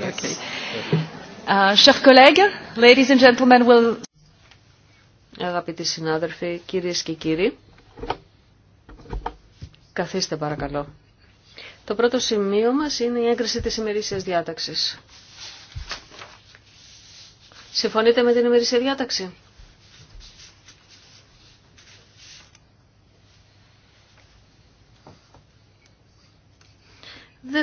Uh, chers collègues, ladies and gentlemen, Αγαπητοί συνάδελφοι, κυρίες και κύριοι, καθίστε παρακαλώ. Το πρώτο σημείο μας είναι η έγκριση της ημερήσιας διάταξης. Συμφωνείτε με την ημερήσια διάταξη?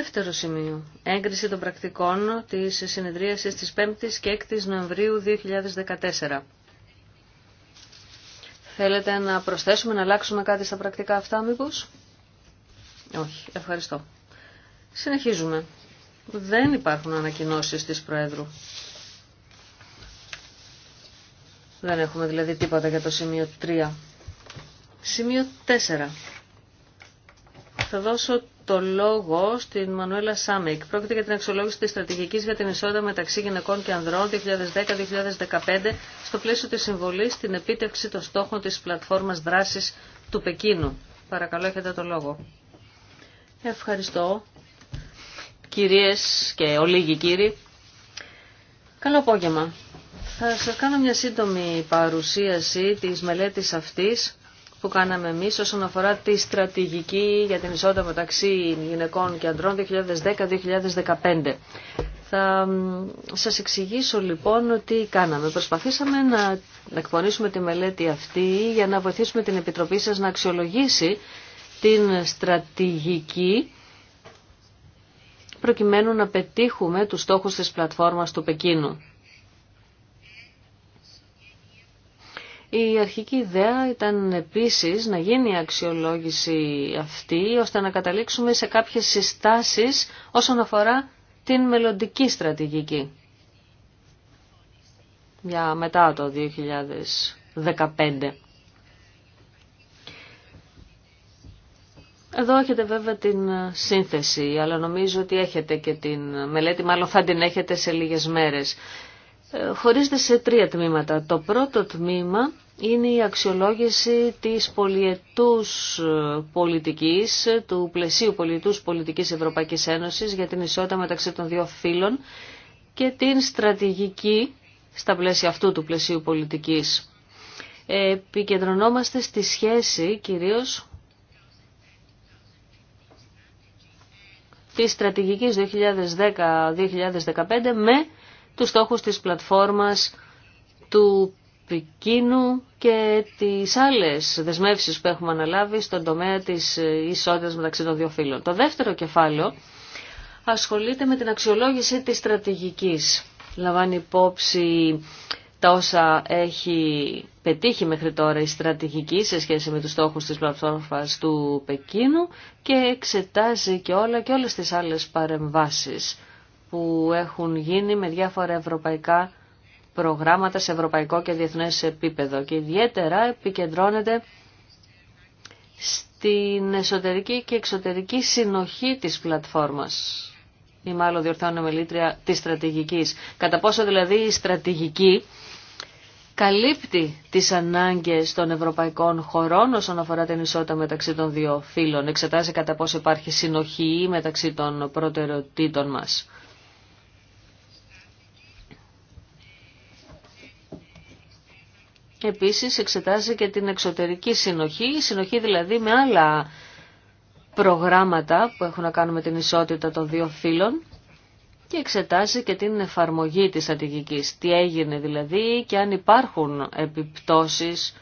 Δεύτερο σημείο. Έγκριση των πρακτικών της συνεδρίασης της 5ης και 6ης Νοεμβρίου 2014. Θέλετε να προσθέσουμε, να αλλάξουμε κάτι στα πρακτικά αυτά μήπως? Όχι, ευχαριστώ. Συνεχίζουμε. Δεν υπάρχουν ανακοινώσεις της Προέδρου. Δεν έχουμε δηλαδή τίποτα για το σημείο 3. Σημείο 4. Θα δώσω το λόγο στην Μανουέλα Σάμεκ. Πρόκειται για την αξιολόγηση της στρατηγικής για την ισότητα μεταξύ γυναικών και ανδρών 2010-2015 στο πλαίσιο της συμβολής στην επίτευξη των στόχων της πλατφόρμας δράσης του Πεκίνου. Παρακαλώ, έχετε το λόγο. Ευχαριστώ. Κυρίες και ολίγοι κύριοι, καλό απόγευμα. Θα σας κάνω μια σύντομη παρουσίαση της μελέτης αυτής που κάναμε εμεί όσον αφορά τη στρατηγική για την ισότητα μεταξύ γυναικών και ανδρών 2010-2015. Θα σας εξηγήσω λοιπόν τι κάναμε. Προσπαθήσαμε να εκπονήσουμε τη μελέτη αυτή για να βοηθήσουμε την Επιτροπή σας να αξιολογήσει την στρατηγική προκειμένου να πετύχουμε τους στόχους της πλατφόρμας του Πεκίνου. Η αρχική ιδέα ήταν επίσης να γίνει η αξιολόγηση αυτή ώστε να καταλήξουμε σε κάποιες συστάσεις όσον αφορά την μελλοντική στρατηγική για μετά το 2015. Εδώ έχετε βέβαια την σύνθεση, αλλά νομίζω ότι έχετε και την μελέτη, μάλλον θα την έχετε σε λίγες μέρες. Ε, χωρίζεται σε τρία τμήματα. Το πρώτο τμήμα είναι η αξιολόγηση της πολιετούς πολιτικής, του πλαισίου πολιετούς πολιτικής Ευρωπαϊκής Ένωσης για την ισότητα μεταξύ των δύο φύλων και την στρατηγική στα πλαίσια αυτού του πλαισίου πολιτικής. Επικεντρωνόμαστε στη σχέση κυρίως της στρατηγικής 2010-2015 με τους στόχους της πλατφόρμας του Πεκίνου και τις άλλες δεσμεύσεις που έχουμε αναλάβει στον τομέα της ισότητας μεταξύ των δύο φύλων. Το δεύτερο κεφάλαιο ασχολείται με την αξιολόγηση της στρατηγικής. Λαμβάνει υπόψη τα όσα έχει πετύχει μέχρι τώρα η στρατηγική σε σχέση με τους στόχους της πλατφόρμας του Πεκίνου και εξετάζει και όλα και όλες τις άλλες παρεμβάσεις που έχουν γίνει με διάφορα ευρωπαϊκά προγράμματα σε ευρωπαϊκό και διεθνές επίπεδο και ιδιαίτερα επικεντρώνεται στην εσωτερική και εξωτερική συνοχή της πλατφόρμας ή μάλλον διορθώνω μελήτρια της στρατηγικής. Κατά πόσο δηλαδή η στρατηγική καλύπτει τις ανάγκες των ευρωπαϊκών χωρών όσον αφορά την ισότητα μεταξύ των δύο φύλων. Εξετάζει κατά πόσο υπάρχει συνοχή μεταξύ των προτεραιοτήτων μας. Επίσης εξετάζει και την εξωτερική συνοχή, συνοχή δηλαδή με άλλα προγράμματα που έχουν να κάνουν με την ισότητα των δύο φύλων και εξετάζει και την εφαρμογή της στρατηγικής. Τι έγινε δηλαδή και αν υπάρχουν επιπτώσεις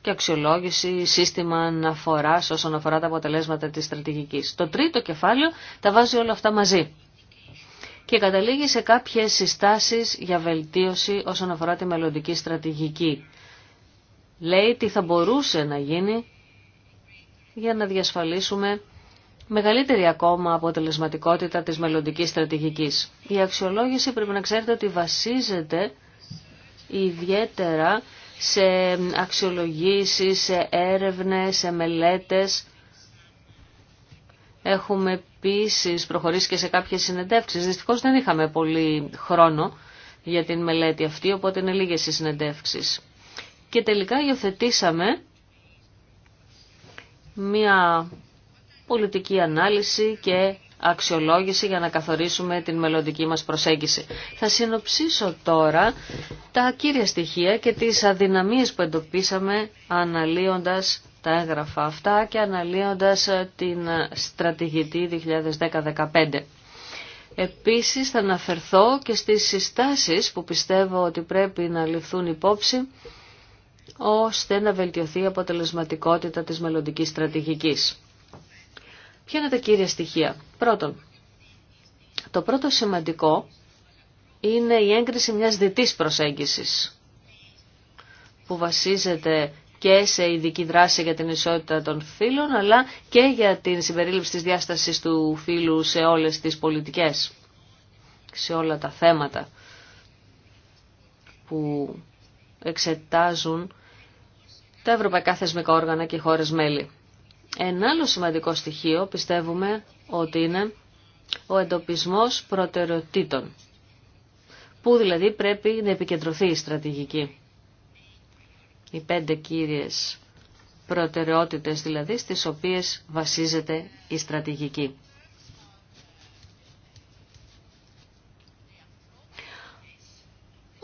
και αξιολόγηση, σύστημα αναφοράς όσον αφορά τα αποτελέσματα της στρατηγικής. Το τρίτο κεφάλαιο τα βάζει όλα αυτά μαζί και καταλήγει σε κάποιες συστάσεις για βελτίωση όσον αφορά τη μελλοντική στρατηγική. Λέει τι θα μπορούσε να γίνει για να διασφαλίσουμε μεγαλύτερη ακόμα αποτελεσματικότητα της μελλοντικής στρατηγικής. Η αξιολόγηση πρέπει να ξέρετε ότι βασίζεται ιδιαίτερα σε αξιολογήσεις, σε έρευνες, σε μελέτες Έχουμε επίση προχωρήσει και σε κάποιες συνεντεύξεις. Δυστυχώς δεν είχαμε πολύ χρόνο για την μελέτη αυτή, οπότε είναι λίγες οι συνεντεύξεις. Και τελικά υιοθετήσαμε μία πολιτική ανάλυση και αξιολόγηση για να καθορίσουμε την μελλοντική μας προσέγγιση. Θα συνοψίσω τώρα τα κύρια στοιχεία και τις αδυναμίες που εντοπίσαμε αναλύοντας τα έγγραφα αυτά και αναλύοντας ε, την στρατηγική 2010-2015. Επίσης θα αναφερθώ και στις συστάσεις που πιστεύω ότι πρέπει να ληφθούν υπόψη ώστε να βελτιωθεί η αποτελεσματικότητα της μελλοντικής στρατηγικής. Ποια είναι τα κύρια στοιχεία. Πρώτον, το πρώτο σημαντικό είναι η έγκριση μιας διτής προσέγγισης που βασίζεται και σε ειδική δράση για την ισότητα των φύλων, αλλά και για την συμπερίληψη της διάστασης του φύλου σε όλες τις πολιτικές, σε όλα τα θέματα που εξετάζουν τα ευρωπαϊκά θεσμικά όργανα και χώρες μέλη. Ένα άλλο σημαντικό στοιχείο πιστεύουμε ότι είναι ο εντοπισμός προτεραιοτήτων, που δηλαδή πρέπει να επικεντρωθεί η στρατηγική οι πέντε κύριες προτεραιότητες δηλαδή στις οποίες βασίζεται η στρατηγική.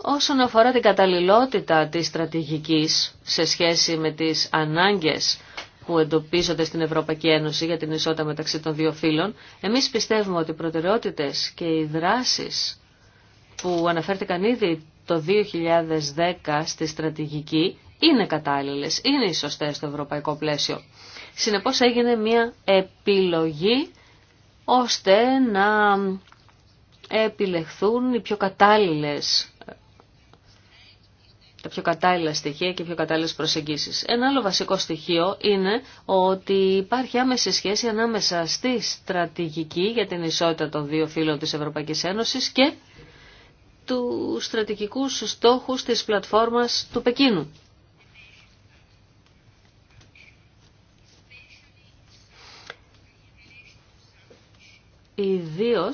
Όσον αφορά την καταλληλότητα της στρατηγικής σε σχέση με τις ανάγκες που εντοπίζονται στην Ευρωπαϊκή Ένωση για την ισότητα μεταξύ των δύο φύλων, εμείς πιστεύουμε ότι οι προτεραιότητες και οι δράσεις που αναφέρθηκαν ήδη το 2010 στη στρατηγική είναι κατάλληλες, είναι οι σωστές στο ευρωπαϊκό πλαίσιο. Συνεπώς έγινε μια επιλογή ώστε να επιλεχθούν οι πιο κατάλληλες τα πιο κατάλληλα στοιχεία και οι πιο κατάλληλες προσεγγίσεις. Ένα άλλο βασικό στοιχείο είναι ότι υπάρχει άμεση σχέση ανάμεσα στη στρατηγική για την ισότητα των δύο φύλων της Ευρωπαϊκής Ένωσης και του στρατηγικούς στόχους της πλατφόρμας του Πεκίνου. ιδίω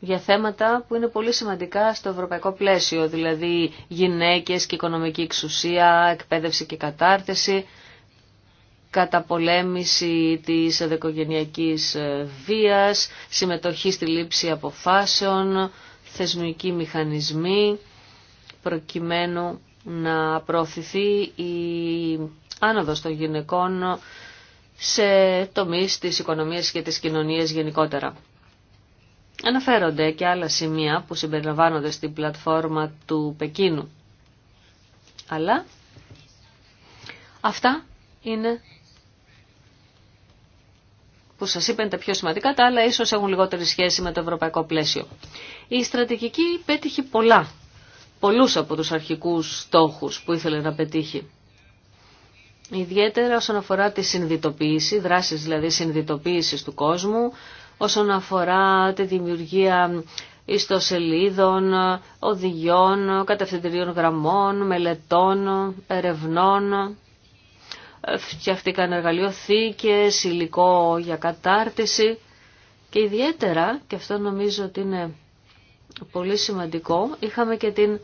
για θέματα που είναι πολύ σημαντικά στο ευρωπαϊκό πλαίσιο, δηλαδή γυναίκες και οικονομική εξουσία, εκπαίδευση και κατάρτιση, καταπολέμηση της οικογενειακής ε, βίας, συμμετοχή στη λήψη αποφάσεων, θεσμικοί μηχανισμοί, προκειμένου να προωθηθεί η άνοδος των γυναικών σε τομείς της οικονομίας και της κοινωνίας γενικότερα. Αναφέρονται και άλλα σημεία που συμπεριλαμβάνονται στην πλατφόρμα του Πεκίνου. Αλλά αυτά είναι που σας είπαν τα πιο σημαντικά, τα άλλα ίσως έχουν λιγότερη σχέση με το ευρωπαϊκό πλαίσιο. Η στρατηγική πέτυχε πολλά, πολλούς από τους αρχικούς στόχους που ήθελε να πετύχει. Ιδιαίτερα όσον αφορά τη συνδυτοποίηση, δράσεις δηλαδή συνδυτοποίησης του κόσμου, όσον αφορά τη δημιουργία ιστοσελίδων, οδηγιών, κατευθυντηρίων γραμμών, μελετών, ερευνών. Ε, φτιάχτηκαν εργαλειοθήκες, υλικό για κατάρτιση και ιδιαίτερα, και αυτό νομίζω ότι είναι πολύ σημαντικό, είχαμε και την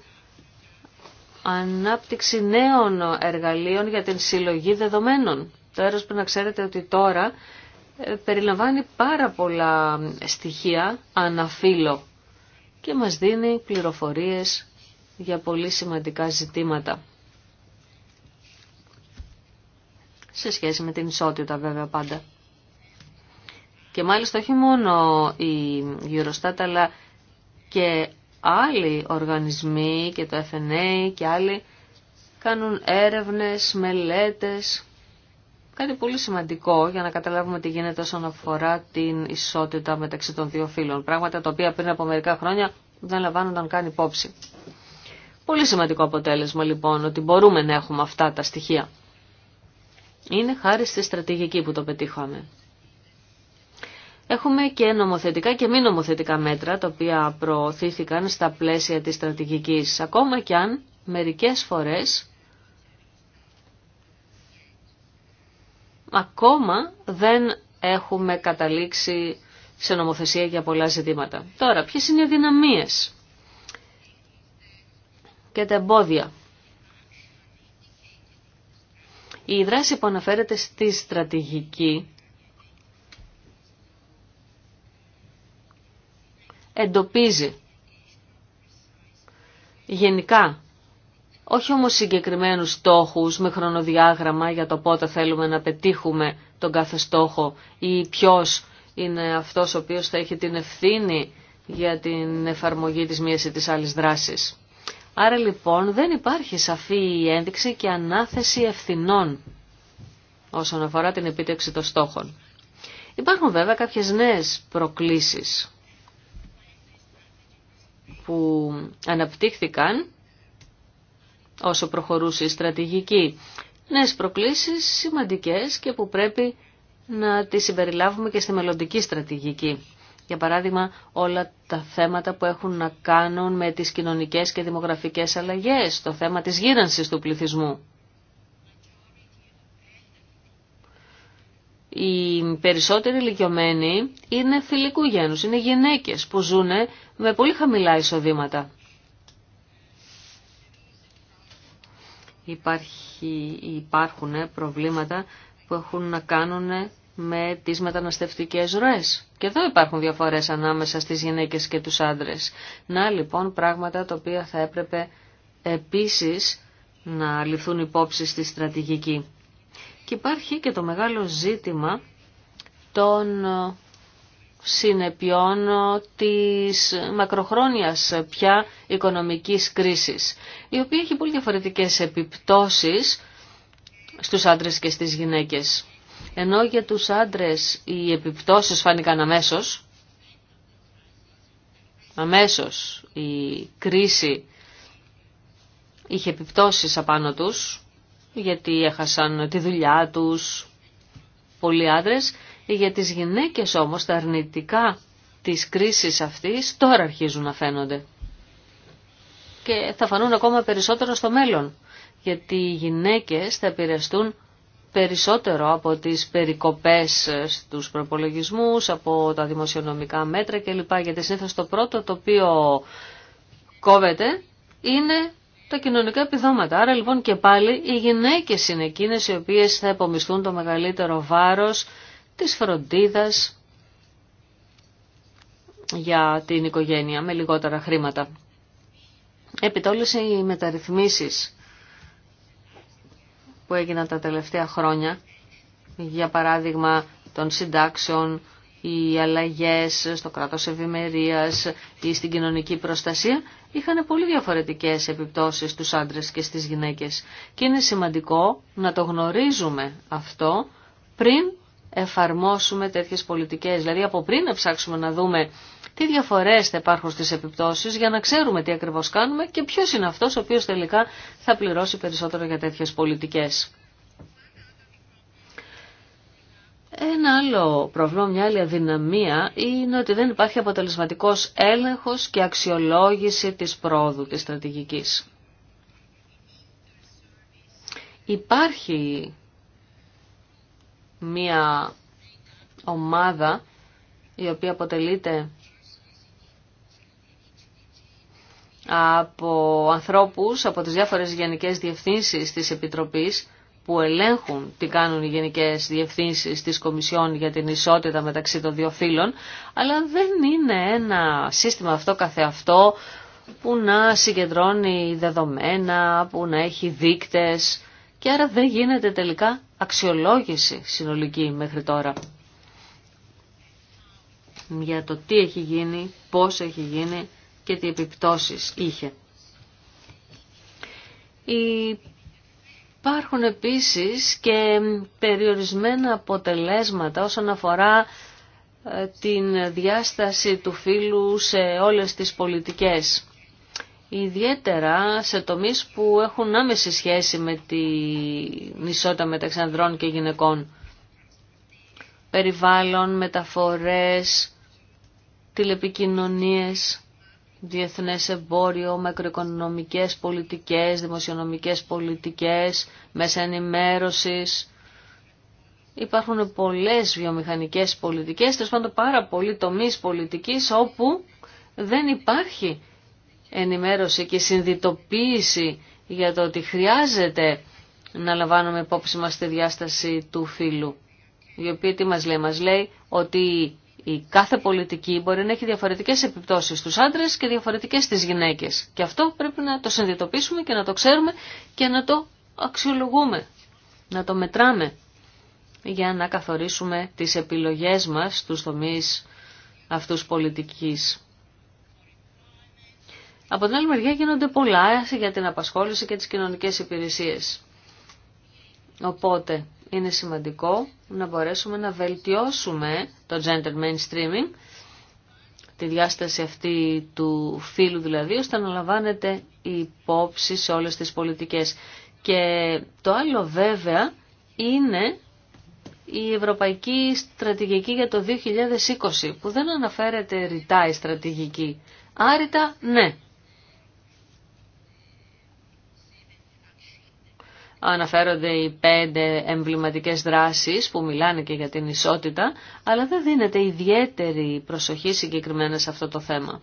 ανάπτυξη νέων εργαλείων για την συλλογή δεδομένων. Το έρος που να ξέρετε ότι τώρα ε, περιλαμβάνει πάρα πολλά στοιχεία αναφύλλω και μας δίνει πληροφορίες για πολύ σημαντικά ζητήματα. Σε σχέση με την ισότητα βέβαια πάντα. Και μάλιστα όχι μόνο η Eurostat αλλά και άλλοι οργανισμοί και το FNA και άλλοι κάνουν έρευνες, μελέτες, κάτι πολύ σημαντικό για να καταλάβουμε τι γίνεται όσον αφορά την ισότητα μεταξύ των δύο φύλων. Πράγματα τα οποία πριν από μερικά χρόνια δεν λαμβάνονταν καν υπόψη. Πολύ σημαντικό αποτέλεσμα λοιπόν ότι μπορούμε να έχουμε αυτά τα στοιχεία. Είναι χάρη στη στρατηγική που το πετύχαμε. Έχουμε και νομοθετικά και μη νομοθετικά μέτρα τα οποία προωθήθηκαν στα πλαίσια της στρατηγικής, ακόμα και αν μερικές φορές ακόμα δεν έχουμε καταλήξει σε νομοθεσία για πολλά ζητήματα. Τώρα, ποιες είναι οι δυναμίες και τα εμπόδια. Η δράση που αναφέρεται στη στρατηγική εντοπίζει γενικά, όχι όμως συγκεκριμένους στόχους με χρονοδιάγραμμα για το πότε θέλουμε να πετύχουμε τον κάθε στόχο ή ποιος είναι αυτός ο οποίος θα έχει την ευθύνη για την εφαρμογή της μίας ή της άλλης δράσης. Άρα λοιπόν δεν υπάρχει σαφή ένδειξη και ανάθεση ευθυνών όσον αφορά την επίτευξη των στόχων. Υπάρχουν βέβαια κάποιες νέες προκλήσεις που αναπτύχθηκαν όσο προχωρούσε η στρατηγική. Νέες προκλήσεις σημαντικές και που πρέπει να τις συμπεριλάβουμε και στη μελλοντική στρατηγική. Για παράδειγμα, όλα τα θέματα που έχουν να κάνουν με τις κοινωνικές και δημογραφικές αλλαγές, το θέμα της γύρανσης του πληθυσμού. οι περισσότεροι ηλικιωμένοι είναι φιλικού γένους, είναι γυναίκες που ζουν με πολύ χαμηλά εισοδήματα. Υπάρχει, υπάρχουν ε, προβλήματα που έχουν να κάνουν ε, με τις μεταναστευτικές ροές. Και εδώ υπάρχουν διαφορές ανάμεσα στις γυναίκες και τους άντρες. Να λοιπόν πράγματα τα οποία θα έπρεπε επίσης να ληφθούν υπόψη στη στρατηγική. Και υπάρχει και το μεγάλο ζήτημα των συνεπειών της μακροχρόνιας πια οικονομικής κρίσης, η οποία έχει πολύ διαφορετικές επιπτώσεις στους άντρες και στις γυναίκες. Ενώ για τους άντρες οι επιπτώσεις φάνηκαν αμέσως, αμέσως η κρίση είχε επιπτώσεις απάνω τους, γιατί έχασαν τη δουλειά τους πολλοί άντρες. Για τις γυναίκες όμως τα αρνητικά της κρίσης αυτής τώρα αρχίζουν να φαίνονται. Και θα φανούν ακόμα περισσότερο στο μέλλον. Γιατί οι γυναίκες θα επηρεαστούν περισσότερο από τις περικοπές στους προπολογισμούς, από τα δημοσιονομικά μέτρα κλπ. Γιατί συνήθως το πρώτο το οποίο κόβεται είναι τα κοινωνικά επιδόματα. Άρα λοιπόν και πάλι οι γυναίκες είναι εκείνες οι οποίες θα επομισθούν το μεγαλύτερο βάρος της φροντίδας για την οικογένεια με λιγότερα χρήματα. Επιτόλες οι μεταρρυθμίσεις που έγιναν τα τελευταία χρόνια, για παράδειγμα των συντάξεων, οι αλλαγές στο κράτος ευημερίας ή στην κοινωνική προστασία, είχαν πολύ διαφορετικές επιπτώσεις στους άντρες και στις γυναίκες. Και είναι σημαντικό να το γνωρίζουμε αυτό πριν εφαρμόσουμε τέτοιες πολιτικές. Δηλαδή από πριν να ψάξουμε να δούμε τι διαφορές θα υπάρχουν στις επιπτώσεις για να ξέρουμε τι ακριβώς κάνουμε και ποιος είναι αυτός ο οποίος τελικά θα πληρώσει περισσότερο για τέτοιες πολιτικές. Ένα άλλο πρόβλημα, μια άλλη αδυναμία είναι ότι δεν υπάρχει αποτελεσματικός έλεγχος και αξιολόγηση της πρόοδου της στρατηγικής. Υπάρχει μια ομάδα η οποία αποτελείται από ανθρώπους από τις διάφορες γενικές διευθύνσεις της Επιτροπής που ελέγχουν τι κάνουν οι γενικές διευθύνσεις της Κομισιόν για την ισότητα μεταξύ των δύο φύλων, αλλά δεν είναι ένα σύστημα αυτό καθεαυτό που να συγκεντρώνει δεδομένα, που να έχει δείκτες και άρα δεν γίνεται τελικά αξιολόγηση συνολική μέχρι τώρα για το τι έχει γίνει, πώς έχει γίνει και τι επιπτώσεις είχε. Η Υπάρχουν επίσης και περιορισμένα αποτελέσματα όσον αφορά ε, την διάσταση του φύλου σε όλες τις πολιτικές. Ιδιαίτερα σε τομείς που έχουν άμεση σχέση με τη ισότητα μεταξύ ανδρών και γυναικών. Περιβάλλον, μεταφορές, τηλεπικοινωνίες διεθνές εμπόριο, μακροοικονομικές πολιτικές, δημοσιονομικές πολιτικές, μέσα ενημέρωσης. Υπάρχουν πολλές βιομηχανικές πολιτικές, τέλος πάντων πάρα πολλοί τομείς πολιτικής όπου δεν υπάρχει ενημέρωση και συνδυτοποίηση για το ότι χρειάζεται να λαμβάνουμε υπόψη μας τη διάσταση του φύλου. Η οποία τι μας λέει, μας λέει ότι η κάθε πολιτική μπορεί να έχει διαφορετικές επιπτώσεις στους άντρες και διαφορετικές στις γυναίκες. Και αυτό πρέπει να το συνειδητοποιήσουμε και να το ξέρουμε και να το αξιολογούμε, να το μετράμε για να καθορίσουμε τις επιλογές μας στους τομείς αυτούς πολιτικής. Από την άλλη μεριά γίνονται πολλά για την απασχόληση και τις κοινωνικές υπηρεσίες. Οπότε, είναι σημαντικό να μπορέσουμε να βελτιώσουμε το gender mainstreaming, τη διάσταση αυτή του φύλου δηλαδή, ώστε να λαμβάνεται υπόψη σε όλες τις πολιτικές. Και το άλλο βέβαια είναι η Ευρωπαϊκή Στρατηγική για το 2020, που δεν αναφέρεται ρητά η στρατηγική. Άρητα ναι, αναφέρονται οι πέντε εμβληματικές δράσεις που μιλάνε και για την ισότητα, αλλά δεν δίνεται ιδιαίτερη προσοχή συγκεκριμένα σε αυτό το θέμα.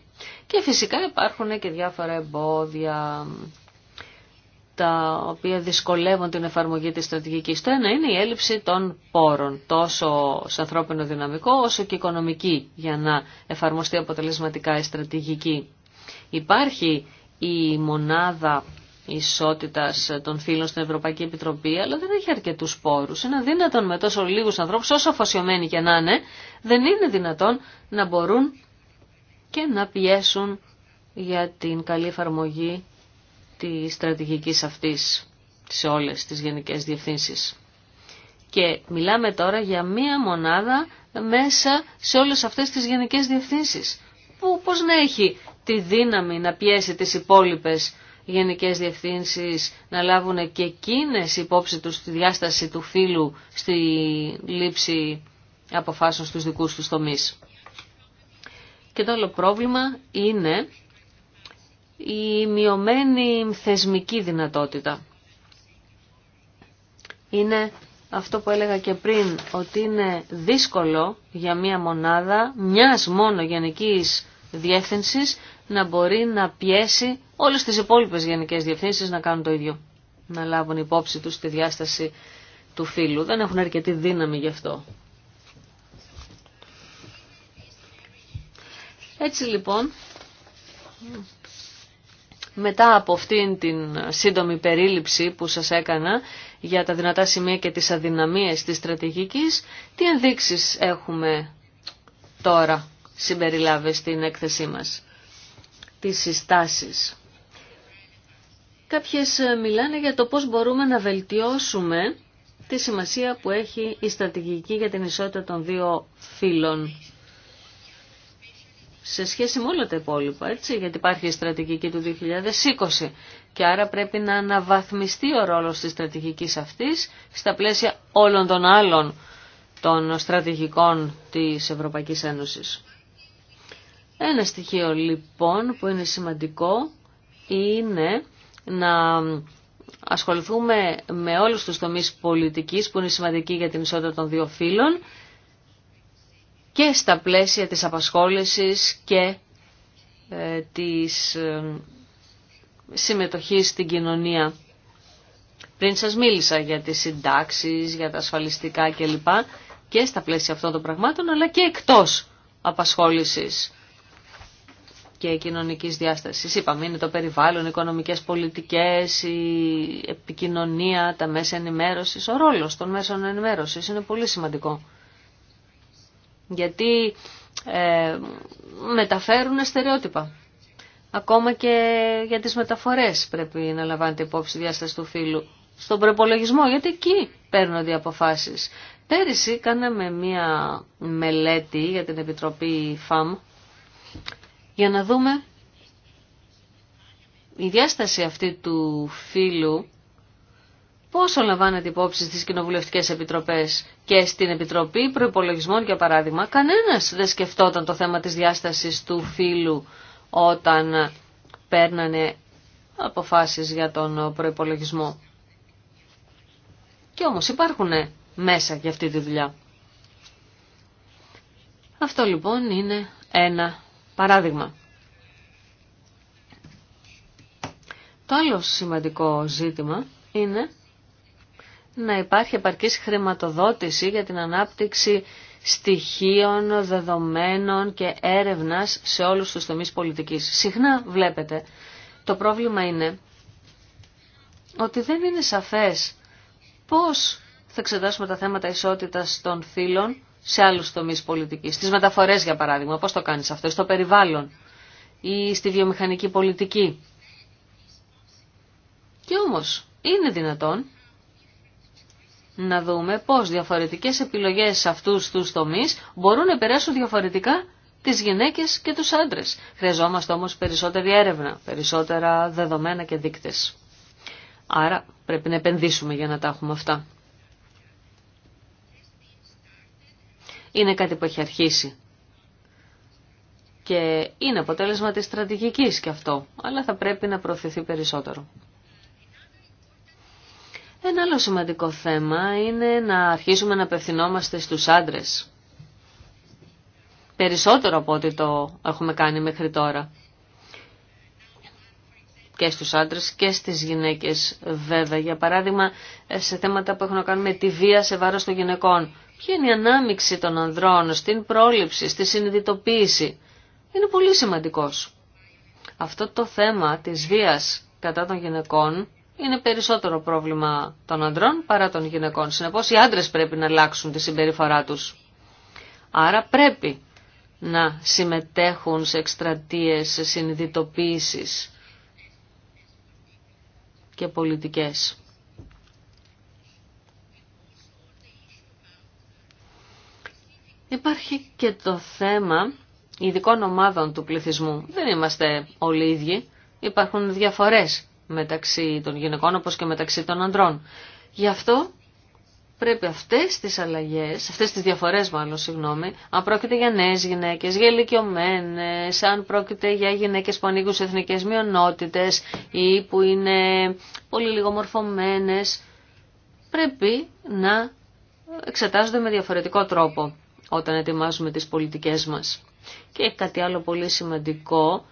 Και φυσικά υπάρχουν και διάφορα εμπόδια τα οποία δυσκολεύουν την εφαρμογή της στρατηγικής. Το ένα είναι η έλλειψη των πόρων, τόσο σε ανθρώπινο δυναμικό όσο και οικονομική, για να εφαρμοστεί αποτελεσματικά η στρατηγική. Υπάρχει η μονάδα ισότητα των φίλων στην Ευρωπαϊκή Επιτροπή, αλλά δεν έχει αρκετούς πόρους. Είναι αδύνατον με τόσο λίγους ανθρώπους, όσο αφοσιωμένοι και να είναι, δεν είναι δυνατόν να μπορούν και να πιέσουν για την καλή εφαρμογή της στρατηγικής αυτής σε όλες τις γενικές διευθύνσεις. Και μιλάμε τώρα για μία μονάδα μέσα σε όλες αυτές τις γενικές διευθύνσεις. Που πώς να έχει τη δύναμη να πιέσει τις υπόλοιπες γενικές διευθύνσεις να λάβουν και εκείνες υπόψη τους τη διάσταση του φύλου στη λήψη αποφάσεων στους δικούς τους τομείς. Και το άλλο πρόβλημα είναι η μειωμένη θεσμική δυνατότητα. Είναι αυτό που έλεγα και πριν, ότι είναι δύσκολο για μία μονάδα μιας μόνο γενικής διεύθυνσης να μπορεί να πιέσει όλες τις υπόλοιπες γενικές διευθύνσεις να κάνουν το ίδιο. Να λάβουν υπόψη τους τη διάσταση του φίλου, Δεν έχουν αρκετή δύναμη γι' αυτό. Έτσι λοιπόν, μετά από αυτήν την σύντομη περίληψη που σας έκανα για τα δυνατά σημεία και τις αδυναμίες της στρατηγικής, τι ενδείξεις έχουμε τώρα συμπεριλάβει στην έκθεσή μας τις συστάσεις. Κάποιες ε, μιλάνε για το πώς μπορούμε να βελτιώσουμε τη σημασία που έχει η στρατηγική για την ισότητα των δύο φύλων σε σχέση με όλα τα υπόλοιπα, έτσι, γιατί υπάρχει η στρατηγική του 2020 και άρα πρέπει να αναβαθμιστεί ο ρόλος της στρατηγικής αυτής στα πλαίσια όλων των άλλων των στρατηγικών της Ευρωπαϊκής Ένωσης. Ένα στοιχείο λοιπόν που είναι σημαντικό είναι να ασχοληθούμε με όλους τους τομείς πολιτικής που είναι σημαντικοί για την ισότητα των δύο φύλων και στα πλαίσια της απασχόλησης και ε, της ε, συμμετοχής στην κοινωνία. Πριν σας μίλησα για τις συντάξεις, για τα ασφαλιστικά κλπ. και στα πλαίσια αυτών των πραγμάτων αλλά και εκτός απασχόλησης και κοινωνικής διάστασης. Είπαμε, είναι το περιβάλλον, οι οικονομικές πολιτικές, η επικοινωνία, τα μέσα ενημέρωσης. Ο ρόλος των μέσων ενημέρωσης είναι πολύ σημαντικό. Γιατί ε, μεταφέρουν στερεότυπα. Ακόμα και για τις μεταφορές πρέπει να λαμβάνετε υπόψη διάσταση του φύλου. Στον προπολογισμό, γιατί εκεί παίρνονται οι αποφάσεις. Πέρυσι κάναμε μία μελέτη για την Επιτροπή ΦΑΜ για να δούμε η διάσταση αυτή του φίλου πόσο λαμβάνεται υπόψη στις κοινοβουλευτικές επιτροπές και στην Επιτροπή Προϋπολογισμών για παράδειγμα. Κανένας δεν σκεφτόταν το θέμα της διάστασης του φύλου όταν παίρνανε αποφάσεις για τον προϋπολογισμό. Και όμως υπάρχουν μέσα για αυτή τη δουλειά. Αυτό λοιπόν είναι ένα Παράδειγμα, το άλλο σημαντικό ζήτημα είναι να υπάρχει επαρκής χρηματοδότηση για την ανάπτυξη στοιχείων, δεδομένων και έρευνας σε όλους τους τομείς πολιτικής. Συχνά βλέπετε, το πρόβλημα είναι ότι δεν είναι σαφές πώς θα εξετάσουμε τα θέματα ισότητας των φύλων σε άλλους τομεί πολιτικής. Στις μεταφορές για παράδειγμα, πώ το κάνεις αυτό, στο περιβάλλον ή στη βιομηχανική πολιτική. Και όμως είναι δυνατόν να δούμε πώς διαφορετικές επιλογές σε αυτούς τους τομείς μπορούν να επηρεάσουν διαφορετικά τις γυναίκες και τους άντρες. Χρειαζόμαστε όμως περισσότερη έρευνα, περισσότερα δεδομένα και δείκτες. Άρα πρέπει να επενδύσουμε για να τα έχουμε αυτά. είναι κάτι που έχει αρχίσει. Και είναι αποτέλεσμα της στρατηγικής και αυτό, αλλά θα πρέπει να προωθηθεί περισσότερο. Ένα άλλο σημαντικό θέμα είναι να αρχίσουμε να απευθυνόμαστε στους άντρες. Περισσότερο από ό,τι το έχουμε κάνει μέχρι τώρα. Και στους άντρες και στις γυναίκες βέβαια. Για παράδειγμα σε θέματα που έχουν να κάνουν με τη βία σε βάρος των γυναικών. Ποια είναι η ανάμειξη των ανδρών στην πρόληψη, στη συνειδητοποίηση. Είναι πολύ σημαντικός. Αυτό το θέμα της βίας κατά των γυναικών είναι περισσότερο πρόβλημα των ανδρών παρά των γυναικών. Συνεπώς οι άντρες πρέπει να αλλάξουν τη συμπεριφορά τους. Άρα πρέπει να συμμετέχουν σε εκστρατείες συνειδητοποίηση και πολιτικές. Υπάρχει και το θέμα ειδικών ομάδων του πληθυσμού. Δεν είμαστε όλοι ίδιοι. Υπάρχουν διαφορές μεταξύ των γυναικών όπως και μεταξύ των ανδρών. Γι' αυτό πρέπει αυτές τις αλλαγές, αυτές τις διαφορές μάλλον, συγγνώμη, αν πρόκειται για νέες γυναίκες, για ηλικιωμένες, αν πρόκειται για γυναίκες που ανήκουν σε εθνικές μειονότητες ή που είναι πολύ λιγομορφωμένες, πρέπει να εξετάζονται με διαφορετικό τρόπο όταν ετοιμάζουμε τις πολιτικές μας. Και κάτι άλλο πολύ σημαντικό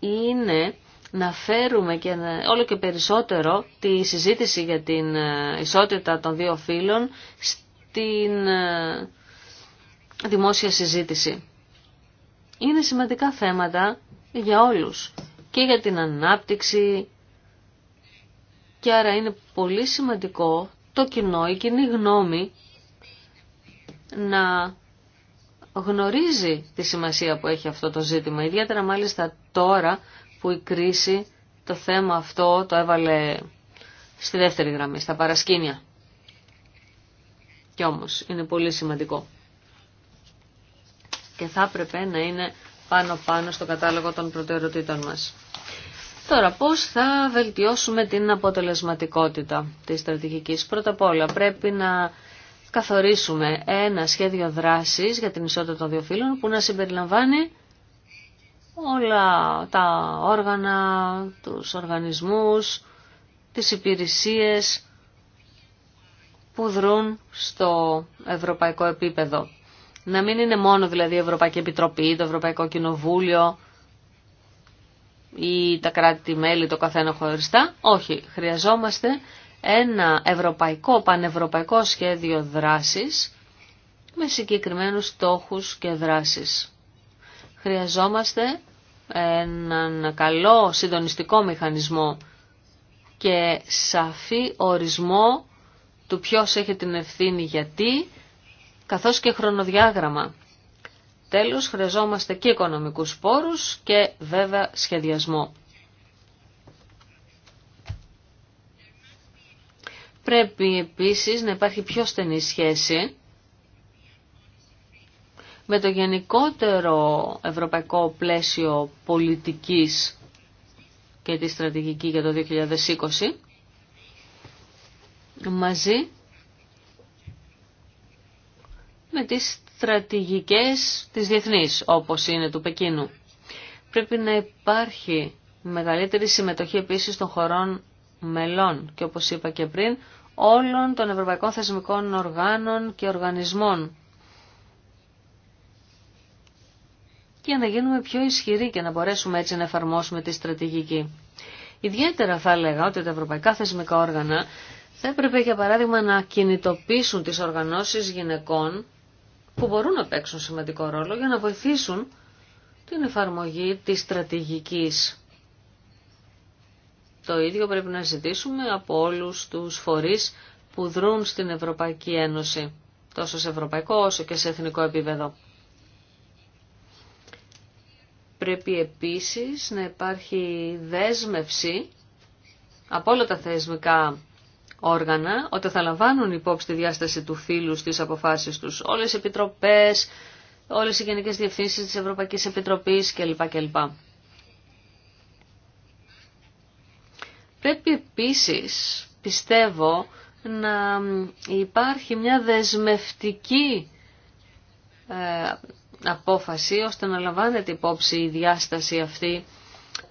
είναι να φέρουμε και να, όλο και περισσότερο τη συζήτηση για την ε, ισότητα των δύο φύλων στην ε, δημόσια συζήτηση. Είναι σημαντικά θέματα για όλους και για την ανάπτυξη και άρα είναι πολύ σημαντικό το κοινό, η κοινή γνώμη να γνωρίζει τη σημασία που έχει αυτό το ζήτημα. Ιδιαίτερα μάλιστα τώρα που η κρίση το θέμα αυτό το έβαλε στη δεύτερη γραμμή, στα παρασκήνια. Κι όμως είναι πολύ σημαντικό. Και θα έπρεπε να είναι πάνω-πάνω στο κατάλογο των προτεραιοτήτων μας. Τώρα, πώς θα βελτιώσουμε την αποτελεσματικότητα της στρατηγικής. Πρώτα απ' όλα, πρέπει να καθορίσουμε ένα σχέδιο δράσης για την ισότητα των δύο φύλων που να συμπεριλαμβάνει όλα τα όργανα, τους οργανισμούς, τις υπηρεσίες που δρούν στο ευρωπαϊκό επίπεδο. Να μην είναι μόνο δηλαδή η Ευρωπαϊκή Επιτροπή, το Ευρωπαϊκό Κοινοβούλιο ή τα κράτη-μέλη, το καθένα χωριστά. Όχι, χρειαζόμαστε ένα ευρωπαϊκό, πανευρωπαϊκό σχέδιο δράσης με συγκεκριμένους στόχους και δράσεις. Χρειαζόμαστε έναν καλό συντονιστικό μηχανισμό και σαφή ορισμό του ποιος έχει την ευθύνη γιατί, καθώς και χρονοδιάγραμμα. Τέλος, χρειαζόμαστε και οικονομικούς πόρους και βέβαια σχεδιασμό. Πρέπει επίσης να υπάρχει πιο στενή σχέση με το γενικότερο ευρωπαϊκό πλαίσιο πολιτικής και τη στρατηγική για το 2020 μαζί με τις στρατηγικές της διεθνής όπως είναι του Πεκίνου. Πρέπει να υπάρχει μεγαλύτερη συμμετοχή επίσης των χωρών μελών και όπως είπα και πριν όλων των ευρωπαϊκών θεσμικών οργάνων και οργανισμών για να γίνουμε πιο ισχυροί και να μπορέσουμε έτσι να εφαρμόσουμε τη στρατηγική. Ιδιαίτερα θα έλεγα ότι τα ευρωπαϊκά θεσμικά όργανα θα έπρεπε για παράδειγμα να κινητοποιήσουν τις οργανώσεις γυναικών που μπορούν να παίξουν σημαντικό ρόλο για να βοηθήσουν την εφαρμογή της στρατηγικής το ίδιο πρέπει να ζητήσουμε από όλους τους φορείς που δρούν στην Ευρωπαϊκή Ένωση, τόσο σε ευρωπαϊκό όσο και σε εθνικό επίπεδο. Πρέπει επίσης να υπάρχει δέσμευση από όλα τα θεσμικά όργανα ότι θα λαμβάνουν υπόψη τη διάσταση του φύλου στις αποφάσεις τους. Όλες οι επιτροπές, όλες οι γενικές διευθύνσεις της Ευρωπαϊκής Επιτροπής κλπ. Πρέπει επίσης, πιστεύω, να υπάρχει μια δεσμευτική ε, απόφαση ώστε να λαμβάνεται υπόψη η διάσταση αυτή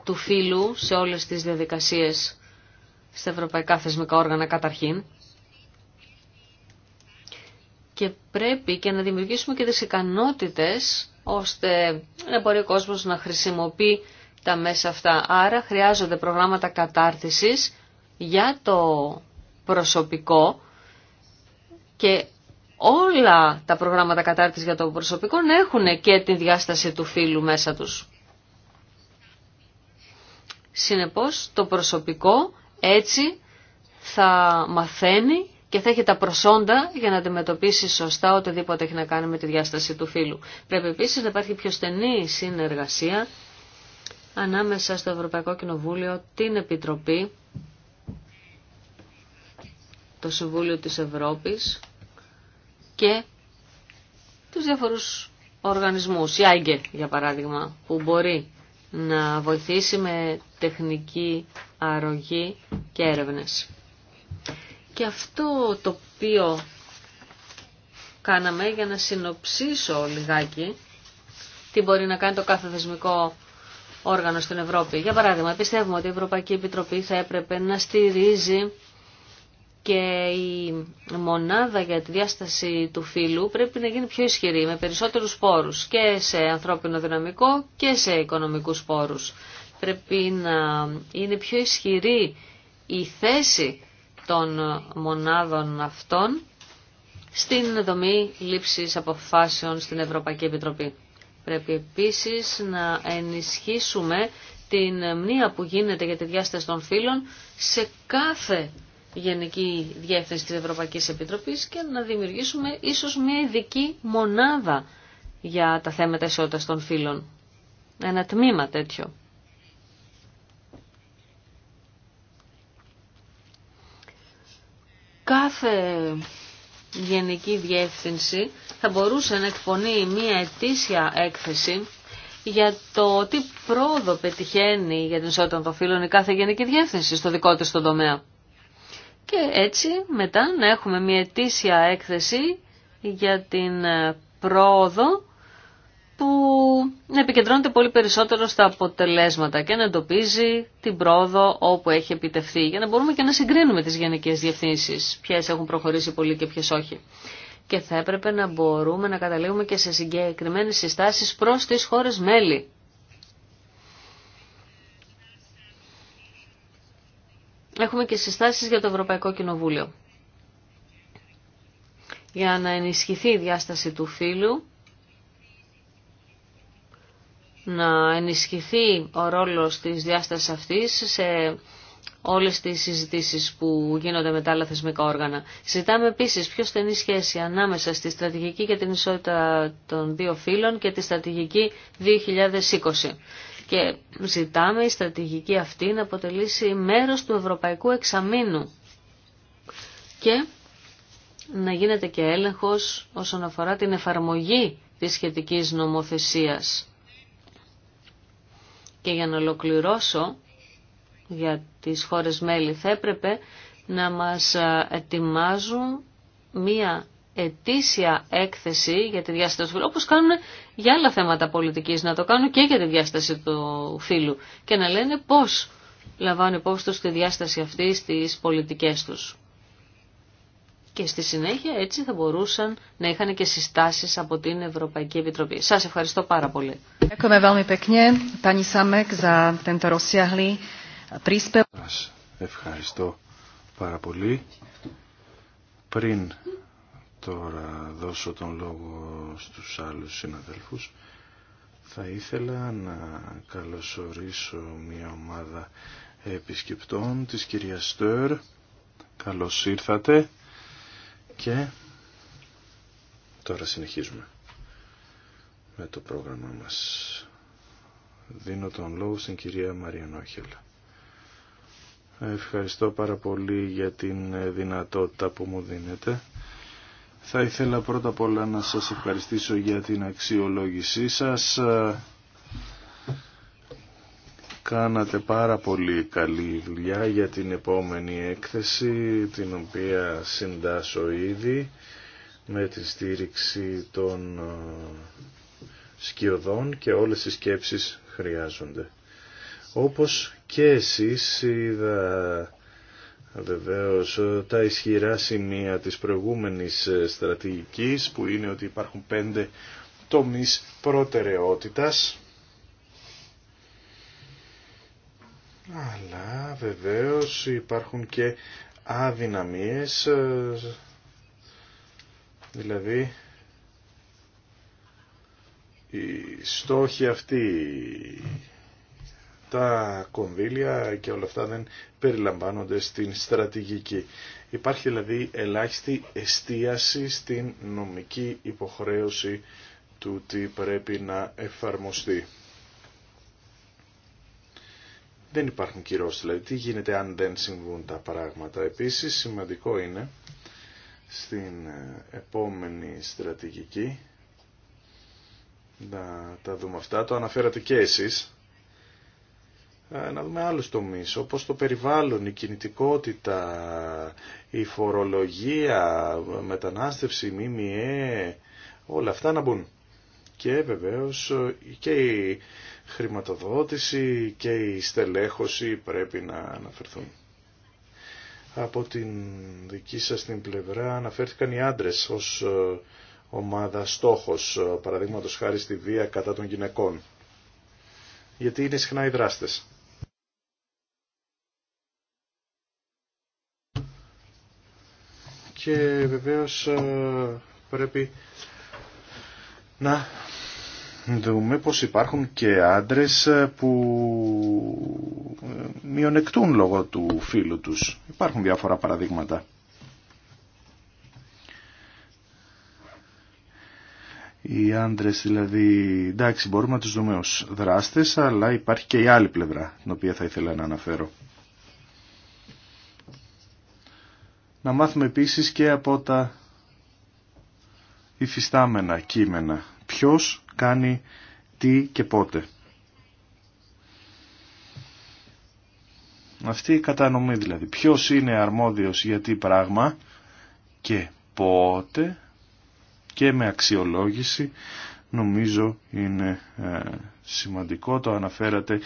του φύλου σε όλες τις διαδικασίες στα ευρωπαϊκά θεσμικά όργανα καταρχήν και πρέπει και να δημιουργήσουμε και τις ικανότητες ώστε να μπορεί ο κόσμος να χρησιμοποιεί τα μέσα αυτά. Άρα χρειάζονται προγράμματα κατάρτισης για το προσωπικό και όλα τα προγράμματα κατάρτισης για το προσωπικό να έχουν και τη διάσταση του φύλου μέσα τους. Συνεπώς το προσωπικό έτσι θα μαθαίνει και θα έχει τα προσόντα για να αντιμετωπίσει σωστά οτιδήποτε έχει να κάνει με τη διάσταση του φύλου. Πρέπει επίσης να υπάρχει πιο στενή συνεργασία ανάμεσα στο Ευρωπαϊκό Κοινοβούλιο, την Επιτροπή, το Συμβούλιο της Ευρώπης και τους διαφορούς οργανισμούς, η για παράδειγμα, που μπορεί να βοηθήσει με τεχνική αρρωγή και έρευνες. Και αυτό το οποίο κάναμε για να συνοψίσω λιγάκι τι μπορεί να κάνει το κάθε όργανο στην Ευρώπη. Για παράδειγμα, πιστεύουμε ότι η Ευρωπαϊκή Επιτροπή θα έπρεπε να στηρίζει και η μονάδα για τη διάσταση του φύλου πρέπει να γίνει πιο ισχυρή, με περισσότερους πόρους και σε ανθρώπινο δυναμικό και σε οικονομικούς πόρους. Πρέπει να είναι πιο ισχυρή η θέση των μονάδων αυτών στην δομή λήψης αποφάσεων στην Ευρωπαϊκή Επιτροπή. Πρέπει επίσης να ενισχύσουμε την μνήμα που γίνεται για τη διάσταση των φύλων σε κάθε Γενική Διεύθυνση της Ευρωπαϊκής Επιτροπής και να δημιουργήσουμε ίσως μια ειδική μονάδα για τα θέματα ισότητας των φύλων. Ένα τμήμα τέτοιο. Κάθε Γενική Διεύθυνση θα μπορούσε να εκπονεί μία ετήσια έκθεση για το τι πρόοδο πετυχαίνει για την ισότητα των φύλων η κάθε Γενική Διεύθυνση στο δικό της τον τομέα. Και έτσι μετά να έχουμε μία ετήσια έκθεση για την πρόοδο που να επικεντρώνεται πολύ περισσότερο στα αποτελέσματα και να εντοπίζει την πρόοδο όπου έχει επιτευχθεί για να μπορούμε και να συγκρίνουμε τις γενικές διευθύνσεις, ποιες έχουν προχωρήσει πολύ και ποιες όχι. Και θα έπρεπε να μπορούμε να καταλήγουμε και σε συγκεκριμένες συστάσεις προς τις χώρες μέλη. Έχουμε και συστάσεις για το Ευρωπαϊκό Κοινοβούλιο. Για να ενισχυθεί η διάσταση του φύλου, να ενισχυθεί ο ρόλος της διάστασης αυτής σε όλες τις συζητήσεις που γίνονται με τα άλλα θεσμικά όργανα. Ζητάμε επίσης πιο στενή σχέση ανάμεσα στη στρατηγική για την ισότητα των δύο φύλων και τη στρατηγική 2020. Και ζητάμε η στρατηγική αυτή να αποτελήσει μέρος του Ευρωπαϊκού Εξαμήνου και να γίνεται και έλεγχος όσον αφορά την εφαρμογή της σχετικής νομοθεσίας και για να ολοκληρώσω για τις χώρες μέλη θα έπρεπε να μας ετοιμάζουν μία ετήσια έκθεση για τη διάσταση του φύλου, όπως κάνουν για άλλα θέματα πολιτικής, να το κάνουν και για τη διάσταση του φύλου και να λένε πώς λαμβάνουν υπόψη τους τη διάσταση αυτή στις πολιτικές τους και στη συνέχεια έτσι θα μπορούσαν να είχαν και συστάσεις από την Ευρωπαϊκή Επιτροπή. Σας ευχαριστώ πάρα πολύ. Σας ευχαριστώ πάρα πολύ. Πριν τώρα δώσω τον λόγο στους άλλους συναδέλφους, θα ήθελα να καλωσορίσω μια ομάδα επισκεπτών της κυρία Στέρ. Καλώς ήρθατε. Και τώρα συνεχίζουμε με το πρόγραμμά μας. Δίνω τον λόγο στην κυρία Μαρία Μαριανόχελα. Ευχαριστώ πάρα πολύ για την δυνατότητα που μου δίνετε. Θα ήθελα πρώτα απ' όλα να σας ευχαριστήσω για την αξιολόγησή σας. Κάνατε πάρα πολύ καλή δουλειά για την επόμενη έκθεση, την οποία συντάσω ήδη με τη στήριξη των ε, σκιωδών και όλες οι σκέψεις χρειάζονται. Όπως και εσείς είδα βεβαίως τα ισχυρά σημεία της προηγούμενης ε, στρατηγικής που είναι ότι υπάρχουν πέντε τομείς προτεραιότητας Αλλά βεβαίως υπάρχουν και αδυναμίες, ε, δηλαδή η στόχοι αυτοί, τα κονδύλια και όλα αυτά δεν περιλαμβάνονται στην στρατηγική. Υπάρχει δηλαδή ελάχιστη εστίαση στην νομική υποχρέωση του τι πρέπει να εφαρμοστεί δεν υπάρχουν κυρώσεις. Δηλαδή τι γίνεται αν δεν συμβούν τα πράγματα. Επίσης σημαντικό είναι στην ε, επόμενη στρατηγική να τα δούμε αυτά. Το αναφέρατε και εσείς. Ε, να δούμε άλλους τομείς, όπως το περιβάλλον, η κινητικότητα, η φορολογία, μετανάστευση, ΜΜΕ, όλα αυτά να μπουν. Και βεβαίως ε, και η χρηματοδότηση και η στελέχωση πρέπει να αναφερθούν. Από την δική σας την πλευρά αναφέρθηκαν οι άντρες ως ε, ομάδα στόχος, ε, παραδείγματος χάρη στη βία κατά των γυναικών. Γιατί είναι συχνά οι δράστες. Και βεβαίως ε, πρέπει να δούμε πως υπάρχουν και άντρες που ε, μειονεκτούν λόγω του φίλου τους. Υπάρχουν διάφορα παραδείγματα. Οι άντρες δηλαδή, εντάξει μπορούμε να τους δούμε ως δράστες, αλλά υπάρχει και η άλλη πλευρά, την οποία θα ήθελα να αναφέρω. Να μάθουμε επίσης και από τα υφιστάμενα κείμενα. Ποιος κάνει τι και πότε. Αυτή η κατανομή δηλαδή. Ποιος είναι αρμόδιος για τι πράγμα και πότε και με αξιολόγηση νομίζω είναι ε, σημαντικό. Το αναφέρατε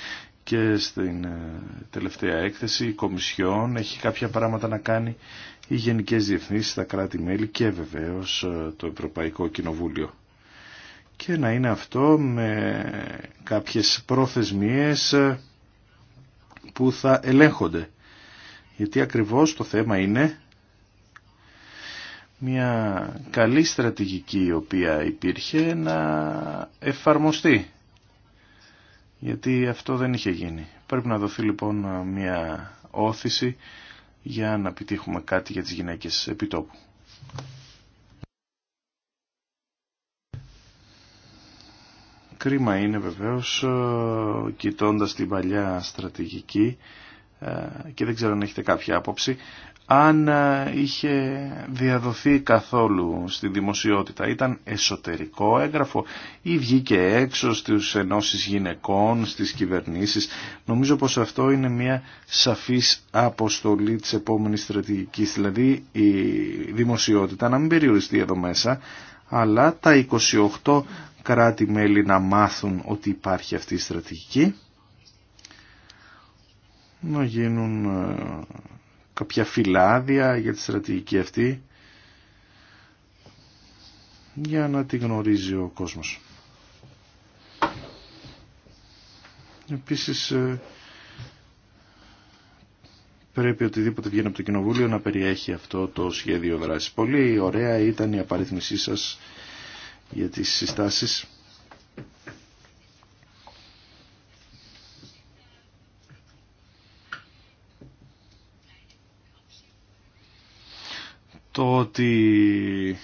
και στην ε, τελευταία έκθεση. Η Κομισιόν έχει κάποια πράγματα να κάνει οι γενικές διευθύνσεις, τα κράτη-μέλη και βεβαίως ε, το Ευρωπαϊκό Κοινοβούλιο και να είναι αυτό με κάποιες προθεσμίες που θα ελέγχονται. Γιατί ακριβώς το θέμα είναι μια καλή στρατηγική η οποία υπήρχε να εφαρμοστεί. Γιατί αυτό δεν είχε γίνει. Πρέπει να δοθεί λοιπόν μια όθηση για να επιτύχουμε κάτι για τις γυναίκες επιτόπου. Κρίμα είναι βεβαίως ε, κοιτώντας την παλιά στρατηγική ε, και δεν ξέρω αν έχετε κάποια άποψη αν ε, είχε διαδοθεί καθόλου στη δημοσιότητα. Ήταν εσωτερικό έγγραφο ή βγήκε έξω στους ενώσεις γυναικών, στις κυβερνήσεις. Νομίζω πως αυτό είναι μια σαφής αποστολή της επόμενης στρατηγικής. Δηλαδή η δημοσιότητα να μην περιοριστεί εδώ μέσα αλλά τα 28 κράτη-μέλη να μάθουν ότι υπάρχει αυτή η στρατηγική, να γίνουν ε, κάποια φυλάδια για τη στρατηγική αυτή, για να τη γνωρίζει ο κόσμος. Επίσης ε, πρέπει οτιδήποτε βγαίνει από το Κοινοβούλιο να περιέχει αυτό το σχέδιο δράσης. Πολύ ωραία ήταν η απαρίθμησή σας για τις συστάσεις. Το ότι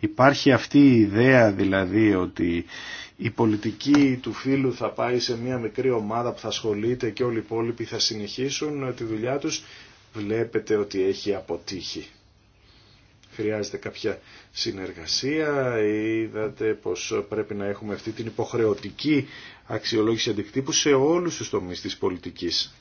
υπάρχει αυτή η ιδέα δηλαδή ότι η πολιτική του φίλου θα πάει σε μια μικρή ομάδα που θα ασχολείται και όλοι οι υπόλοιποι θα συνεχίσουν τη δουλειά τους βλέπετε ότι έχει αποτύχει χρειάζεται κάποια συνεργασία. Είδατε πως πρέπει να έχουμε αυτή την υποχρεωτική αξιολόγηση αντικτύπου σε όλους τους τομείς της πολιτικής.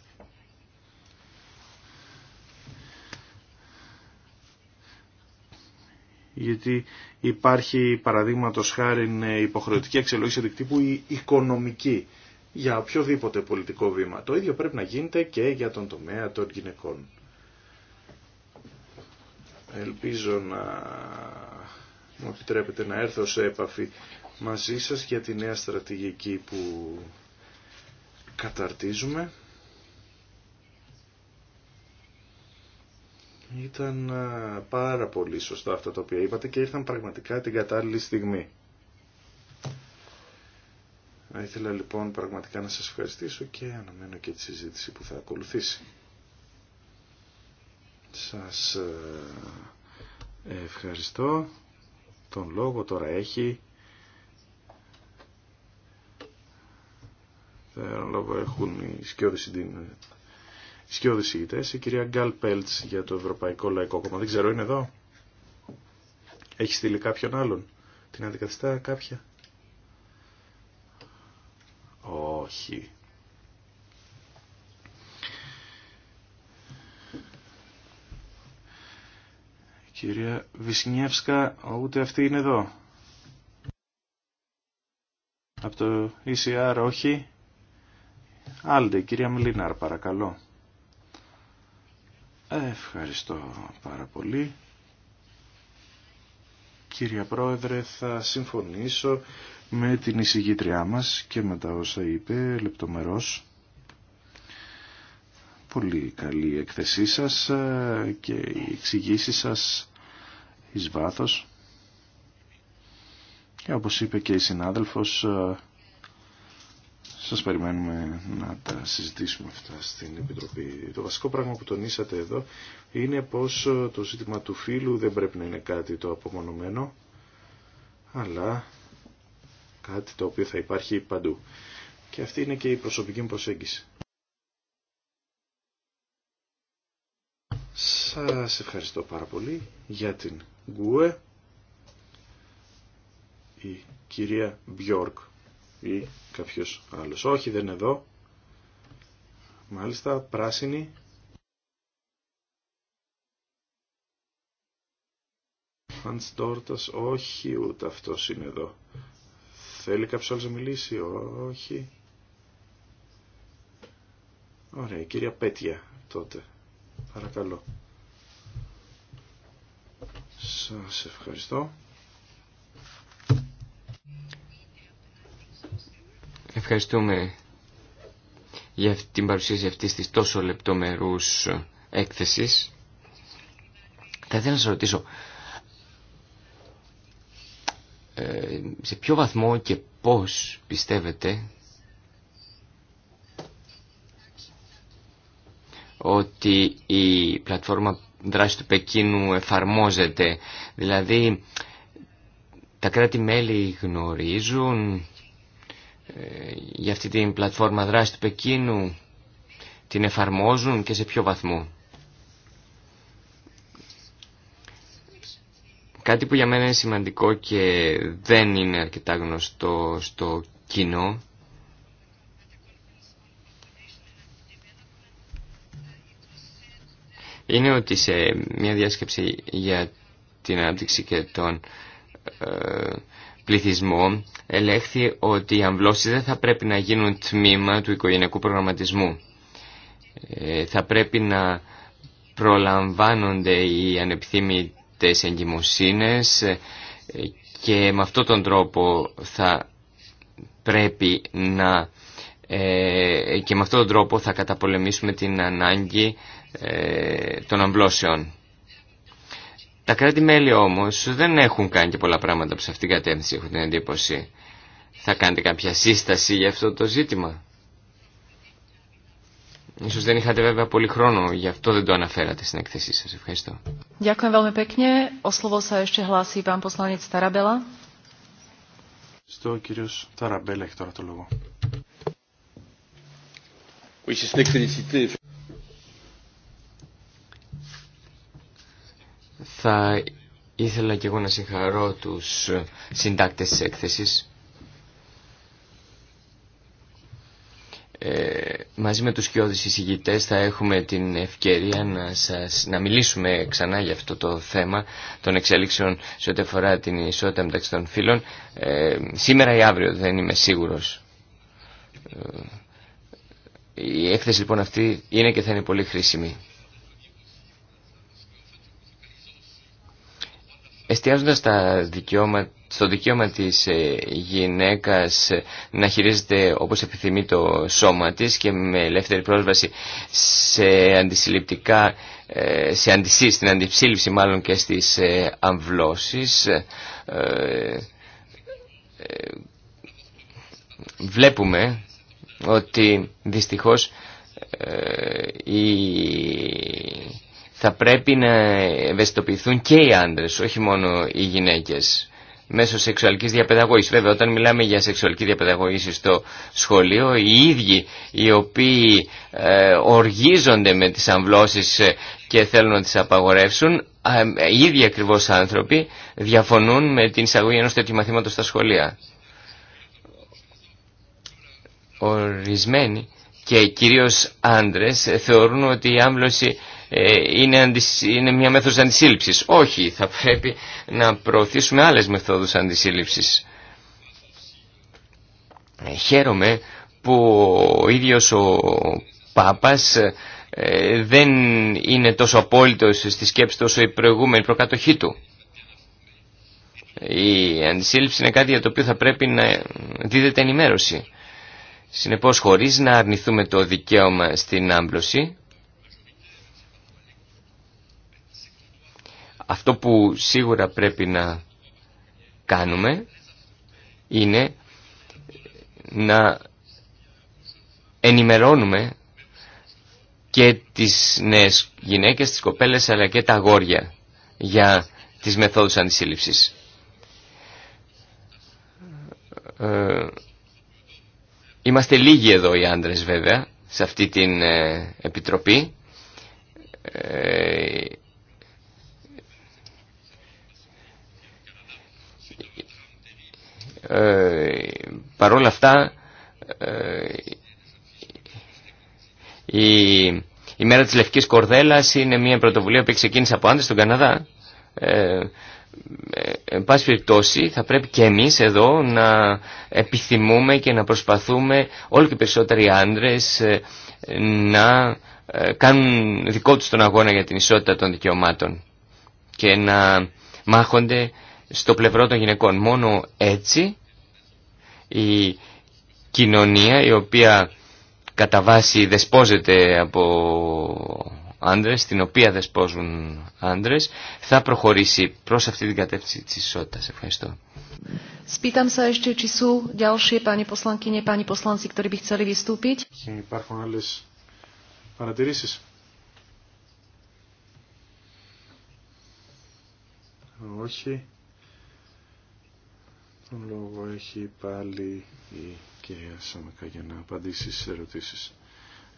γιατί υπάρχει παραδείγματο χάρη υποχρεωτική αξιολόγηση αντικτύπου η οικονομική για οποιοδήποτε πολιτικό βήμα. Το ίδιο πρέπει να γίνεται και για τον τομέα των γυναικών. Ελπίζω να μου επιτρέπετε να έρθω σε επαφή μαζί σας για τη νέα στρατηγική που καταρτίζουμε. Ήταν πάρα πολύ σωστά αυτά τα οποία είπατε και ήρθαν πραγματικά την κατάλληλη στιγμή. Θα ήθελα λοιπόν πραγματικά να σας ευχαριστήσω και αναμένω και τη συζήτηση που θα ακολουθήσει. Σας ε, ευχαριστώ. Τον λόγο τώρα έχει. Τον λόγο έχουν οι σκιώδεις Η κυρία Γκάλ Πέλτς για το Ευρωπαϊκό Λαϊκό Κόμμα. Δεν ξέρω, είναι εδώ. Έχει στείλει κάποιον άλλον. Την αντικαθιστά κάποια. Όχι. Κυρία Βυσνιεύσκα, ούτε αυτή είναι εδώ. Από το ECR όχι. Άλντε, κυρία Μιλίναρ, παρακαλώ. Ευχαριστώ πάρα πολύ. Κύριε Πρόεδρε, θα συμφωνήσω με την εισηγήτριά μας και με τα όσα είπε λεπτομερώς πολύ καλή η εκθεσή σας ε, και η εξηγήσει σας εις βάθος. Και όπως είπε και η συνάδελφος, ε, σας περιμένουμε να τα συζητήσουμε αυτά στην Επιτροπή. Το βασικό πράγμα που τονίσατε εδώ είναι πως ε, το ζήτημα του φίλου δεν πρέπει να είναι κάτι το απομονωμένο, αλλά κάτι το οποίο θα υπάρχει παντού. Και αυτή είναι και η προσωπική μου προσέγγιση. Σας ευχαριστώ πάρα πολύ για την Γκουε, η κυρία Μπιόρκ ή κάποιος άλλος. Όχι, δεν είναι εδώ. Μάλιστα, πράσινη. Φαντς τορτας όχι, ούτε αυτός είναι εδώ. Θέλει κάποιος άλλος να μιλήσει, όχι. Ωραία, κυρία Πέτια τότε. Παρακαλώ. Σας ευχαριστώ. Ευχαριστούμε για την παρουσίαση αυτής της τόσο λεπτομερούς έκθεσης. Θα ήθελα να σας ρωτήσω, ε, σε ποιο βαθμό και πώς πιστεύετε ότι η πλατφόρμα δράση του Πεκίνου εφαρμόζεται. Δηλαδή τα κράτη-μέλη γνωρίζουν ε, για αυτή την πλατφόρμα δράση του Πεκίνου, την εφαρμόζουν και σε ποιο βαθμό. Κάτι που για μένα είναι σημαντικό και δεν είναι αρκετά γνωστό στο κοινό είναι ότι σε μια διάσκεψη για την ανάπτυξη και τον ε, πληθυσμό ελέγχθη ότι οι αμβλώσεις δεν θα πρέπει να γίνουν τμήμα του οικογενειακού προγραμματισμού. Ε, θα πρέπει να προλαμβάνονται οι ανεπιθύμητες εγκυμοσύνες ε, και με αυτόν τον τρόπο θα πρέπει να και με αυτόν τον τρόπο θα καταπολεμήσουμε την ανάγκη ε, των αμπλώσεων. Τα κράτη-μέλη όμως δεν έχουν κάνει και πολλά πράγματα που σε αυτήν την κατεύθυνση έχουν την εντύπωση. Θα κάνετε κάποια σύσταση για αυτό το ζήτημα. Ίσως δεν είχατε βέβαια πολύ χρόνο, γι' αυτό δεν το αναφέρατε στην εκθέσή σας. Ευχαριστώ. Στο κύριος Ταραμπέλα έχει τώρα το λόγο. Θα ήθελα και εγώ να συγχαρώ τους συντάκτες της έκθεσης. Ε, μαζί με τους κοιόδης εισηγητές θα έχουμε την ευκαιρία να, σας, να μιλήσουμε ξανά για αυτό το θέμα των εξέλιξεων σε ό,τι αφορά την ισότητα μεταξύ των φύλων. Ε, σήμερα ή αύριο δεν είμαι σίγουρος. Ε, η έκθεση λοιπόν αυτή είναι και θα είναι πολύ χρήσιμη. Εστιάζοντας τα δικαιώμα, στο δικαίωμα της ε, γυναίκας ε, να χειρίζεται όπως επιθυμεί το σώμα της και με ελεύθερη πρόσβαση σε αντισυλληπτικά, ε, σε αντισύ, στην αντισύλληψη μάλλον και στις αμβλώσεις, βλέπουμε ότι δυστυχώς η θα πρέπει να ευαισθητοποιηθούν και οι άντρες, όχι μόνο οι γυναίκες, μέσω σεξουαλικής διαπαιδαγωγής. Βέβαια, όταν μιλάμε για σεξουαλική διαπαιδαγώγηση στο σχολείο, οι ίδιοι οι οποίοι ε, οργίζονται με τις αμβλώσεις ε, και θέλουν να τις απαγορεύσουν, ε, οι ίδιοι ακριβώς άνθρωποι διαφωνούν με την εισαγωγή ενός τέτοιου μαθήματος στα σχολεία. Ορισμένοι και κυρίως άντρες θεωρούν ότι η άμβλωση ε, είναι, είναι μια μέθοδος αντισύλληψης. Όχι, θα πρέπει να προωθήσουμε άλλες μεθόδους αντισύλληψης. Ε, χαίρομαι που ο ίδιος ο Πάπας ε, δεν είναι τόσο απόλυτος στη σκέψη τόσο η προηγούμενη προκατοχή του. Η αντισύλληψη είναι κάτι για το οποίο θα πρέπει να δίδεται ενημέρωση. Συνεπώς χωρίς να αρνηθούμε το δικαίωμα στην άμπλωση Αυτό που σίγουρα πρέπει να κάνουμε είναι να ενημερώνουμε και τις νέες γυναίκες, τις κοπέλες αλλά και τα αγόρια για τις μεθόδους αντισύλληψης. Ε, είμαστε λίγοι εδώ οι άντρες βέβαια σε αυτή την ε, επιτροπή. Ε, ε, παρόλα αυτά ε, η, η μέρα της Λευκής Κορδέλας είναι μια πρωτοβουλία που ξεκίνησε από άντρες στον Καναδά. Ε, ε πάση περιπτώσει θα πρέπει και εμείς εδώ να επιθυμούμε και να προσπαθούμε όλο και περισσότεροι άντρες ε, να ε, κάνουν δικό τους τον αγώνα για την ισότητα των δικαιωμάτων και να μάχονται στο πλευρό των γυναικών. Μόνο έτσι η κοινωνία η οποία κατά βάση δεσπόζεται από άντρες, την οποία δεσπόζουν άντρες, θα προχωρήσει προς αυτή την κατεύθυνση της ισότητας. Ευχαριστώ. ešte, či sú ďalšie pani pani by Υπάρχουν άλλες παρατηρήσεις. Όχι. Τον λόγο έχει πάλι η κυρία Σαμακά για να απαντήσει στις ερωτήσεις.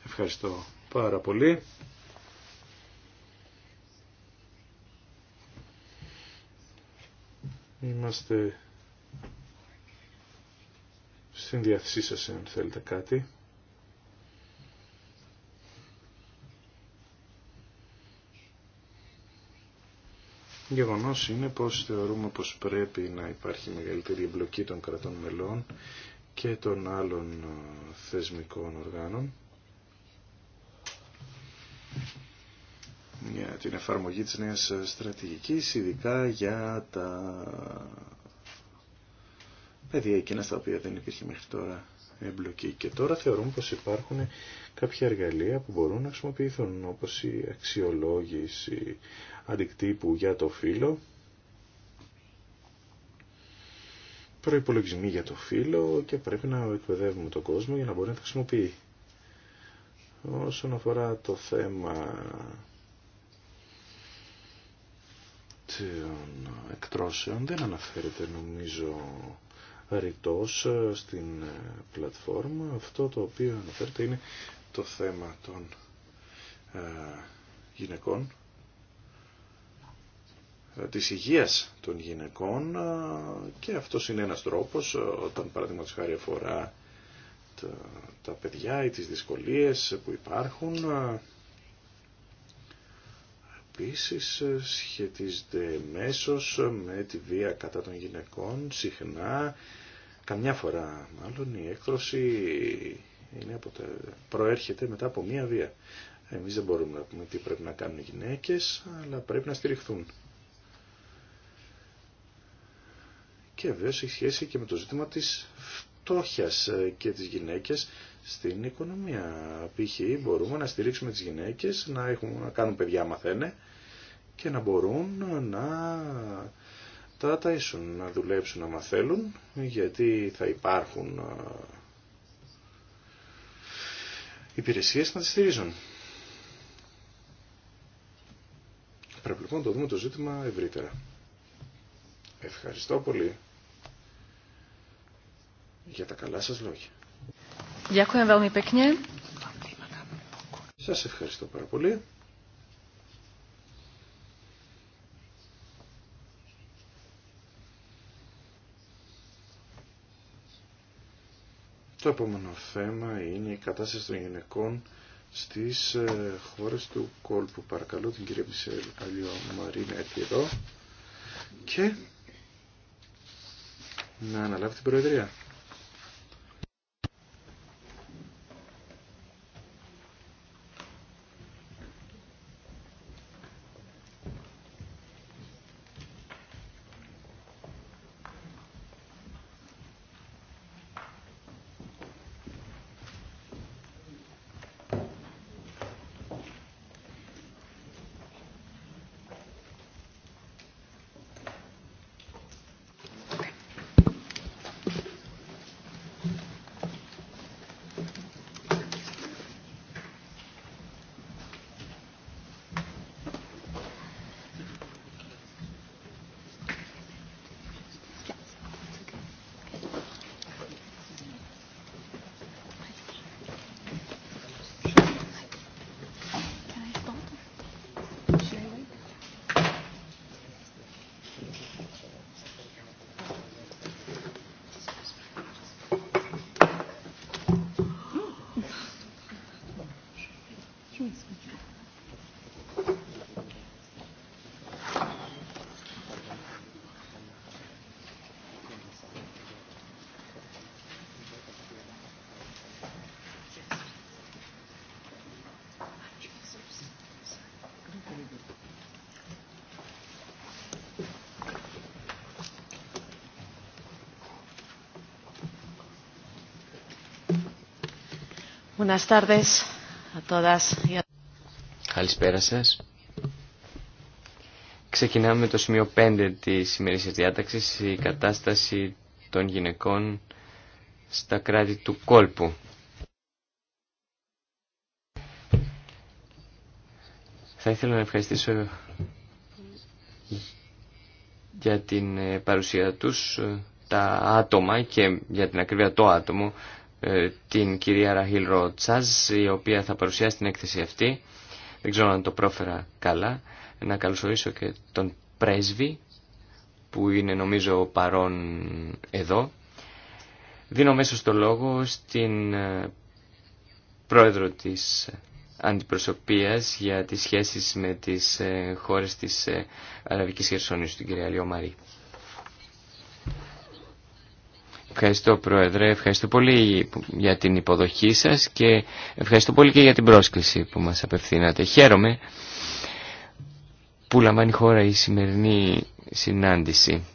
Ευχαριστώ πάρα πολύ. Είμαστε στην διάθεσή σας αν θέλετε κάτι. Γεγονός είναι πως θεωρούμε πως πρέπει να υπάρχει μεγαλύτερη εμπλοκή των κρατών μελών και των άλλων ε, θεσμικών οργάνων για την εφαρμογή της νέας ε, στρατηγικής, ειδικά για τα παιδιά εκείνα στα οποία δεν υπήρχε μέχρι τώρα εμπλοκή. Και τώρα θεωρούμε πως υπάρχουν κάποια εργαλεία που μπορούν να χρησιμοποιηθούν, όπως η αξιολόγηση αντικτύπου για το φύλλο, προϋπολογισμοί για το φύλλο και πρέπει να εκπαιδεύουμε τον κόσμο για να μπορεί να τα χρησιμοποιεί. Όσον αφορά το θέμα των εκτρώσεων δεν αναφέρεται νομίζω ρητός ε, στην ε, πλατφόρμα. Αυτό το οποίο αναφέρεται είναι το θέμα των ε, γυναικών, της υγείας των γυναικών και αυτό είναι ένας τρόπος όταν παραδείγματος χάρη αφορά τα παιδιά ή τις δυσκολίες που υπάρχουν επίσης ε, σχετίζεται μέσως με τη βία κατά των γυναικών, συχνά, καμιά φορά μάλλον η έκδοση είναι από τα... προέρχεται μετά από μία βία. Εμείς δεν μπορούμε να πούμε τι πρέπει να κάνουν οι γυναίκες, αλλά πρέπει να στηριχθούν. Και βέβαια έχει σχέση και με το ζήτημα της φτώχειας ε, και της γυναίκες στην οικονομία. Π.χ. μπορούμε να στηρίξουμε τις γυναίκες, να, έχουν, να κάνουν παιδιά μαθαίνε, και να μπορούν να τα ταΐσουν, να δουλέψουν άμα θέλουν, γιατί θα υπάρχουν υπηρεσίες να τις στηρίζουν. Πρέπει λοιπόν να το δούμε το ζήτημα ευρύτερα. Ευχαριστώ πολύ για τα καλά σας λόγια. Σας ευχαριστώ πάρα πολύ. Το επόμενο θέμα είναι η κατάσταση των γυναικών στις ε, χώρες του κόλπου. Παρακαλώ την κυρία Μισελ Αλιο Μαρίνα έρθει εδώ και να αναλάβει την Προεδρία. Buenas Καλησπέρα σα. Ξεκινάμε με το σημείο 5 τη σημερινής διάταξη: η κατάσταση των γυναικών στα κράτη του κόλπου. Θα ήθελα να ευχαριστήσω για την παρουσία τους τα άτομα και για την ακρίβεια το άτομο ε, την κυρία Ραχίλ Ροτσάζ, η οποία θα παρουσιάσει την έκθεση αυτή. Δεν ξέρω αν το πρόφερα καλά. Να καλωσορίσω και τον πρέσβη, που είναι νομίζω παρόν εδώ. Δίνω μέσω στο λόγο στην ε, πρόεδρο της αντιπροσωπείας για τις σχέσεις με τις ε, χώρες της Αραβικής Χερσονήσου, την κυρία Λιωμαρή. Ευχαριστώ Πρόεδρε, ευχαριστώ πολύ για την υποδοχή σας και ευχαριστώ πολύ και για την πρόσκληση που μας απευθύνατε. Χαίρομαι που λαμβάνει η χώρα η σημερινή συνάντηση.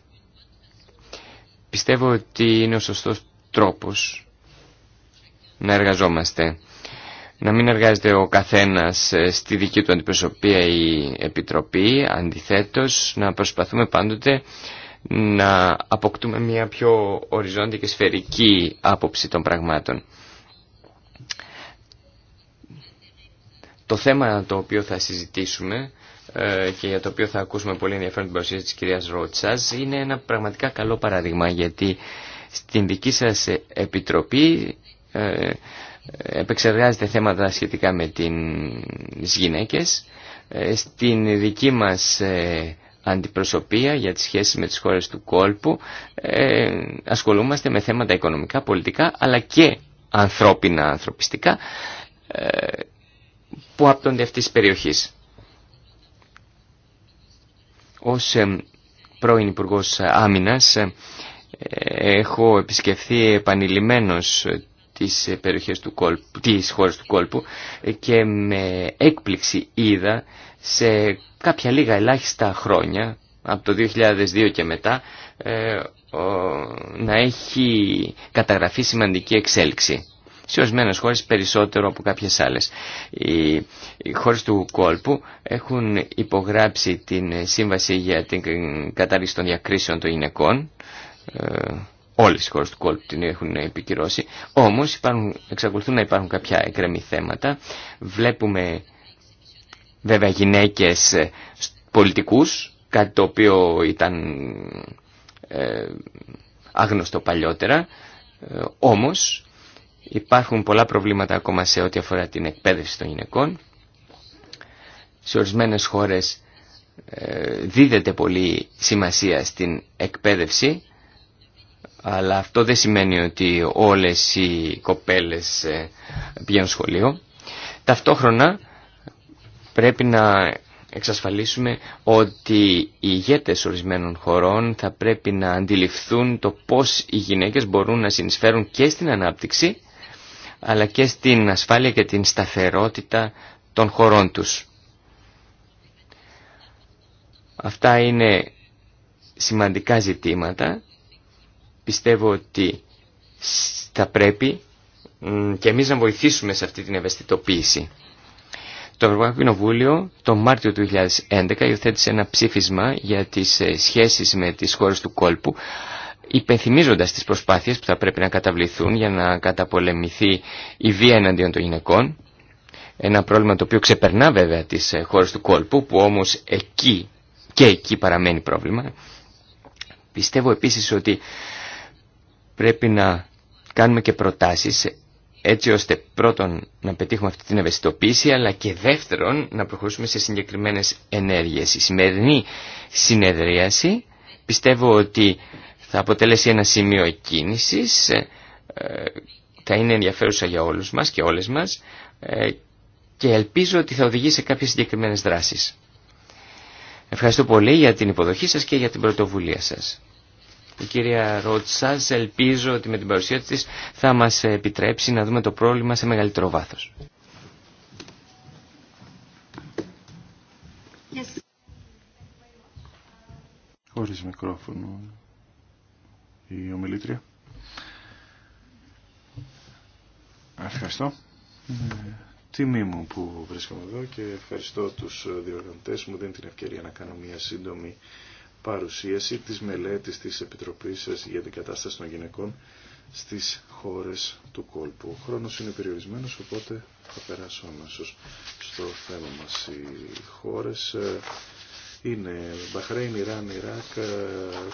Πιστεύω ότι είναι ο σωστός τρόπος να εργαζόμαστε. Να μην εργάζεται ο καθένας ε, στη δική του αντιπροσωπεία η Επιτροπή, αντιθέτως να προσπαθούμε πάντοτε να αποκτούμε μια πιο οριζόντια και σφαιρική άποψη των πραγμάτων. Το θέμα το οποίο θα συζητήσουμε ε, και για το οποίο θα ακούσουμε πολύ ενδιαφέρον την παρουσίαση της κυρίας Ρότσας είναι ένα πραγματικά καλό παράδειγμα γιατί στην δική σας επιτροπή ε, επεξεργάζεται θέματα σχετικά με τις γυναίκες ε, στην δική μας αντιπροσωπεία για τις σχέσεις με τις χώρες του κόλπου ε, ασχολούμαστε με θέματα οικονομικά, πολιτικά αλλά και ανθρώπινα, ανθρωπιστικά ε, που άπτονται αυτής της περιοχής. Ως ε, πρώην Υπουργός Άμυνας ε, έχω επισκεφθεί επανειλημμένως τις ε, περιοχές του κόλπου, χώρες του κόλπου ε, και με έκπληξη είδα σε κάποια λίγα ελάχιστα χρόνια από το 2002 και μετά ε, να έχει καταγραφεί σημαντική εξέλιξη σε ορισμένε χώρες περισσότερο από κάποιες άλλες. Οι, οι χώρες του κόλπου έχουν υπογράψει την Σύμβαση για την κατάρριξη των διακρίσεων των γυναικών όλες οι χώρες του κόλπου την έχουν επικυρώσει. Όμως εξακολουθούν να υπάρχουν κάποια εκρεμή θέματα. Βλέπουμε βέβαια γυναίκες πολιτικούς, κάτι το οποίο ήταν ε, άγνωστο παλιότερα. Ε, όμως υπάρχουν πολλά προβλήματα ακόμα σε ό,τι αφορά την εκπαίδευση των γυναικών. Σε ορισμένες χώρες ε, δίδεται πολύ σημασία στην εκπαίδευση αλλά αυτό δεν σημαίνει ότι όλες οι κοπέλες ε, πηγαίνουν σχολείο. Ταυτόχρονα πρέπει να εξασφαλίσουμε ότι οι ηγέτες ορισμένων χωρών θα πρέπει να αντιληφθούν το πώς οι γυναίκες μπορούν να συνεισφέρουν και στην ανάπτυξη αλλά και στην ασφάλεια και την σταθερότητα των χωρών τους. Αυτά είναι σημαντικά ζητήματα πιστεύω ότι θα πρέπει και εμείς να βοηθήσουμε σε αυτή την ευαισθητοποίηση. Το Ευρωπαϊκό Κοινοβούλιο το Μάρτιο του 2011 υιοθέτησε ένα ψήφισμα για τις ε, σχέσεις με τις χώρες του κόλπου υπενθυμίζοντας τις προσπάθειες που θα πρέπει να καταβληθούν για να καταπολεμηθεί η βία εναντίον των γυναικών ένα πρόβλημα το οποίο ξεπερνά βέβαια τις ε, χώρες του κόλπου που όμως εκεί και εκεί παραμένει πρόβλημα. Πιστεύω επίσης ότι πρέπει να κάνουμε και προτάσεις έτσι ώστε πρώτον να πετύχουμε αυτή την ευαισθητοποίηση αλλά και δεύτερον να προχωρήσουμε σε συγκεκριμένες ενέργειες. Η σημερινή συνεδρίαση πιστεύω ότι θα αποτελέσει ένα σημείο κίνησης, ε, θα είναι ενδιαφέρουσα για όλους μας και όλες μας ε, και ελπίζω ότι θα οδηγήσει σε κάποιες συγκεκριμένες δράσεις. Ευχαριστώ πολύ για την υποδοχή σας και για την πρωτοβουλία σας η κυρία ρώτησα. Ελπίζω ότι με την παρουσία τη θα μα επιτρέψει να δούμε το πρόβλημα σε μεγαλύτερο βάθο. Yes. Χωρίς μικρόφωνο η ομιλήτρια. Ευχαριστώ. Τι ε, Τιμή μου που βρίσκομαι εδώ και ευχαριστώ τους διοργανωτές μου. Δεν την ευκαιρία να κάνω μια σύντομη παρουσίαση της μελέτης της Επιτροπής για την κατάσταση των γυναικών στις χώρες του κόλπου. Ο χρόνος είναι περιορισμένος, οπότε θα περάσω αμέσως στο θέμα μας. Οι χώρες ε, είναι Μπαχρέιν, Ιράν, Ιράκ, ε,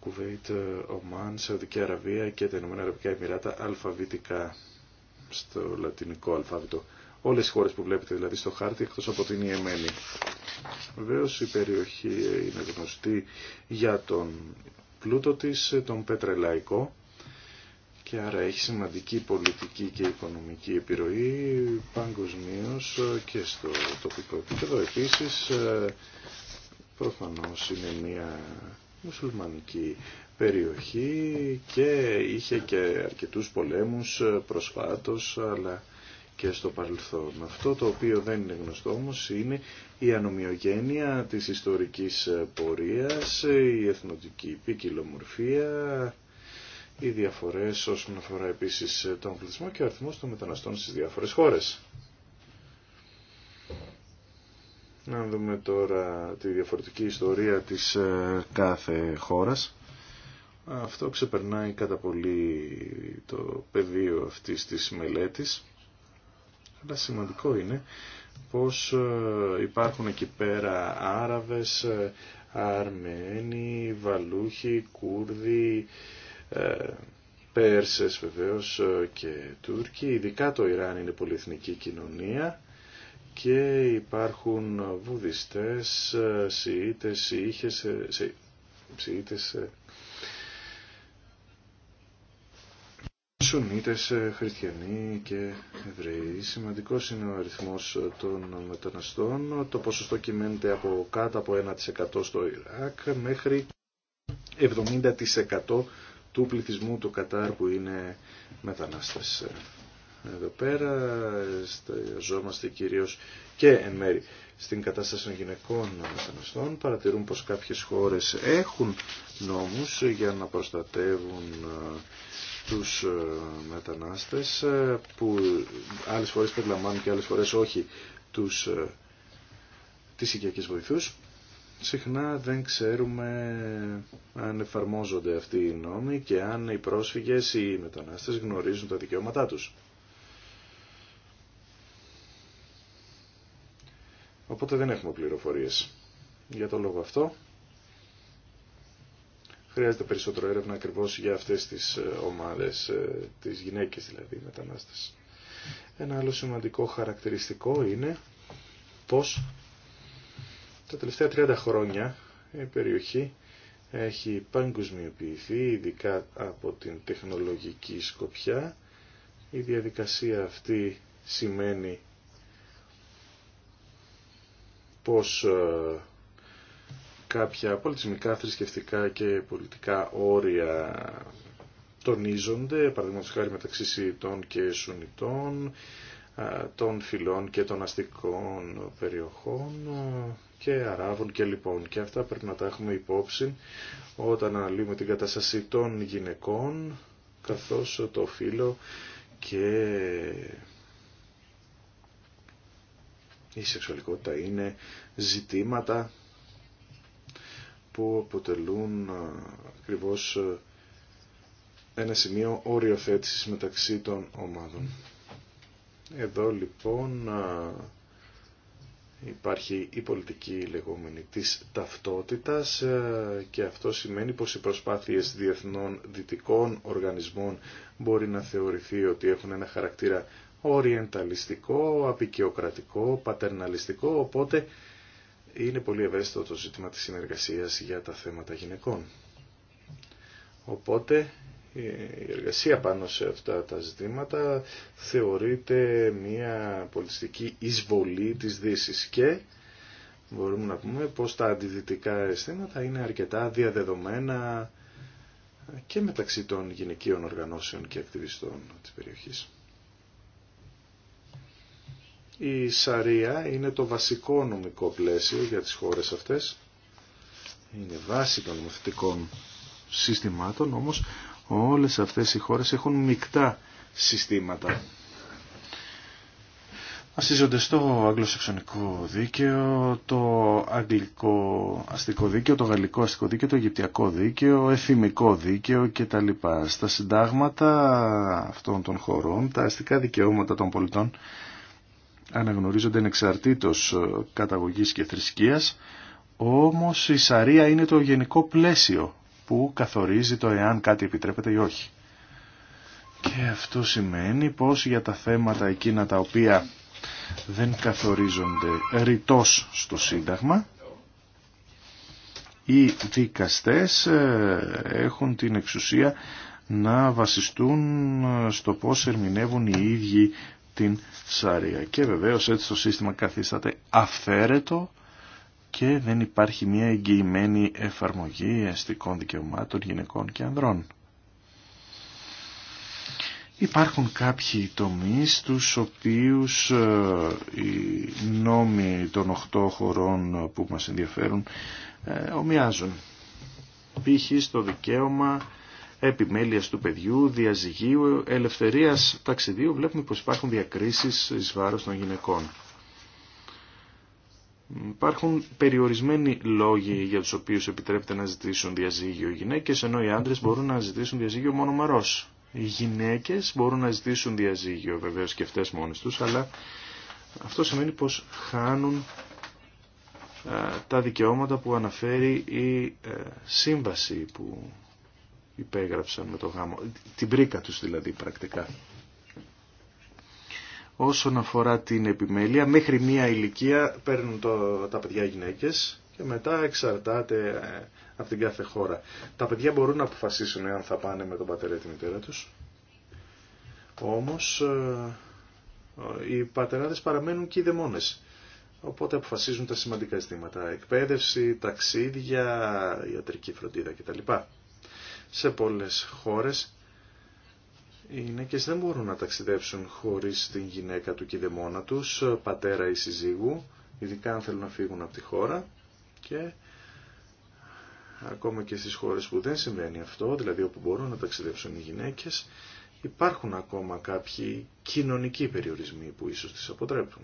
Κουβέιτ, ε, Ομάν, Σαουδική Αραβία και τα Ηνωμένα Αραβικά Εμμυράτα αλφαβητικά στο λατινικό αλφάβητο όλες οι χώρες που βλέπετε δηλαδή στο χάρτη εκτός από την Ιεμένη. Βεβαίω η περιοχή είναι γνωστή για τον πλούτο της, τον πετρελαϊκό και άρα έχει σημαντική πολιτική και οικονομική επιρροή παγκοσμίω και στο τοπικό επίπεδο. Επίσης ε, προφανώς είναι μια μουσουλμανική περιοχή και είχε και αρκετούς πολέμους ε, προσφάτως αλλά και στο παρελθόν. Αυτό το οποίο δεν είναι γνωστό όμως είναι η ανομοιογένεια της ιστορικής ε, πορείας, η εθνοτική ποικιλομορφία, οι διαφορές όσον αφορά επίσης ε, τον πληθυσμό και ο αριθμός των μεταναστών στις διάφορες χώρες. Να δούμε τώρα τη διαφορετική ιστορία της ε, κάθε χώρας. Αυτό ξεπερνάει κατά πολύ το πεδίο αυτής της μελέτης. Αλλά σημαντικό είναι πως ε, υπάρχουν εκεί πέρα Άραβες, ε, Αρμένοι, Βαλούχοι, Κούρδοι, ε, Πέρσες βεβαίως και Τούρκοι. Ειδικά το Ιράν είναι πολυεθνική κοινωνία και υπάρχουν βουδιστές, σιήτες, σιήχες, σιήτες Σουνίτες, ε, Χριστιανοί και Εβραίοι. Σημαντικός είναι ο αριθμός των μεταναστών. Το ποσοστό κυμαίνεται από κάτω από 1% στο Ιράκ μέχρι 70% του πληθυσμού του Κατάρ που είναι μετανάστες. Ε, εδώ πέρα ε, ζόμαστε κυρίως και εν μέρη στην κατάσταση των γυναικών μεταναστών. Παρατηρούν πως κάποιες χώρες έχουν νόμους για να προστατεύουν τους ε, μετανάστες ε, που άλλες φορές περιλαμβάνουν και άλλες φορές όχι τους, ε, τις οικιακές βοηθούς. Συχνά δεν ξέρουμε αν εφαρμόζονται αυτοί οι νόμοι και αν οι πρόσφυγες ή οι μετανάστες γνωρίζουν τα δικαιώματά τους. Οπότε δεν έχουμε πληροφορίες. Για το λόγο αυτό χρειάζεται περισσότερο έρευνα ακριβώ για αυτέ τι ε, ομάδε, ε, τι γυναίκε δηλαδή, μετανάστες. Ένα άλλο σημαντικό χαρακτηριστικό είναι πω τα τελευταία 30 χρόνια η περιοχή έχει παγκοσμιοποιηθεί, ειδικά από την τεχνολογική σκοπιά. Η διαδικασία αυτή σημαίνει πως ε, κάποια πολιτισμικά, θρησκευτικά και πολιτικά όρια τονίζονται, παραδείγματος χάρη μεταξύ Σιητών και Σουνιτών, των φυλών και των αστικών περιοχών και Αράβων και λοιπόν. Και αυτά πρέπει να τα έχουμε υπόψη όταν αναλύουμε την κατάσταση των γυναικών καθώς το φύλλο και η σεξουαλικότητα είναι ζητήματα που αποτελούν ε, ακριβώ ε, ένα σημείο οριοθέτησης μεταξύ των ομάδων. Εδώ λοιπόν ε, υπάρχει η πολιτική λεγόμενη της ταυτότητας και αυτό σημαίνει πως οι προσπάθειες διεθνών δυτικών οργανισμών μπορεί να θεωρηθεί ότι έχουν ένα χαρακτήρα οριενταλιστικό, απεικιοκρατικό, πατερναλιστικό, οπότε είναι πολύ ευαίσθητο το ζήτημα της συνεργασίας για τα θέματα γυναικών. Οπότε η εργασία πάνω σε αυτά τα ζητήματα θεωρείται μια πολιτιστική εισβολή της δύση και μπορούμε να πούμε πως τα αντιδυτικά αισθήματα είναι αρκετά διαδεδομένα και μεταξύ των γυναικείων οργανώσεων και ακτιβιστών της περιοχής. Η Σαρία είναι το βασικό νομικό πλαίσιο για τις χώρες αυτές. Είναι βάση των νομοθετικών συστημάτων, όμως όλες αυτές οι χώρες έχουν μεικτά συστήματα. Ασίζονται στο αγγλοσαξονικό δίκαιο, το αγγλικό αστικό δίκαιο, το γαλλικό αστικό δίκαιο, το αιγυπτιακό δίκαιο, εθιμικό δίκαιο κτλ. Στα συντάγματα αυτών των χωρών, τα αστικά δικαιώματα των πολιτών αναγνωρίζονται εξαρτήτως ε, καταγωγής και θρησκείας, όμως η Σαρία είναι το γενικό πλαίσιο που καθορίζει το εάν κάτι επιτρέπεται ή όχι. Και αυτό σημαίνει πως για τα θέματα εκείνα τα οποία δεν καθορίζονται ρητός στο Σύνταγμα, οι δικαστές ε, έχουν την εξουσία να βασιστούν ε, στο πώς ερμηνεύουν οι ίδιοι την Σάρια. Και βεβαίως έτσι το σύστημα καθίσταται αφέρετο και δεν υπάρχει μια εγγυημένη εφαρμογή αστικών δικαιωμάτων γυναικών και ανδρών. Υπάρχουν κάποιοι τομείς τους οποίους ε, οι νόμοι των οχτώ χωρών που μας ενδιαφέρουν ε, ομοιάζουν. Π.χ. στο δικαίωμα επιμέλειας του παιδιού, διαζυγίου, ελευθερίας ταξιδίου, βλέπουμε πως υπάρχουν διακρίσεις εις βάρος των γυναικών. Υπάρχουν περιορισμένοι λόγοι για τους οποίους επιτρέπεται να ζητήσουν διαζύγιο οι γυναίκες, ενώ οι άντρες μπορούν να ζητήσουν διαζύγιο μόνο μερός. Οι γυναίκες μπορούν να ζητήσουν διαζύγιο βεβαίως και αυτές μόνες τους, αλλά αυτό σημαίνει πως χάνουν τα δικαιώματα που αναφέρει η ε, σύμβαση που υπέγραψαν με το γάμο. Την πρίκα τους δηλαδή πρακτικά. Όσον αφορά την επιμέλεια, μέχρι μία ηλικία παίρνουν το, τα παιδιά γυναίκες και μετά εξαρτάται ε, από την κάθε χώρα. Τα παιδιά μπορούν να αποφασίσουν αν θα πάνε με τον πατέρα ή τη μητέρα τους. Όμως ε, ε, οι πατεράδες παραμένουν και οι δαιμόνες. Οπότε αποφασίζουν τα σημαντικά ζητήματα. Εκπαίδευση, ταξίδια, ιατρική φροντίδα κτλ σε πολλές χώρες οι γυναίκες δεν μπορούν να ταξιδέψουν χωρίς την γυναίκα του και δαιμόνα τους, πατέρα ή συζύγου, ειδικά αν θέλουν να φύγουν από τη χώρα και ακόμα και στις χώρες που δεν συμβαίνει αυτό, δηλαδή όπου μπορούν να ταξιδέψουν οι γυναίκες, υπάρχουν ακόμα κάποιοι κοινωνικοί περιορισμοί που ίσως τις αποτρέπουν.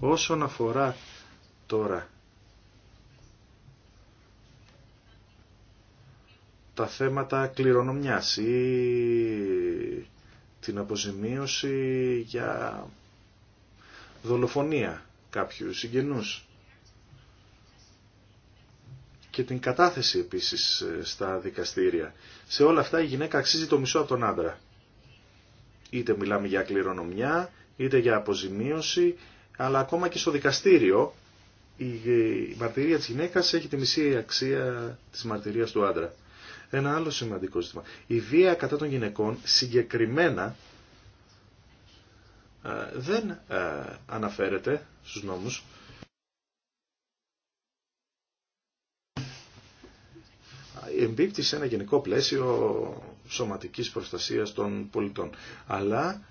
Όσον αφορά τώρα τα θέματα κληρονομιάς ή την αποζημίωση για δολοφονία κάποιου συγγενούς και την κατάθεση επίσης ε, στα δικαστήρια. Σε όλα αυτά η γυναίκα αξίζει το μισό από τον άντρα. Είτε μιλάμε για κληρονομιά, είτε για αποζημίωση, αλλά ακόμα και στο δικαστήριο η ε, μαρτυρία της γυναίκας έχει τη μισή αξία της μαρτυρίας του άντρα ένα άλλο σημαντικό ζήτημα. Η βία κατά των γυναικών συγκεκριμένα ε, δεν ε, αναφέρεται στους νόμους. Εμπίπτει σε ένα γενικό πλαίσιο σωματικής προστασίας των πολιτών. Αλλά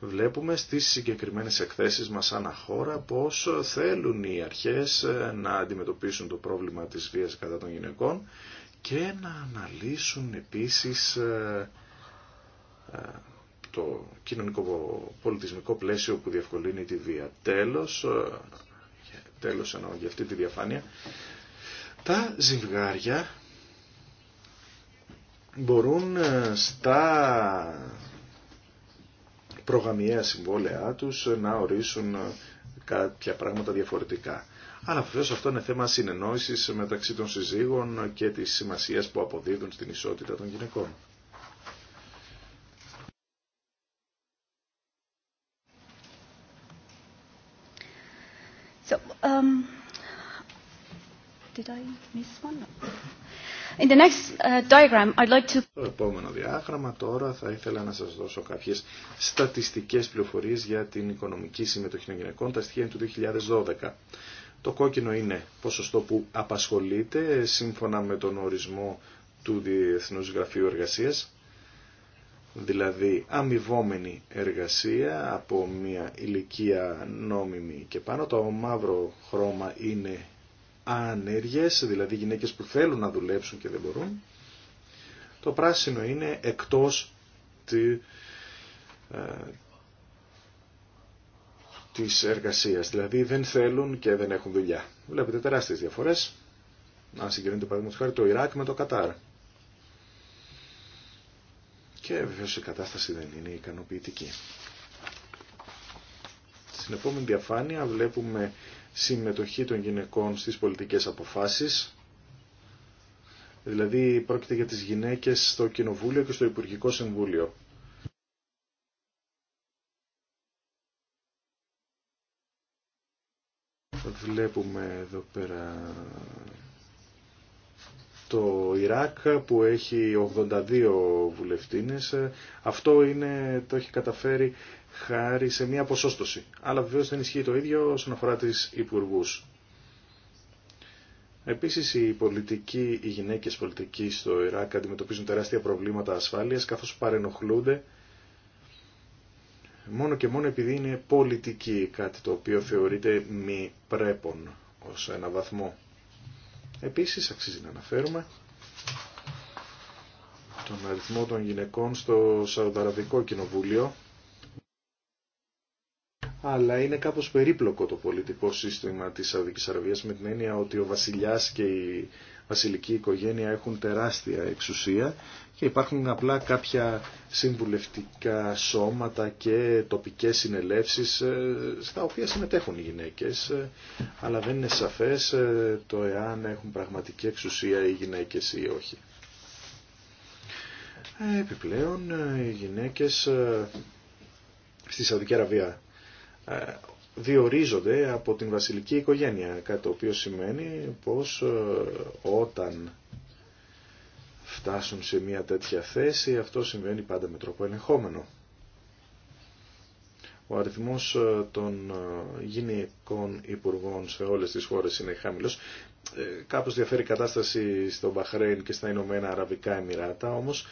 βλέπουμε στις συγκεκριμένες εκθέσεις μας σαν χώρα πως θέλουν οι αρχές ε, να αντιμετωπίσουν το πρόβλημα της βίας κατά των γυναικών και να αναλύσουν επίσης ε, ε, το κοινωνικό πολιτισμικό πλαίσιο που διευκολύνει τη βία. Τέλος, ε, τέλος εννοώ για αυτή τη διαφάνεια, τα ζυγάρια μπορούν στα προγαμιαία συμβόλαιά τους να ορίσουν κάποια πράγματα διαφορετικά. Αλλά βεβαίω αυτό είναι θέμα συνεννόηση μεταξύ των συζύγων και τη σημασία που αποδίδουν στην ισότητα των γυναικών. So, um, did I miss one? In the next uh, diagram, I'd like to... Το επόμενο διάγραμμα τώρα θα ήθελα να σας δώσω κάποιες στατιστικές πληροφορίες για την οικονομική συμμετοχή των γυναικών, τα στοιχεία του 2012. Το κόκκινο είναι ποσοστό που απασχολείται σύμφωνα με τον ορισμό του Διεθνούς Γραφείου Εργασίας, δηλαδή αμοιβόμενη εργασία από μια ηλικία νόμιμη και πάνω. Το μαύρο χρώμα είναι ανέργειες, δηλαδή γυναίκες που θέλουν να δουλέψουν και δεν μπορούν. Το πράσινο είναι εκτός ε, της εργασίας. Δηλαδή δεν θέλουν και δεν έχουν δουλειά. Βλέπετε τεράστιες διαφορές. Αν συγκρίνετε παραδείγματος χάρη το Ιράκ με το Κατάρ. Και βεβαίως η κατάσταση δεν είναι ικανοποιητική. Στην επόμενη διαφάνεια βλέπουμε συμμετοχή των γυναικών στις πολιτικές αποφάσεις. Δηλαδή πρόκειται για τις γυναίκες στο Κοινοβούλιο και στο Υπουργικό Συμβούλιο. βλέπουμε εδώ πέρα το Ιράκ που έχει 82 βουλευτίνες. Αυτό είναι, το έχει καταφέρει χάρη σε μια ποσόστοση. Αλλά βεβαίω δεν ισχύει το ίδιο όσον αφορά τις υπουργούς. Επίσης οι, πολιτικοί, οι γυναίκες πολιτικοί στο Ιράκ αντιμετωπίζουν τεράστια προβλήματα ασφάλειας καθώς παρενοχλούνται μόνο και μόνο επειδή είναι πολιτική, κάτι το οποίο θεωρείται μη πρέπον ως ένα βαθμό. Επίσης αξίζει να αναφέρουμε τον αριθμό των γυναικών στο Σαουδαραβικό Κοινοβούλιο, αλλά είναι κάπως περίπλοκο το πολιτικό σύστημα της Σαουδικής Αραβίας με την έννοια ότι ο βασιλιάς και η βασιλική οικογένεια έχουν τεράστια εξουσία και υπάρχουν απλά κάποια συμβουλευτικά σώματα και τοπικές συνελεύσεις ε, στα οποία συμμετέχουν οι γυναίκες ε, αλλά δεν είναι σαφές ε, το εάν έχουν πραγματική εξουσία οι γυναίκες ή όχι. Επιπλέον οι γυναίκες στη Σαουδική Αραβία διορίζονται από την βασιλική οικογένεια, κάτι το οποίο σημαίνει πως ε, όταν φτάσουν σε μια τέτοια θέση αυτό σημαίνει πάντα με τρόπο ελεγχόμενο. Ο αριθμός ε, των ε, γυναικών υπουργών σε όλες τις χώρες είναι χαμηλός. Κάπως διαφέρει η κατάσταση στο Μπαχρέιν και στα Ηνωμένα Αραβικά Εμμυράτα, όμως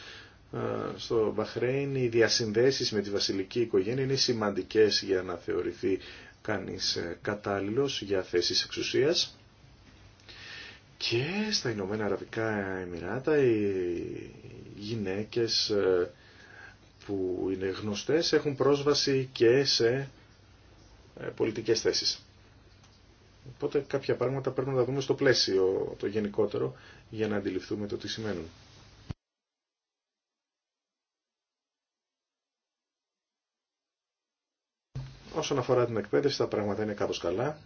στο Μπαχρέιν οι διασυνδέσεις με τη βασιλική οικογένεια είναι σημαντικές για να θεωρηθεί κανείς ε, κατάλληλος για θέσεις εξουσίας. Και στα Ηνωμένα Αραβικά Εμμυράτα οι γυναίκες ε, που είναι γνωστές έχουν πρόσβαση και σε ε, πολιτικές θέσεις. Οπότε κάποια πράγματα πρέπει να τα δούμε στο πλαίσιο το γενικότερο για να αντιληφθούμε το τι σημαίνουν. Όσον αφορά την εκπαίδευση, τα πράγματα είναι κάπως καλά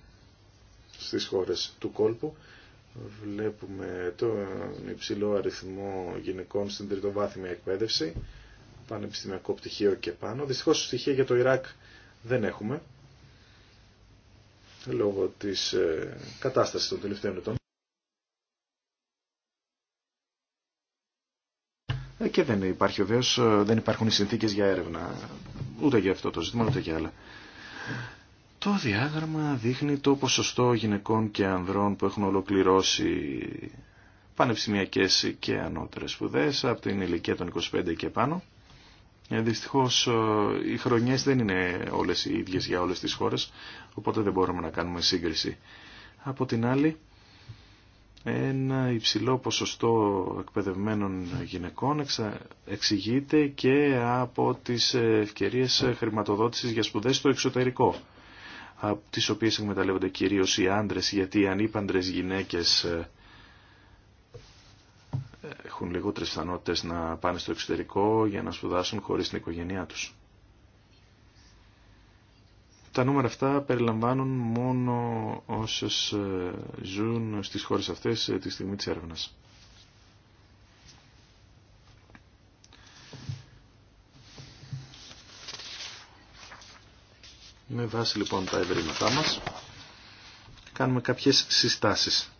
στις χώρες του κόλπου. Βλέπουμε τον υψηλό αριθμό γυναικών στην τριτοβάθμια εκπαίδευση, πανεπιστημιακό πτυχίο και πάνω. Δυστυχώς στοιχεία για το Ιράκ δεν έχουμε, λόγω της ε, κατάστασης των τελευταίων ετών. Ε, και δεν, υπάρχει, βεβαίω, ε, δεν υπάρχουν οι συνθήκες για έρευνα, ούτε για αυτό το ζήτημα, ούτε για άλλα. Το διάγραμμα δείχνει το ποσοστό γυναικών και ανδρών που έχουν ολοκληρώσει πανεπιστημιακές και ανώτερες σπουδές από την ηλικία των 25 και πάνω. Ε, δυστυχώς ε, οι χρονιές δεν είναι όλες οι ίδιες για όλες τις χώρες, οπότε δεν μπορούμε να κάνουμε σύγκριση. Από την άλλη, ένα υψηλό ποσοστό εκπαιδευμένων γυναικών εξηγείται και από τις ευκαιρίες χρηματοδότησης για σπουδές στο εξωτερικό τις οποίες εκμεταλλεύονται κυρίως οι άντρες γιατί οι ανήπαντρες γυναίκες ε, έχουν λιγότερες πιθανότητες να πάνε στο εξωτερικό για να σπουδάσουν χωρίς την οικογένειά τους τα νούμερα αυτά περιλαμβάνουν μόνο όσες ε, ζουν στις χώρες αυτές ε, τη στιγμή της έρευνας. Με βάση λοιπόν τα ευρήματά μας κάνουμε κάποιες συστάσεις.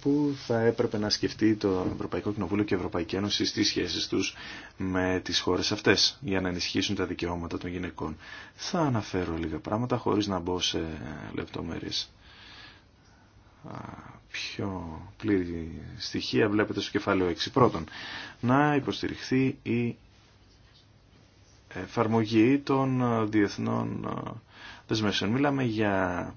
που θα έπρεπε να σκεφτεί το Ευρωπαϊκό Κοινοβούλιο και η Ευρωπαϊκή Ένωση στις σχέσεις τους με τις χώρες αυτές για να ενισχύσουν τα δικαιώματα των γυναικών. Θα αναφέρω λίγα πράγματα χωρίς να μπω σε λεπτομέρειες. Πιο πλήρη στοιχεία βλέπετε στο κεφάλαιο 6. Πρώτον, να υποστηριχθεί η εφαρμογή των διεθνών δεσμεύσεων. Μιλάμε για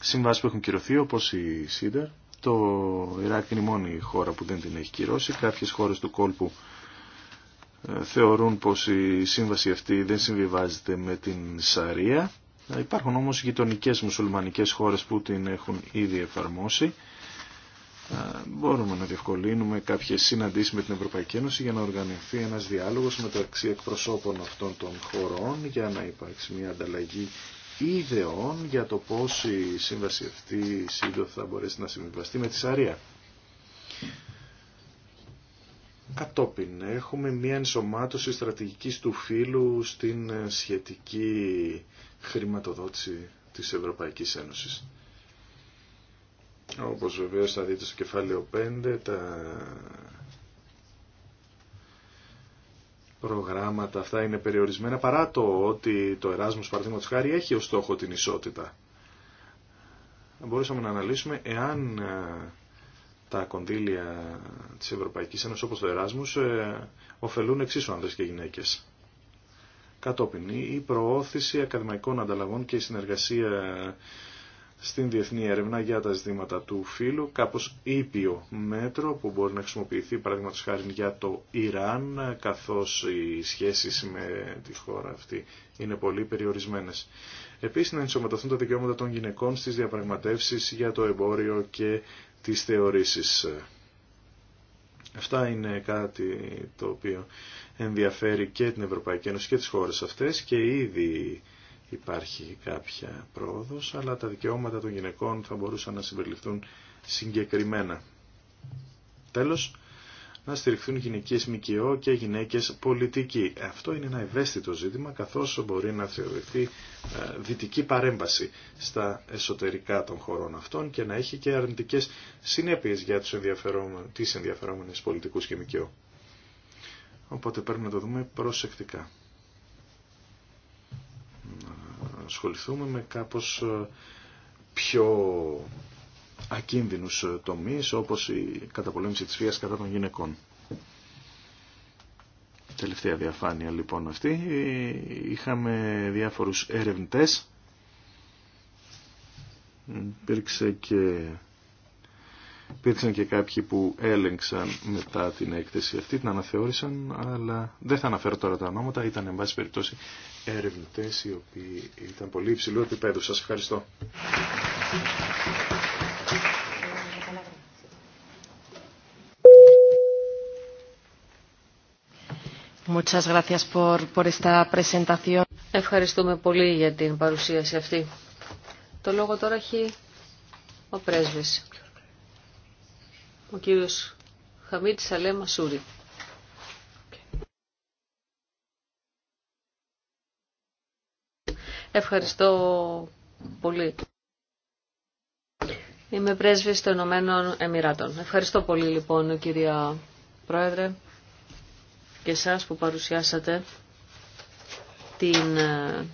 συμβάσεις που έχουν κυρωθεί όπως η ΣΥΝΤΑΡ το Ιράκ είναι η μόνη χώρα που δεν την έχει κυρώσει. Κάποιες χώρες του κόλπου ε, θεωρούν πως η σύμβαση αυτή δεν συμβιβάζεται με την Σαρία. Ε, υπάρχουν όμως γειτονικέ μουσουλμανικές χώρες που την έχουν ήδη εφαρμόσει. Ε, μπορούμε να διευκολύνουμε κάποιες συναντήσεις με την Ευρωπαϊκή Ένωση για να οργανωθεί ένας διάλογος μεταξύ εκπροσώπων αυτών των χωρών για να υπάρξει μια ανταλλαγή ιδεών για το πώς η σύμβαση αυτή σύντομα θα μπορέσει να συμβιβαστεί με τη Σαρία. Κατόπιν έχουμε μια ενσωμάτωση στρατηγικής του φύλου στην σχετική χρηματοδότηση της Ευρωπαϊκής Ένωσης. Όπως βεβαίως θα δείτε στο κεφάλαιο 5, τα προγράμματα αυτά είναι περιορισμένα παρά το ότι το Εράσμος παραδείγματο χάρη έχει ως στόχο την ισότητα. Μπορούσαμε να αναλύσουμε εάν ε, τα κονδύλια της Ευρωπαϊκής Ένωσης όπως το Εράσμους ε, ωφελούν εξίσου άνδρες και γυναίκες. Κατόπιν, η προώθηση ακαδημαϊκών ανταλλαγών και η συνεργασία στην διεθνή έρευνα για τα ζητήματα του φύλου, κάπως ήπιο μέτρο που μπορεί να χρησιμοποιηθεί παραδείγματος χάρη για το Ιράν, καθώς οι σχέσεις με τη χώρα αυτή είναι πολύ περιορισμένες. Επίσης να ενσωματωθούν τα δικαιώματα των γυναικών στις διαπραγματεύσεις για το εμπόριο και τις θεωρήσεις. Αυτά είναι κάτι το οποίο ενδιαφέρει και την Ευρωπαϊκή Ένωση και τις χώρες αυτές και ήδη υπάρχει κάποια πρόοδος, αλλά τα δικαιώματα των γυναικών θα μπορούσαν να συμπεριληφθούν συγκεκριμένα. Τέλος, να στηριχθούν γυναικείες ΜΚΟ και γυναίκες πολιτικοί. Αυτό είναι ένα ευαίσθητο ζήτημα, καθώς μπορεί να θεωρηθεί ε, δυτική παρέμβαση στα εσωτερικά των χωρών αυτών και να έχει και αρνητικές συνέπειες για τους ενδιαφέρομε τις ενδιαφερόμενες πολιτικούς και ΜΚΟ. Οπότε πρέπει να το δούμε προσεκτικά ασχοληθούμε με κάπως ε, πιο ακίνδυνους ε, τομείς όπως η καταπολέμηση της φίας κατά των γυναικών. Τελευταία διαφάνεια λοιπόν αυτή. Είχαμε διάφορους ερευνητές. Υπήρξε και Υπήρξαν και κάποιοι που έλεγξαν μετά την έκθεση αυτή, την αναθεώρησαν, αλλά δεν θα αναφέρω τώρα τα ονόματα. Ήταν, εν πάση περιπτώσει, ερευνητέ οι οποίοι ήταν πολύ υψηλού επίπεδου. Σα ευχαριστώ. Ευχαριστούμε πολύ για την παρουσίαση αυτή. Το λόγο τώρα έχει ο πρέσβης ο κύριος Χαμίτ Σαλέ Μασούρη. Ευχαριστώ πολύ. Είμαι πρέσβης των Ηνωμένων Εμμυράτων. Ευχαριστώ πολύ λοιπόν κυρία Πρόεδρε και εσάς που παρουσιάσατε την ε,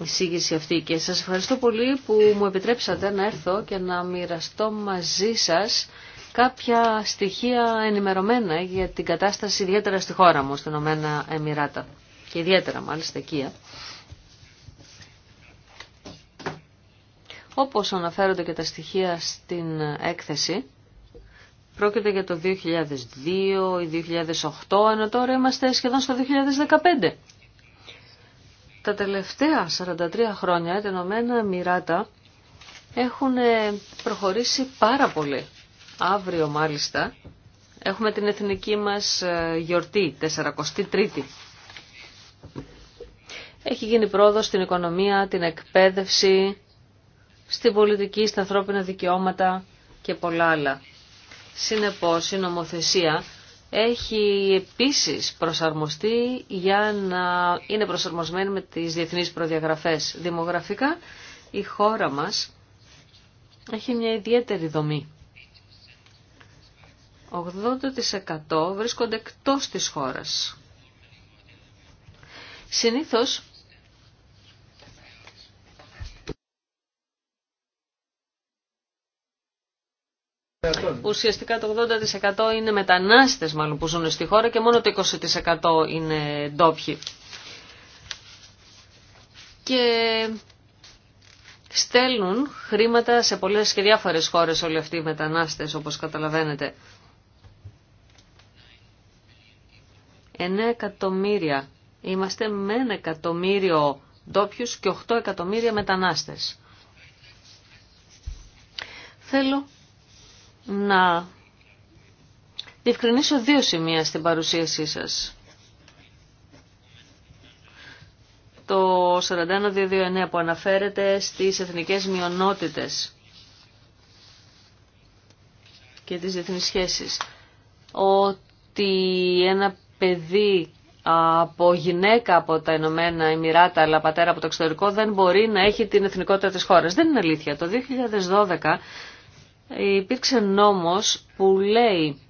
εισήγηση αυτή και σας ευχαριστώ πολύ που μου επιτρέψατε να έρθω και να μοιραστώ μαζί σας κάποια στοιχεία ενημερωμένα για την κατάσταση ιδιαίτερα στη χώρα μου, στην Ομένα Εμμυράτα και ιδιαίτερα μάλιστα εκεί. Ε. Όπως αναφέρονται και τα στοιχεία στην έκθεση, πρόκειται για το 2002 ή 2008, ενώ τώρα είμαστε σχεδόν στο 2015. Τα τελευταία 43 χρόνια τα Ηνωμένα Μοιράτα έχουν ε, προχωρήσει πάρα πολύ. Αύριο μάλιστα έχουμε την εθνική μας ε, γιορτή, 43η. Έχει γίνει πρόοδο στην οικονομία, την εκπαίδευση, στην πολιτική, στα ανθρώπινα δικαιώματα και πολλά άλλα. Συνεπώς η νομοθεσία έχει επίσης προσαρμοστεί για να είναι προσαρμοσμένη με τις διεθνείς προδιαγραφές. Δημογραφικά η χώρα μας έχει μια ιδιαίτερη δομή. 80% βρίσκονται εκτός της χώρας. Συνήθως που ουσιαστικά το 80% είναι μετανάστες μάλλον που ζουν στη χώρα και μόνο το 20% είναι ντόπιοι. Και στέλνουν χρήματα σε πολλές και διάφορες χώρες όλοι αυτοί οι μετανάστες όπως καταλαβαίνετε. 9 εκατομμύρια. Είμαστε με 1 εκατομμύριο ντόπιου και 8 εκατομμύρια μετανάστες. Θέλω να διευκρινίσω δύο σημεία στην παρουσίασή σας. Το 41229 που αναφέρεται στις εθνικές μειονότητες και τις διεθνείς σχέσεις. Ότι ένα παιδί από γυναίκα από τα Ηνωμένα Εμμυράτα αλλά πατέρα από το εξωτερικό δεν μπορεί να έχει την εθνικότητα της χώρας. Δεν είναι αλήθεια. Το 2012 υπήρξε νόμος που λέει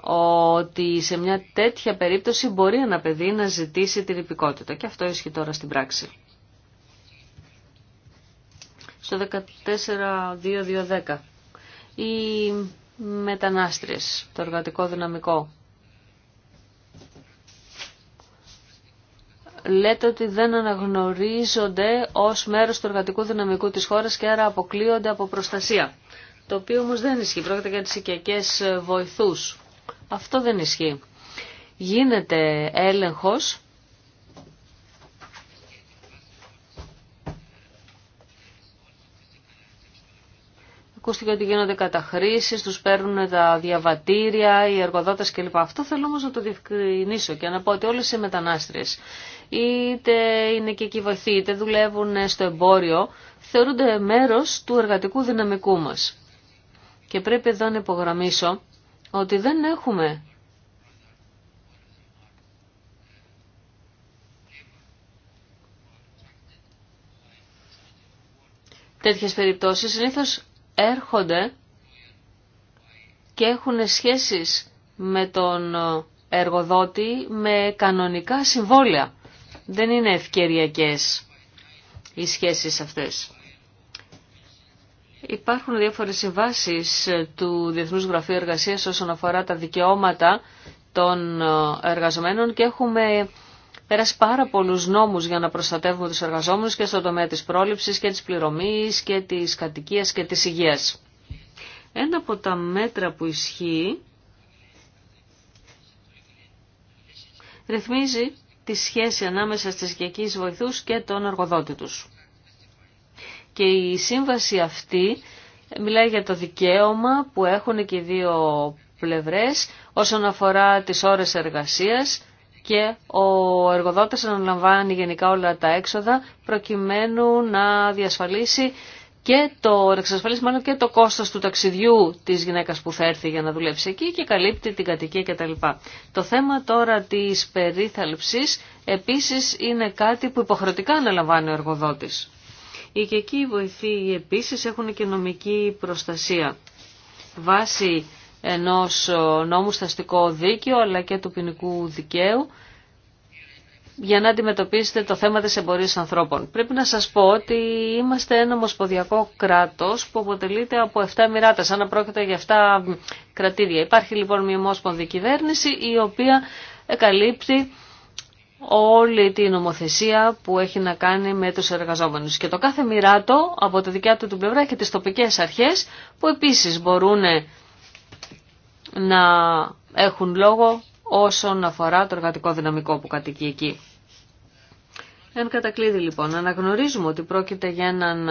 ότι σε μια τέτοια περίπτωση μπορεί ένα παιδί να ζητήσει την υπηκότητα. Και αυτό ισχύει τώρα στην πράξη. Στο 14.2.2.10 οι μετανάστριες, το εργατικό δυναμικό. Λέτε ότι δεν αναγνωρίζονται ως μέρος του εργατικού δυναμικού της χώρας και άρα αποκλείονται από προστασία το οποίο όμως δεν ισχύει. Πρόκειται για τις οικιακές βοηθούς. Αυτό δεν ισχύει. Γίνεται έλεγχος ακούστηκε ότι γίνονται καταχρήσεις, τους παίρνουν τα διαβατήρια, οι εργοδότες κλπ. Αυτό θέλω όμως να το διευκρινίσω και να πω ότι όλες οι μετανάστριες, είτε είναι και εκεί βοηθοί, είτε δουλεύουν στο εμπόριο, θεωρούνται μέρος του εργατικού δυναμικού μας. Και πρέπει εδώ να υπογραμμίσω ότι δεν έχουμε τέτοιες περιπτώσεις συνήθως έρχονται και έχουν σχέσεις με τον εργοδότη με κανονικά συμβόλαια. Δεν είναι ευκαιριακές οι σχέσεις αυτές. Υπάρχουν διάφορες συμβάσει ε, του Διεθνούς Γραφείου Εργασίας όσον αφορά τα δικαιώματα των ε, εργαζομένων και έχουμε πέρασει πάρα πολλούς νόμους για να προστατεύουμε τους εργαζόμενους και στον τομέα της πρόληψης και της πληρωμής και της κατοικίας και της υγείας. Ένα από τα μέτρα που ισχύει ρυθμίζει τη σχέση ανάμεσα στις βοηθούς και τον εργοδότη τους. Και η σύμβαση αυτή μιλάει για το δικαίωμα που έχουν και οι δύο πλευρές όσον αφορά τις ώρες εργασίας και ο εργοδότης αναλαμβάνει γενικά όλα τα έξοδα προκειμένου να διασφαλίσει και το, και το κόστος του ταξιδιού της γυναίκας που θα έρθει για να δουλέψει εκεί και καλύπτει την κατοικία κτλ. Το θέμα τώρα της περίθαλψης επίσης είναι κάτι που υποχρεωτικά αναλαμβάνει ο εργοδότης. Οι οικιακοί βοηθοί επίσης έχουν και νομική προστασία βάσει ενός νόμου σταστικό δίκαιο αλλά και του ποινικού δικαίου για να αντιμετωπίσετε το θέμα της εμπορίας ανθρώπων. Πρέπει να σας πω ότι είμαστε ένα ομοσποδιακό κράτος που αποτελείται από 7 μοιράτα, σαν πρόκειται για 7 κρατήρια. Υπάρχει λοιπόν μια ομοσπονδική κυβέρνηση η οποία καλύπτει όλη την νομοθεσία που έχει να κάνει με τους εργαζόμενους. Και το κάθε μοιράτο από τη δικιά του την πλευρά έχει τις τοπικές αρχές που επίσης μπορούν να έχουν λόγο όσον αφορά το εργατικό δυναμικό που κατοικεί εκεί. Εν κατακλείδη λοιπόν, αναγνωρίζουμε ότι πρόκειται για έναν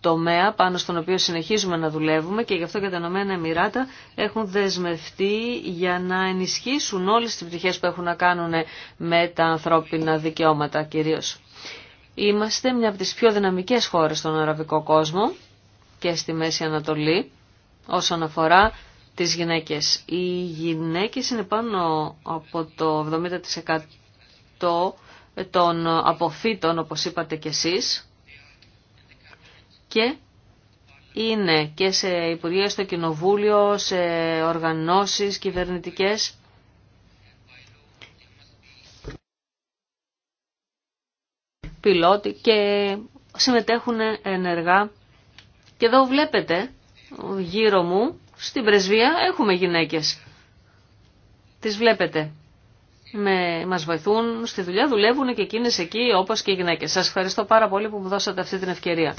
τομέα πάνω στον οποίο συνεχίζουμε να δουλεύουμε και γι' αυτό και τα Ηνωμένα Εμμυράτα έχουν δεσμευτεί για να ενισχύσουν όλες τις πτυχές που έχουν να κάνουν με τα ανθρώπινα δικαιώματα κυρίως. Είμαστε μια από τις πιο δυναμικές χώρες στον αραβικό κόσμο και στη Μέση Ανατολή όσον αφορά τις γυναίκες. Οι γυναίκες είναι πάνω από το 70% των αποφύτων όπως είπατε κι εσείς και είναι και σε Υπουργεία, στο Κοινοβούλιο, σε οργανώσεις κυβερνητικές. πιλότοι και συμμετέχουν ενεργά. Και εδώ βλέπετε γύρω μου στην πρεσβεία έχουμε γυναίκες. Τις βλέπετε. Με, μας βοηθούν στη δουλειά, δουλεύουν και εκείνες εκεί όπως και οι γυναίκες. Σας ευχαριστώ πάρα πολύ που μου δώσατε αυτή την ευκαιρία.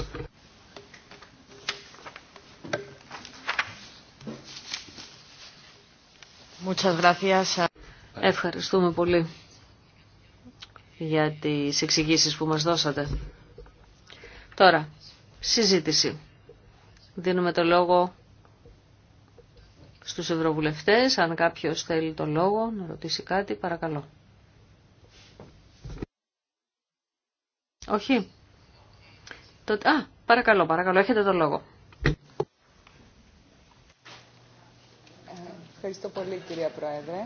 Ευχαριστούμε πολύ για τις εξηγήσεις που μας δώσατε. Τώρα, συζήτηση. Δίνουμε το λόγο στους ευρωβουλευτές. Αν κάποιος θέλει το λόγο να ρωτήσει κάτι, παρακαλώ. Όχι. Τότε, Α, παρακαλώ, παρακαλώ, έχετε το λόγο. Ευχαριστώ πολύ κυρία Πρόεδρε.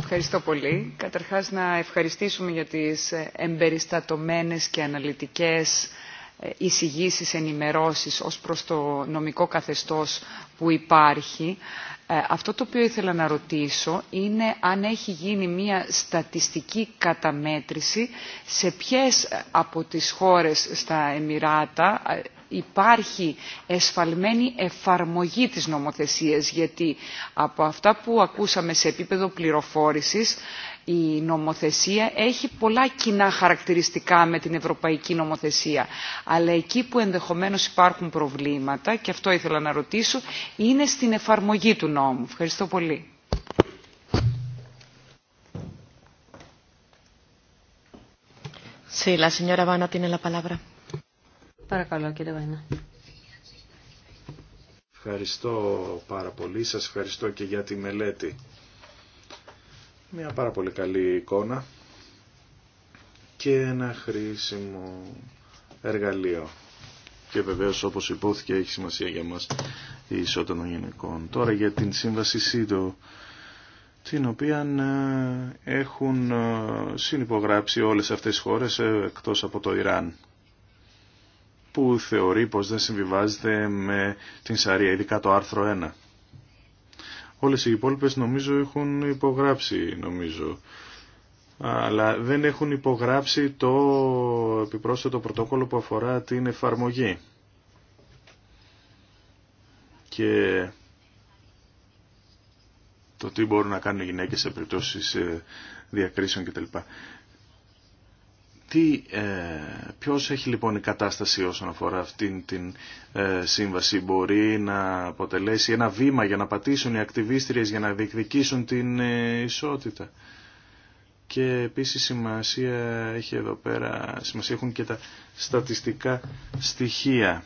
Ευχαριστώ πολύ. Καταρχάς να ευχαριστήσουμε για τις εμπεριστατωμένες και αναλυτικές ε, εισηγήσεις, ενημερώσεις ως προς το νομικό καθεστώς που υπάρχει. Ε, αυτό το οποίο ήθελα να ρωτήσω είναι αν έχει γίνει μια στατιστική καταμέτρηση σε ποιες από τις χώρες στα Εμμυράτα ε, υπάρχει εσφαλμένη εφαρμογή της νομοθεσίας γιατί από αυτά που ακούσαμε σε επίπεδο πληροφόρησης η νομοθεσία έχει πολλά κοινά χαρακτηριστικά με την ευρωπαϊκή νομοθεσία. Αλλά εκεί που ενδεχομένως υπάρχουν προβλήματα, και αυτό ήθελα να ρωτήσω, είναι στην εφαρμογή του νόμου. Ευχαριστώ πολύ. Sí, la Παρακαλώ κύριε Βαϊνά. Ευχαριστώ πάρα πολύ. Σας ευχαριστώ και για τη μελέτη. Μια πάρα πολύ καλή εικόνα και ένα χρήσιμο εργαλείο. Και βεβαίως όπως υπόθηκε έχει σημασία για μας η ισότητα των γυναικών. Τώρα για την σύμβαση ΣΥΔΟ την οποία ε, έχουν ε, συνυπογράψει όλες αυτές οι χώρες ε, εκτός από το Ιράν που θεωρεί πως δεν συμβιβάζεται με την Σαρία, ειδικά το άρθρο 1. Όλες οι υπόλοιπες νομίζω έχουν υπογράψει, νομίζω. Αλλά δεν έχουν υπογράψει το επιπρόσθετο πρωτόκολλο που αφορά την εφαρμογή. Και το τι μπορούν να κάνουν οι γυναίκες σε περιπτώσεις ε, διακρίσεων κτλ. Τι, ε, ποιος έχει λοιπόν η κατάσταση όσον αφορά αυτήν την ε, σύμβαση μπορεί να αποτελέσει ένα βήμα για να πατήσουν οι ακτιβίστριες για να διεκδικήσουν την ε, ισότητα. Και επίσης σημασία έχει εδώ πέρα, σημασία έχουν και τα στατιστικά στοιχεία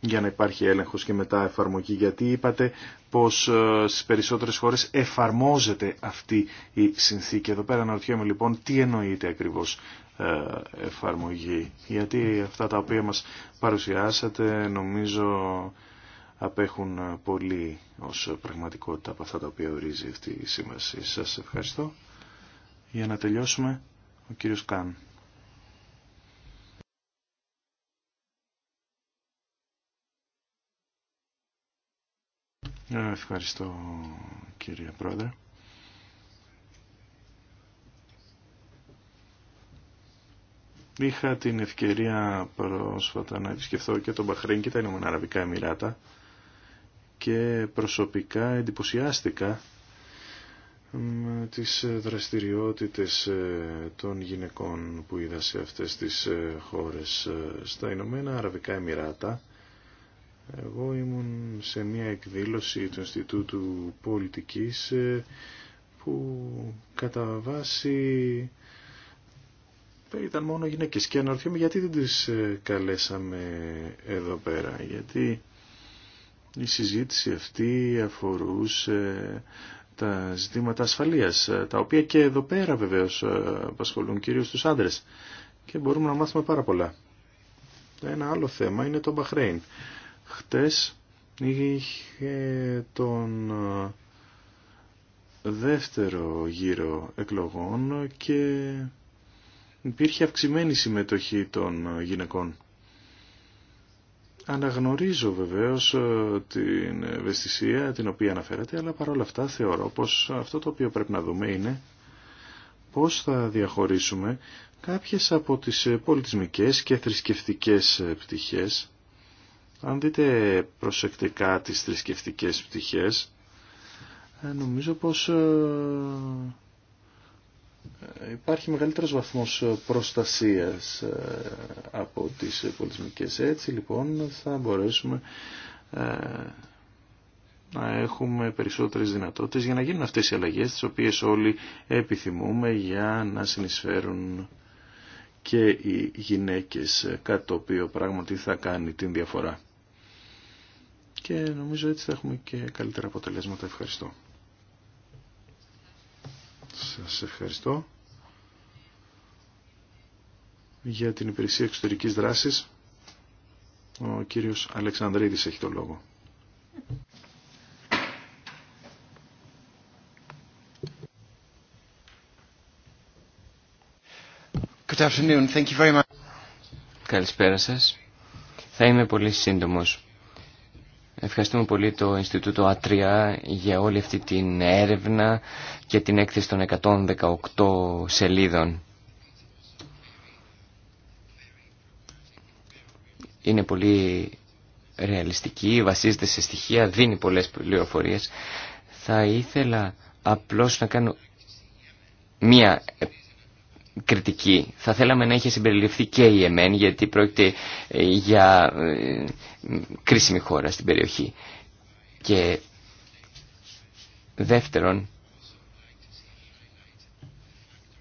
για να υπάρχει έλεγχος και μετά εφαρμογή. Γιατί είπατε πως ε, στις περισσότερες χώρες εφαρμόζεται αυτή η συνθήκη. Εδώ πέρα αναρωτιέμαι λοιπόν τι εννοείται ακριβώς ε, εφαρμογή. Γιατί αυτά τα οποία μας παρουσιάσατε νομίζω απέχουν πολύ ως πραγματικότητα από αυτά τα οποία ορίζει αυτή η σύμβαση. Σας ευχαριστώ. Για να τελειώσουμε, ο κύριος Καν. Ε, ευχαριστώ κύριε Πρόεδρε. Είχα την ευκαιρία πρόσφατα να επισκεφθώ και τον Μπαχρέν και τα Ηνωμένα Αραβικά Εμμυράτα και προσωπικά εντυπωσιάστηκα με τις δραστηριότητες ε, των γυναικών που είδα σε αυτές τις ε, χώρες στα Ηνωμένα Αραβικά Εμμυράτα εγώ ήμουν σε μια εκδήλωση του Ινστιτούτου Πολιτικής ε, που κατά βάση ήταν μόνο γυναίκες και αναρωτιέμαι γιατί δεν τις ε, καλέσαμε εδώ πέρα γιατί η συζήτηση αυτή αφορούσε τα ζητήματα ασφαλείας ε, τα οποία και εδώ πέρα βεβαίως απασχολούν κυρίως τους άντρες και μπορούμε να μάθουμε πάρα πολλά. Ένα άλλο θέμα είναι το Μπαχρέιν. Χτες είχε τον ε, δεύτερο γύρο εκλογών και υπήρχε αυξημένη συμμετοχή των ε, γυναικών. Αναγνωρίζω βεβαίως ε, την ευαισθησία την οποία αναφέρατε, αλλά παρόλα αυτά θεωρώ πως αυτό το οποίο πρέπει να δούμε είναι πώς θα διαχωρίσουμε κάποιες από τις πολιτισμικές και θρησκευτικές πτυχές αν δείτε προσεκτικά τις θρησκευτικέ πτυχές, ε, νομίζω πως ε, ε, υπάρχει μεγαλύτερος βαθμός προστασίας από τις πολιτισμικές. Έτσι λοιπόν θα μπορέσουμε να έχουμε περισσότερες δυνατότητες για να γίνουν αυτές οι αλλαγές τις οποίες όλοι επιθυμούμε για να συνεισφέρουν και οι γυναίκες, κάτι το οποίο πράγματι θα κάνει την διαφορά και νομίζω έτσι θα έχουμε και καλύτερα αποτελέσματα. Ευχαριστώ. Σας ευχαριστώ για την υπηρεσία εξωτερικής δράσης. Ο κύριος Αλεξανδρίδης έχει το λόγο. Good afternoon. Thank you very much. Καλησπέρα σας. Θα είμαι πολύ σύντομος. Ευχαριστούμε πολύ το ινστιτουτο ΑΤΡΙΑ για όλη αυτή την έρευνα και την έκθεση των 118 σελίδων. Είναι πολύ ρεαλιστική, βασίζεται σε στοιχεία, δίνει πολλές πληροφορίες. Θα ήθελα απλώς να κάνω μία κριτική. Θα θέλαμε να είχε συμπεριληφθεί και η ΕΜΕΝ γιατί πρόκειται ε, για ε, κρίσιμη χώρα στην περιοχή. Και δεύτερον,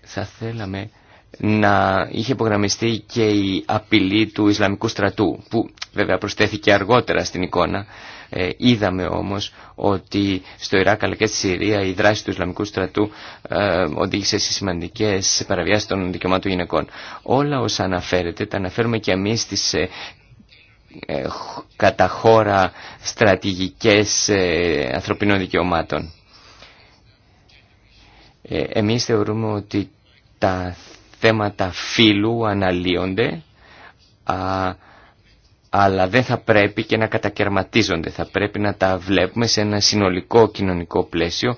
θα θέλαμε να είχε υπογραμμιστεί και η απειλή του Ισλαμικού στρατού που βέβαια προσθέθηκε αργότερα στην εικόνα ε, είδαμε όμως ότι στο Ιράκ αλλά και στη Συρία η δράση του Ισλαμικού στρατού ε, οδήγησε σε σημαντικές παραβιάσεις των δικαιωμάτων γυναικών. Όλα όσα αναφέρεται τα αναφέρουμε και εμείς στις καταχώρα ε, κατά στρατηγικές ανθρωπινών δικαιωμάτων. Εμείς θεωρούμε ότι τα θέματα φύλου αναλύονται αλλά δεν θα πρέπει και να κατακαιρματίζονται. Θα πρέπει να τα βλέπουμε σε ένα συνολικό κοινωνικό πλαίσιο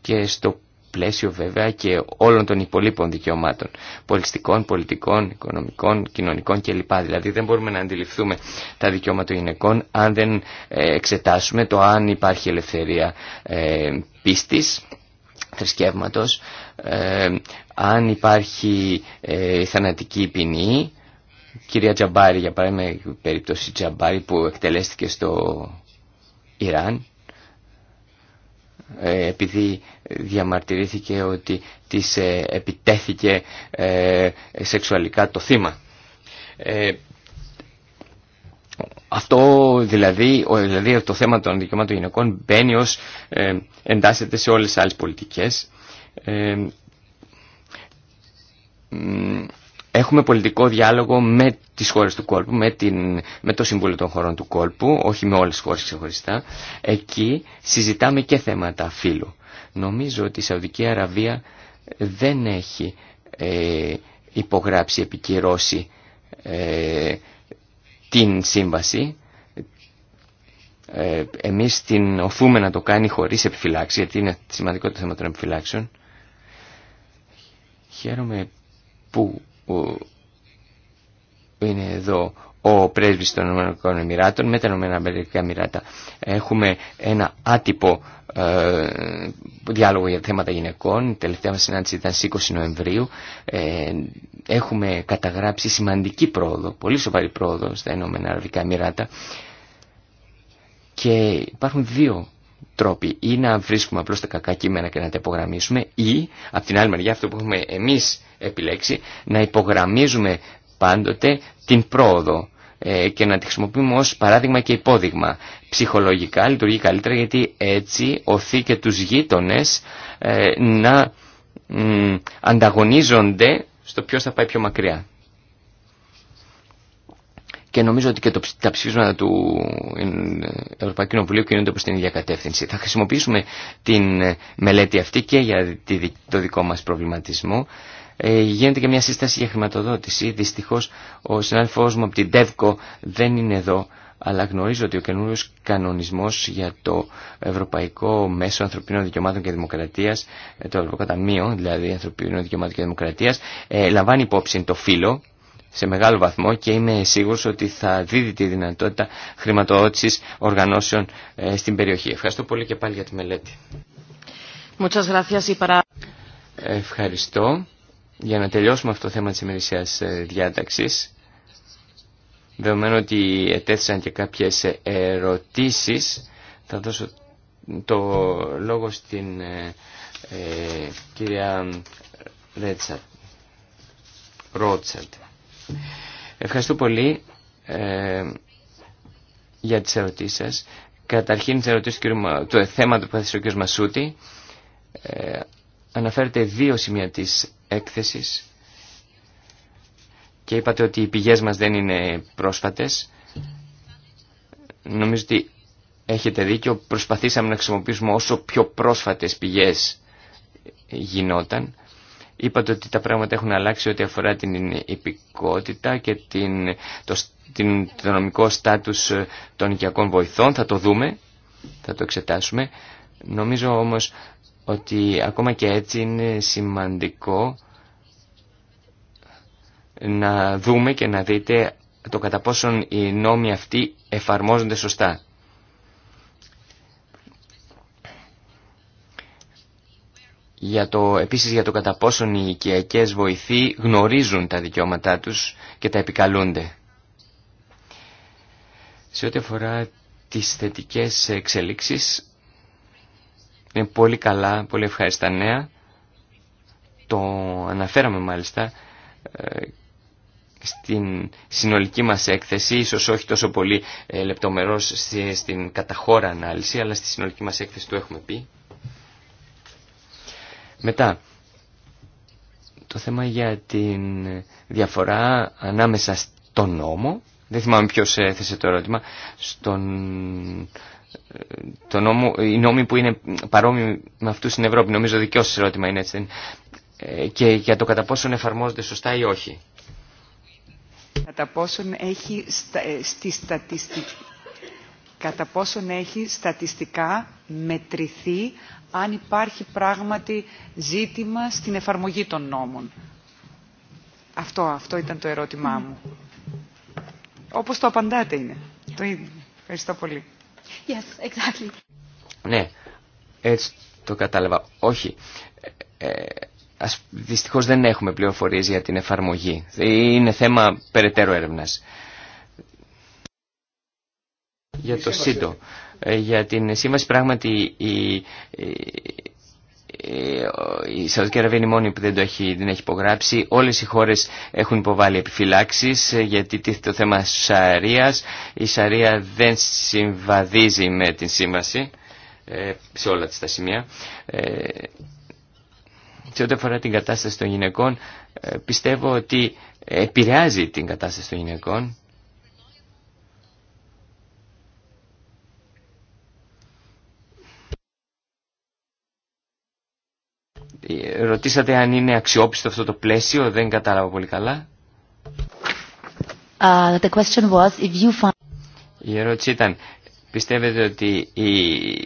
και στο πλαίσιο βέβαια και όλων των υπολείπων δικαιωμάτων. Πολιστικών, πολιτικών, οικονομικών, κοινωνικών κλπ. Δηλαδή δεν μπορούμε να αντιληφθούμε τα δικαιώματα των γυναικών αν δεν ε, εξετάσουμε το αν υπάρχει ελευθερία ε, πίστης, θρησκεύματος, ε, αν υπάρχει ε, θανατική ποινή, Κυρία Τζαμπάρη, για παράδειγμα, η περίπτωση Τζαμπάρη που εκτελέστηκε στο Ιράν ε, επειδή διαμαρτυρήθηκε ότι της ε, επιτέθηκε ε, σεξουαλικά το θύμα. Αυτό δηλαδή, δηλαδή, το θέμα των δικαιωμάτων γυναικών μπαίνει ως εντάσσεται σε όλες τις άλλες πολιτικές Έχουμε πολιτικό διάλογο με τις χώρες του κόλπου, με, την, με το Συμβούλιο των Χωρών του Κόλπου, όχι με όλες τις χώρες ξεχωριστά. Εκεί συζητάμε και θέματα φύλου. Νομίζω ότι η Σαουδική Αραβία δεν έχει ε, υπογράψει, επικυρώσει ε, την σύμβαση. Ε, εμείς την οφούμε να το κάνει χωρίς επιφυλάξη, γιατί είναι σημαντικό το θέμα των επιφυλάξεων. Χαίρομαι που που είναι εδώ ο πρέσβης των Ηνωμένων Εμμυράτων με τα Ηνωμένα Αμερικά Εμμυράτα. Έχουμε ένα άτυπο ε, διάλογο για θέματα γυναικών. Η τελευταία μας συνάντηση ήταν στις 20 Νοεμβρίου. Ε, έχουμε καταγράψει σημαντική πρόοδο, πολύ σοβαρή πρόοδο στα Ηνωμένα Αραβικά Εμμυράτα. Και υπάρχουν δύο τρόποι. Ή να βρίσκουμε απλώς τα κακά κείμενα και να τα υπογραμμίσουμε ή, από την άλλη μεριά, αυτό που έχουμε εμείς επιλέξει, να υπογραμμίζουμε πάντοτε την πρόοδο ε, και να τη χρησιμοποιούμε ως παράδειγμα και υπόδειγμα. Ψυχολογικά λειτουργεί καλύτερα γιατί έτσι οθεί και τους γείτονες ε, να ανταγωνίζονται στο ποιος θα πάει πιο μακριά και νομίζω ότι και το, τα ψηφίσματα του Ευρωπαϊκού Κοινοβουλίου κινούνται προς την ίδια κατεύθυνση. Θα χρησιμοποιήσουμε την ε, μελέτη αυτή και για το δικό μας προβληματισμό. Ε, γίνεται και μια σύσταση για χρηματοδότηση. Δυστυχώς ο συνάδελφός μου από την ΤΕΒΚΟ δεν είναι εδώ, αλλά γνωρίζω ότι ο καινούριο κανονισμός για το Ευρωπαϊκό Μέσο Ανθρωπίνων Δικαιωμάτων και Δημοκρατίας, ε, το Ευρωπαϊκό Ταμείο, δηλαδή Ανθρωπίνων Δικαιωμάτων και Δημοκρατίας, ε, λαμβάνει υπόψη το φύλλο σε μεγάλο βαθμό και είμαι σίγουρος ότι θα δίδει τη δυνατότητα χρηματοδότησης οργανώσεων ε, στην περιοχή. Ευχαριστώ πολύ και πάλι για τη μελέτη. Ευχαριστώ. Για να τελειώσουμε αυτό το θέμα της ημερησίας ε, διάταξης, δεδομένου ότι ετέθησαν και κάποιες ε, ερωτήσεις, θα δώσω το λόγο στην ε, κυρία Ρότσαρτ. Ευχαριστώ πολύ ε, για τις ερωτήσεις σας. Καταρχήν τις ερωτήσεις του, το θέμα του που έθεσε ο κ. Μασούτη. Ε, δύο σημεία της έκθεσης και είπατε ότι οι πηγές μας δεν είναι πρόσφατες. Νομίζω ότι έχετε δίκιο. Προσπαθήσαμε να χρησιμοποιήσουμε όσο πιο πρόσφατες πηγές γινόταν. Είπατε ότι τα πράγματα έχουν αλλάξει ό,τι αφορά την υπηκότητα και την, το, την, νομικό στάτους ε, των οικιακών βοηθών. Θα το δούμε, θα το εξετάσουμε. Νομίζω όμως ότι ακόμα και έτσι είναι σημαντικό να δούμε και να δείτε το κατά πόσον οι νόμοι αυτοί εφαρμόζονται σωστά. για το, επίσης για το κατά πόσον οι οικιακές βοηθοί γνωρίζουν τα δικαιώματά τους και τα επικαλούνται. Σε ό,τι αφορά τις θετικές εξελίξεις, είναι πολύ καλά, πολύ ευχάριστα νέα. Το αναφέραμε μάλιστα ε, στην συνολική μας έκθεση, ίσως όχι τόσο πολύ ε, λεπτομερώς στην καταχώρα ανάλυση, αλλά στη συνολική μας έκθεση το έχουμε πει. Μετά, το θέμα για την διαφορά ανάμεσα στον νόμο, δεν θυμάμαι ποιος έθεσε το ερώτημα, στον το νόμο, οι νόμοι που είναι παρόμοιοι με αυτούς στην Ευρώπη. Νομίζω δικιό σας ερώτημα είναι έτσι. Ε, και για το κατά πόσον εφαρμόζονται σωστά ή όχι. Κατά πόσον έχει, στα, ε, στατιστική, κατά πόσον έχει στατιστικά μετρηθεί αν υπάρχει πράγματι ζήτημα στην εφαρμογή των νόμων. Αυτό, αυτό ήταν το ερώτημά μου. Όπως το απαντάτε είναι. Το ίδιο. Ευχαριστώ πολύ. Yes, exactly. Ναι, έτσι το κατάλαβα. Όχι. Ε, ε δεν έχουμε πληροφορίες για την εφαρμογή. Είναι θέμα περαιτέρω έρευνας. Για το ΣΥΝΤΟ. Ε, για την σύμβαση πράγματι η, η Σαουδική Αραβία είναι η μόνη που δεν, το έχει, δεν έχει υπογράψει. Όλες οι χώρες έχουν υποβάλει επιφυλάξεις ε, γιατί το θέμα Σαρίας. Η Σαρία δεν συμβαδίζει με την σύμβαση ε, σε όλα τα σημεία. Σε ό,τι αφορά την κατάσταση των γυναικών, πιστεύω ότι επηρεάζει την κατάσταση των γυναικών Ε, ρωτήσατε αν είναι αξιόπιστο αυτό το πλαίσιο, δεν κατάλαβα πολύ καλά. Uh, question Η ερώτηση ήταν, πιστεύετε ότι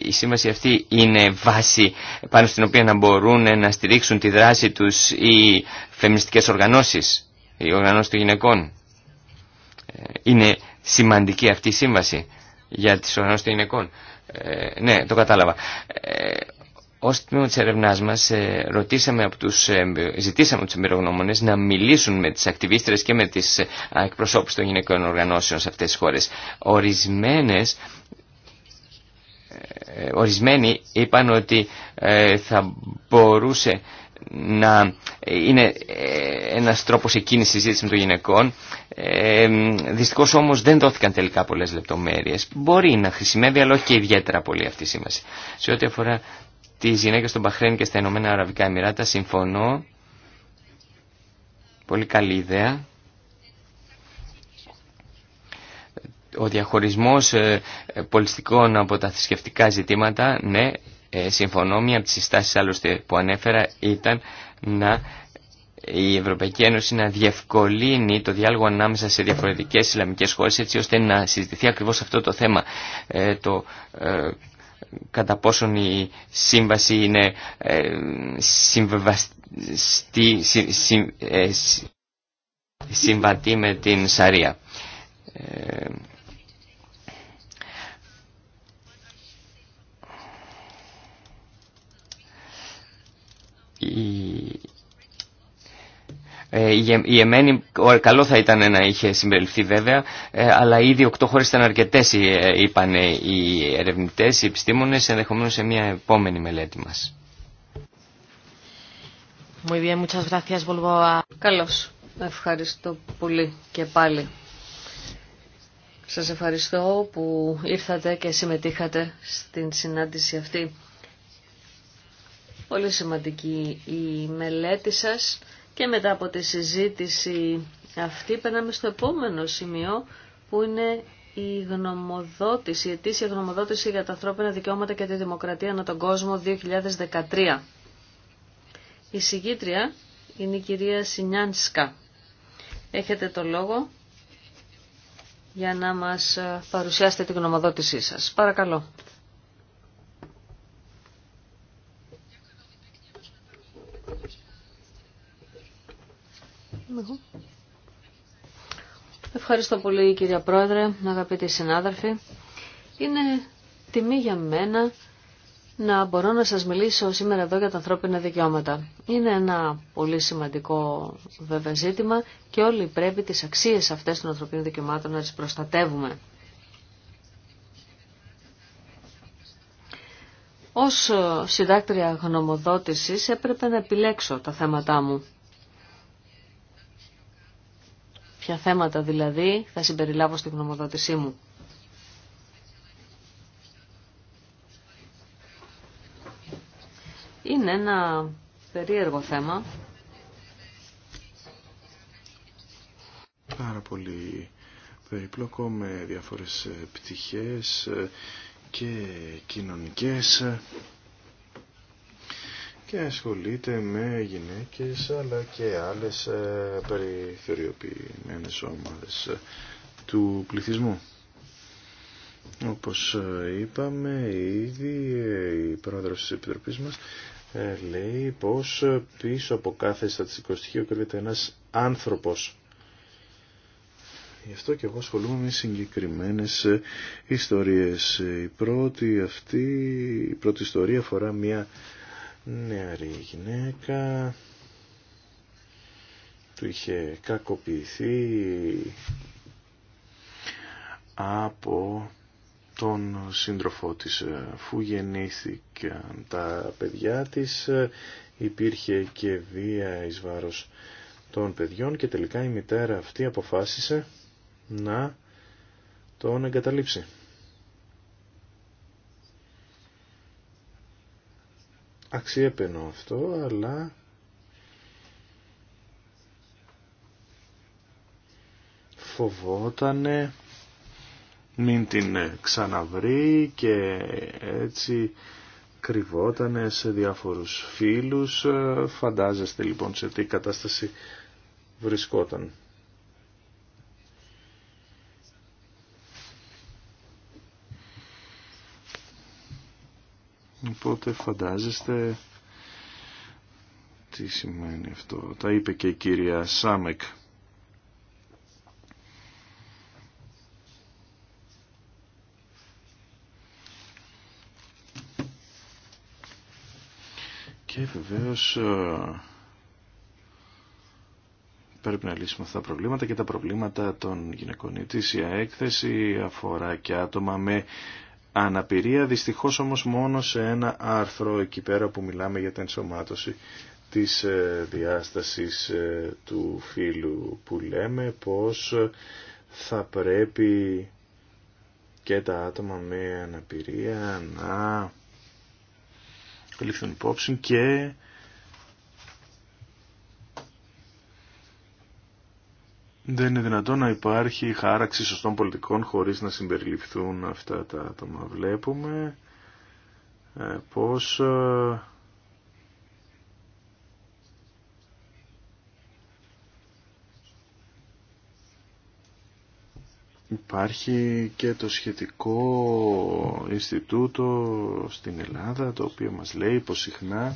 η, σύμβαση αυτή είναι βάση πάνω στην οποία να μπορούν να στηρίξουν τη δράση τους οι φεμιστικές οργανώσεις, οι οργανώσεις των γυναικών. Ε, είναι σημαντική αυτή η σύμβαση για τις οργανώσεις των γυναικών. Ε, ναι, το κατάλαβα. Ω τμήμα τη έρευνά μα, ε, ρωτήσαμε από τους, ε, ζητήσαμε από του εμπειρογνώμονε να μιλήσουν με τι ακτιβίστρε και με τι ε, εκπροσώπου των γυναικών οργανώσεων σε αυτέ τι χώρε. ορισμένοι είπαν ότι θα μπορούσε να είναι ένας τρόπος εκείνης συζήτηση με των γυναικών. δυστυχώς όμως δεν δόθηκαν τελικά πολλές λεπτομέρειες. Μπορεί να χρησιμεύει αλλά όχι και ιδιαίτερα πολύ αυτή η σήμαση. Σε ό,τι αφορά τη γυναίκες στον Παχρέν και στα Ηνωμένα Αραβικά Εμμυράτα. Συμφωνώ. Πολύ καλή ιδέα. Ο διαχωρισμός ε, πολιστικών από τα θρησκευτικά ζητήματα, ναι, ε, συμφωνώ. Μία από τις συστάσεις που ανέφερα ήταν να η Ευρωπαϊκή Ένωση να διευκολύνει το διάλογο ανάμεσα σε διαφορετικές Ισλαμικές χώρες έτσι ώστε να συζητηθεί ακριβώς αυτό το θέμα. Ε, το κατά πόσον η σύμβαση είναι ε, ε, συμβατή με την Σαρία. Ε, ε, η Εμένη, καλό θα ήταν να είχε συμπεριληφθεί βέβαια, ε, αλλά ήδη οκτώ χώρε ήταν αρκετές ε, είπαν οι ερευνητέ, οι επιστήμονε ενδεχομένω σε μια επόμενη μελέτη μα. Muy bien, muchas gracias. Volvo Καλώς. Ευχαριστώ πολύ και πάλι. Σας ευχαριστώ που ήρθατε και συμμετείχατε στην συνάντηση αυτή. Πολύ σημαντική η μελέτη σας και μετά από τη συζήτηση αυτή περνάμε στο επόμενο σημείο που είναι η γνωμοδότηση, η ετήσια γνωμοδότηση για τα ανθρώπινα δικαιώματα και τη δημοκρατία ανά τον κόσμο 2013. Η συγκίτρια είναι η κυρία Σινιάνσκα. Έχετε το λόγο για να μας παρουσιάσετε τη γνωμοδότησή σας. Παρακαλώ. Ευχαριστώ πολύ κυρία Πρόεδρε, αγαπητοί συνάδελφοι. Είναι τιμή για μένα να μπορώ να σας μιλήσω σήμερα εδώ για τα ανθρώπινα δικαιώματα. Είναι ένα πολύ σημαντικό βέβαια ζήτημα και όλοι πρέπει τις αξίες αυτές των ανθρωπίνων δικαιωμάτων να τις προστατεύουμε. Ως συντάκτρια γνωμοδότησης έπρεπε να επιλέξω τα θέματά μου. Ποια θέματα δηλαδή θα συμπεριλάβω στην γνωμοδότησή μου. Είναι ένα περίεργο θέμα. Πάρα πολύ περιπλοκό με διάφορες πτυχές και κοινωνικές ασχολείται με γυναίκες αλλά και άλλες ε, περιθωριοποιημένες ομάδες ε, του πληθυσμού. Όπως ε, είπαμε ήδη η πρόεδρος της Επιτροπής μας λέει πως πίσω από κάθε στατιστικό στοιχείο κρύβεται ένας άνθρωπος. Γι' αυτό και εγώ ασχολούμαι με συγκεκριμένες ιστορίες. Η πρώτη αυτή, η πρώτη ιστορία αφορά μια νεαρή γυναίκα του είχε κακοποιηθεί από τον σύντροφό της αφού ε, γεννήθηκαν τα παιδιά της ε, υπήρχε και βία εις βάρος των παιδιών και τελικά η μητέρα αυτή αποφάσισε να τον εγκαταλείψει. αξιέπαινο αυτό, αλλά φοβότανε μην την ξαναβρει και έτσι κρυβότανε σε διάφορους φίλους. Φαντάζεστε λοιπόν σε τι κατάσταση βρισκόταν. Οπότε φαντάζεστε τι σημαίνει αυτό. Τα είπε και η κυρία Σάμεκ. Και βεβαίως ε, πρέπει να λύσουμε αυτά τα προβλήματα και τα προβλήματα των γυναικών. Η έκθεση αφορά και άτομα με αναπηρία, δυστυχώς όμως μόνο σε ένα άρθρο εκεί πέρα που μιλάμε για την ενσωμάτωση της ε, διάστασης ε, του φίλου που λέμε πως θα πρέπει και τα άτομα με αναπηρία να ληφθούν υπόψη και Δεν είναι δυνατόν να υπάρχει χάραξη σωστών πολιτικών χωρίς να συμπεριληφθούν αυτά τα άτομα. Βλέπουμε ε, πως ε, υπάρχει και το σχετικό Ινστιτούτο στην Ελλάδα το οποίο μας λέει πως συχνά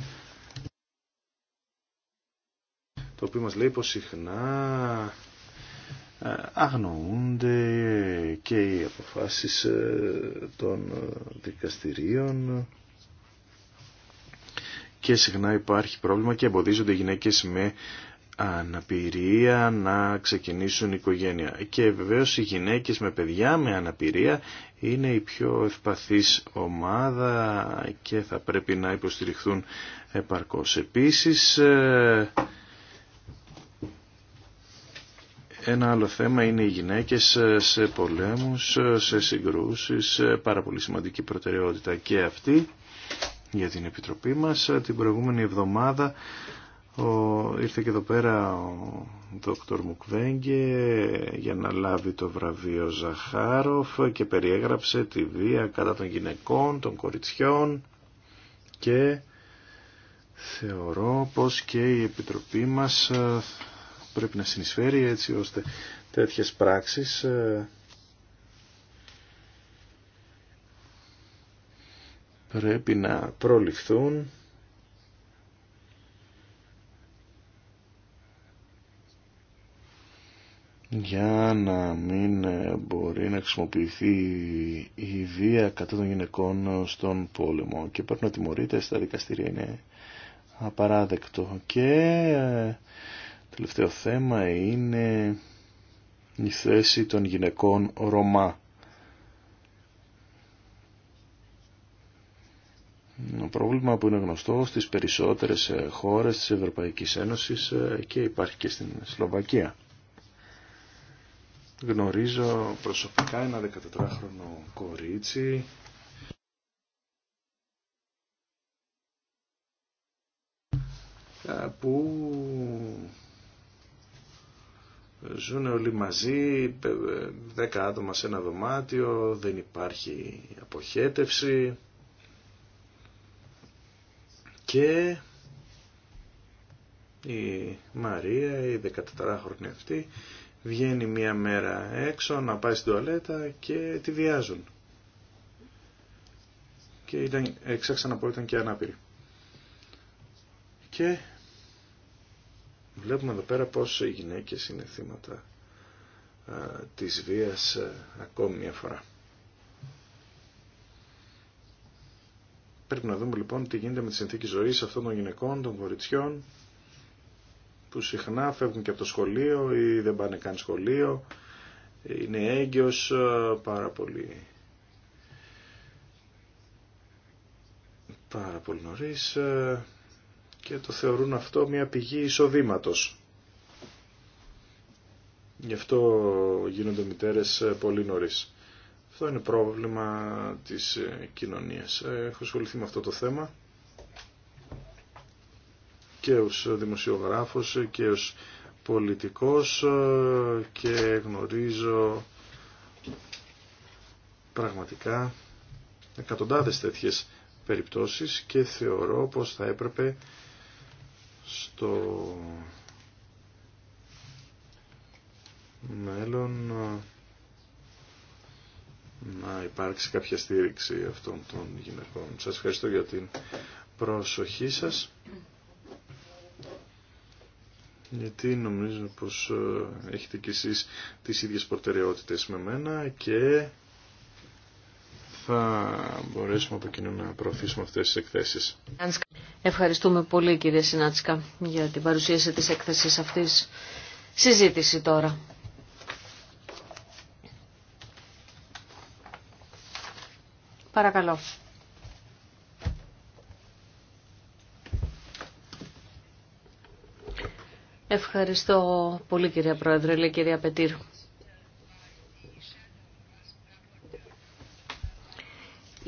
το οποίο μας λέει πως συχνά αγνοούνται και οι αποφάσεις ε, των ε, δικαστηρίων και συχνά υπάρχει πρόβλημα και εμποδίζονται οι γυναίκες με αναπηρία να ξεκινήσουν οικογένεια. Και βεβαίως οι γυναίκες με παιδιά με αναπηρία είναι η πιο ευπαθής ομάδα και θα πρέπει να υποστηριχθούν επαρκώς. Επίσης ε, ένα άλλο θέμα είναι οι γυναίκες σε πολέμους, σε συγκρούσεις, πάρα πολύ σημαντική προτεραιότητα και αυτή για την Επιτροπή μας. Την προηγούμενη εβδομάδα ο, ήρθε και εδώ πέρα ο Δ. Μουκβέγγε για να λάβει το βραβείο Ζαχάροφ και περιέγραψε τη βία κατά των γυναικών, των κοριτσιών και θεωρώ πως και η Επιτροπή μας πρέπει να συνεισφέρει έτσι ώστε τέτοιες πράξεις ε, πρέπει να προληφθούν για να μην ε, μπορεί να χρησιμοποιηθεί η βία κατά των γυναικών στον πόλεμο και πρέπει να τιμωρείται στα δικαστήρια είναι απαράδεκτο και ε, το Τελευταίο θέμα είναι η θέση των γυναικών Ρωμά. Ένα πρόβλημα που είναι γνωστό στις περισσότερες ε, χώρες της Ευρωπαϊκής Ένωσης ε, και υπάρχει και στην Σλοβακία. Γνωρίζω προσωπικά ένα 14χρονο κορίτσι ε, που Ζουν όλοι μαζί, δέκα άτομα σε ένα δωμάτιο, δεν υπάρχει αποχέτευση και η Μαρία, η 14χρονη αυτή, βγαίνει μία μέρα έξω να πάει στην τουαλέτα και τη βιάζουν. Και ήταν, εξάξα να πω ήταν και ανάπηρη. Και Βλέπουμε εδώ πέρα πως οι γυναίκες είναι θύματα της βίας ακόμη μια φορά. Πρέπει να δούμε λοιπόν τι γίνεται με τη συνθήκη ζωής αυτών των γυναικών, των κοριτσιών, που συχνά φεύγουν και από το σχολείο ή δεν πάνε καν σχολείο, είναι έγκυος πάρα πολύ πάρα πολύ νωρίς και το θεωρούν αυτό μια πηγή εισοδήματος. Γι' αυτό γίνονται μητέρες ε, πολύ νωρίς. Αυτό είναι πρόβλημα της ε, κοινωνίας. Ε, έχω ασχοληθεί με αυτό το θέμα και ως δημοσιογράφος και ως πολιτικός και γνωρίζω πραγματικά εκατοντάδες τέτοιες περιπτώσεις και θεωρώ πως θα έπρεπε στο μέλλον να υπάρξει κάποια στήριξη αυτών των γυναικών. Σας ευχαριστώ για την προσοχή σας γιατί νομίζω πως ε, έχετε κι εσείς τις ίδιες προτεραιότητες με μένα και θα μπορέσουμε από κοινού να προωθήσουμε αυτές τις εκθέσεις. Ευχαριστούμε πολύ κύριε Συνάτσκα για την παρουσίαση της έκθεσης αυτής. Συζήτηση τώρα. Παρακαλώ. Ευχαριστώ πολύ κυρία Πρόεδρε, λέει κυρία Πετήρ.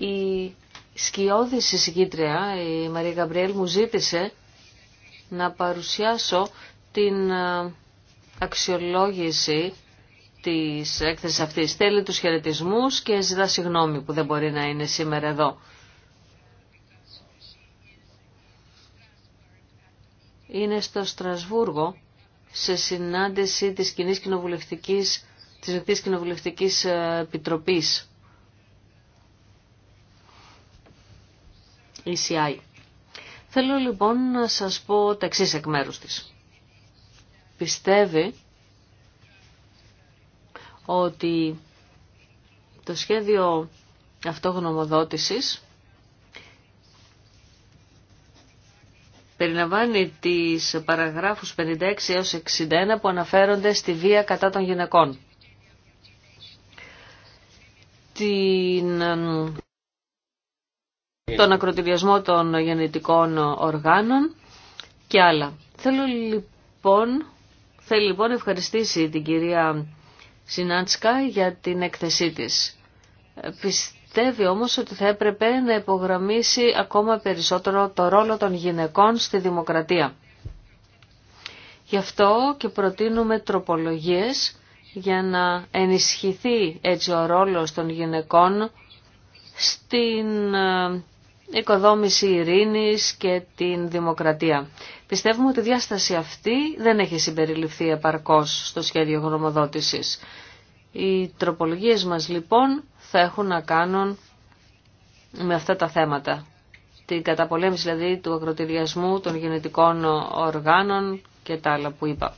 Η σκιώδη συγκίτρια, η Μαρία Γκαμπριέλ, μου ζήτησε να παρουσιάσω την ε, αξιολόγηση της έκθεσης αυτής. Θέλει τους χαιρετισμού και ζητά συγγνώμη που δεν μπορεί να είναι σήμερα εδώ. Είναι στο Στρασβούργο σε συνάντηση της Κοινής Κοινοβουλευτικής της Κοινοβουλευτικής ε, Επιτροπής ECI. Θέλω λοιπόν να σας πω τα εξή εκ μέρους της. Πιστεύει ότι το σχέδιο αυτογνωμοδότησης περιλαμβάνει τις παραγράφους 56 έως 61 που αναφέρονται στη βία κατά των γυναικών. Την τον ακροτηριασμό των γεννητικών οργάνων και άλλα. Θέλω λοιπόν, θέλω λοιπόν ευχαριστήσει την κυρία Σινάντσκα για την έκθεσή της. Πιστεύει όμως ότι θα έπρεπε να υπογραμμίσει ακόμα περισσότερο το ρόλο των γυναικών στη δημοκρατία. Γι' αυτό και προτείνουμε τροπολογίες για να ενισχυθεί έτσι ο ρόλος των γυναικών στην ε, οικοδόμηση ειρήνης και την δημοκρατία. Πιστεύουμε ότι η διάσταση αυτή δεν έχει συμπεριληφθεί επαρκώς στο σχέδιο γνωμοδότησης. Οι τροπολογίες μας λοιπόν θα έχουν να κάνουν με αυτά τα θέματα. Την καταπολέμηση δηλαδή του ακροτηριασμού των γενετικών οργάνων και τα άλλα που είπα.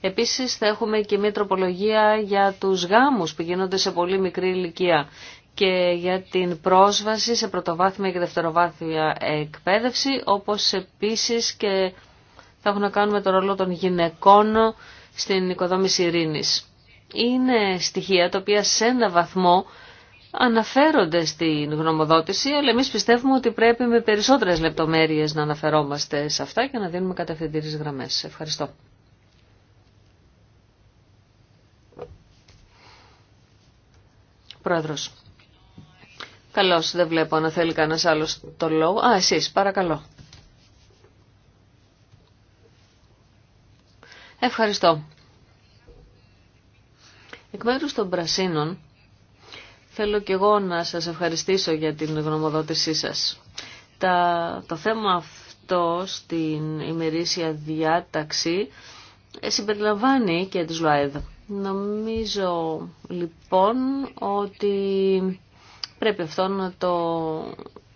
Επίσης θα έχουμε και μια τροπολογία για τους γάμους που γίνονται σε πολύ μικρή ηλικία και για την πρόσβαση σε πρωτοβάθμια και δευτεροβάθμια εκπαίδευση, όπως επίσης και θα έχουν να κάνουμε τον ρόλο των γυναικών στην οικοδόμηση ειρήνης. Είναι στοιχεία τα οποία σε ένα βαθμό αναφέρονται στην γνωμοδότηση, αλλά εμείς πιστεύουμε ότι πρέπει με περισσότερες λεπτομέρειες να αναφερόμαστε σε αυτά και να δίνουμε κατευθυντήρες γραμμές. Ευχαριστώ. Πρόεδρος. Καλώς, δεν βλέπω να θέλει κανένας άλλος το λόγο. Α, εσείς, παρακαλώ. Ευχαριστώ. Εκ μέρους των Πρασίνων, θέλω και εγώ να σας ευχαριστήσω για την γνωμοδότησή σας. το θέμα αυτό στην ημερήσια διάταξη ε, συμπεριλαμβάνει και τις ΛΟΑΕΔ. Νομίζω λοιπόν ότι Πρέπει αυτό να το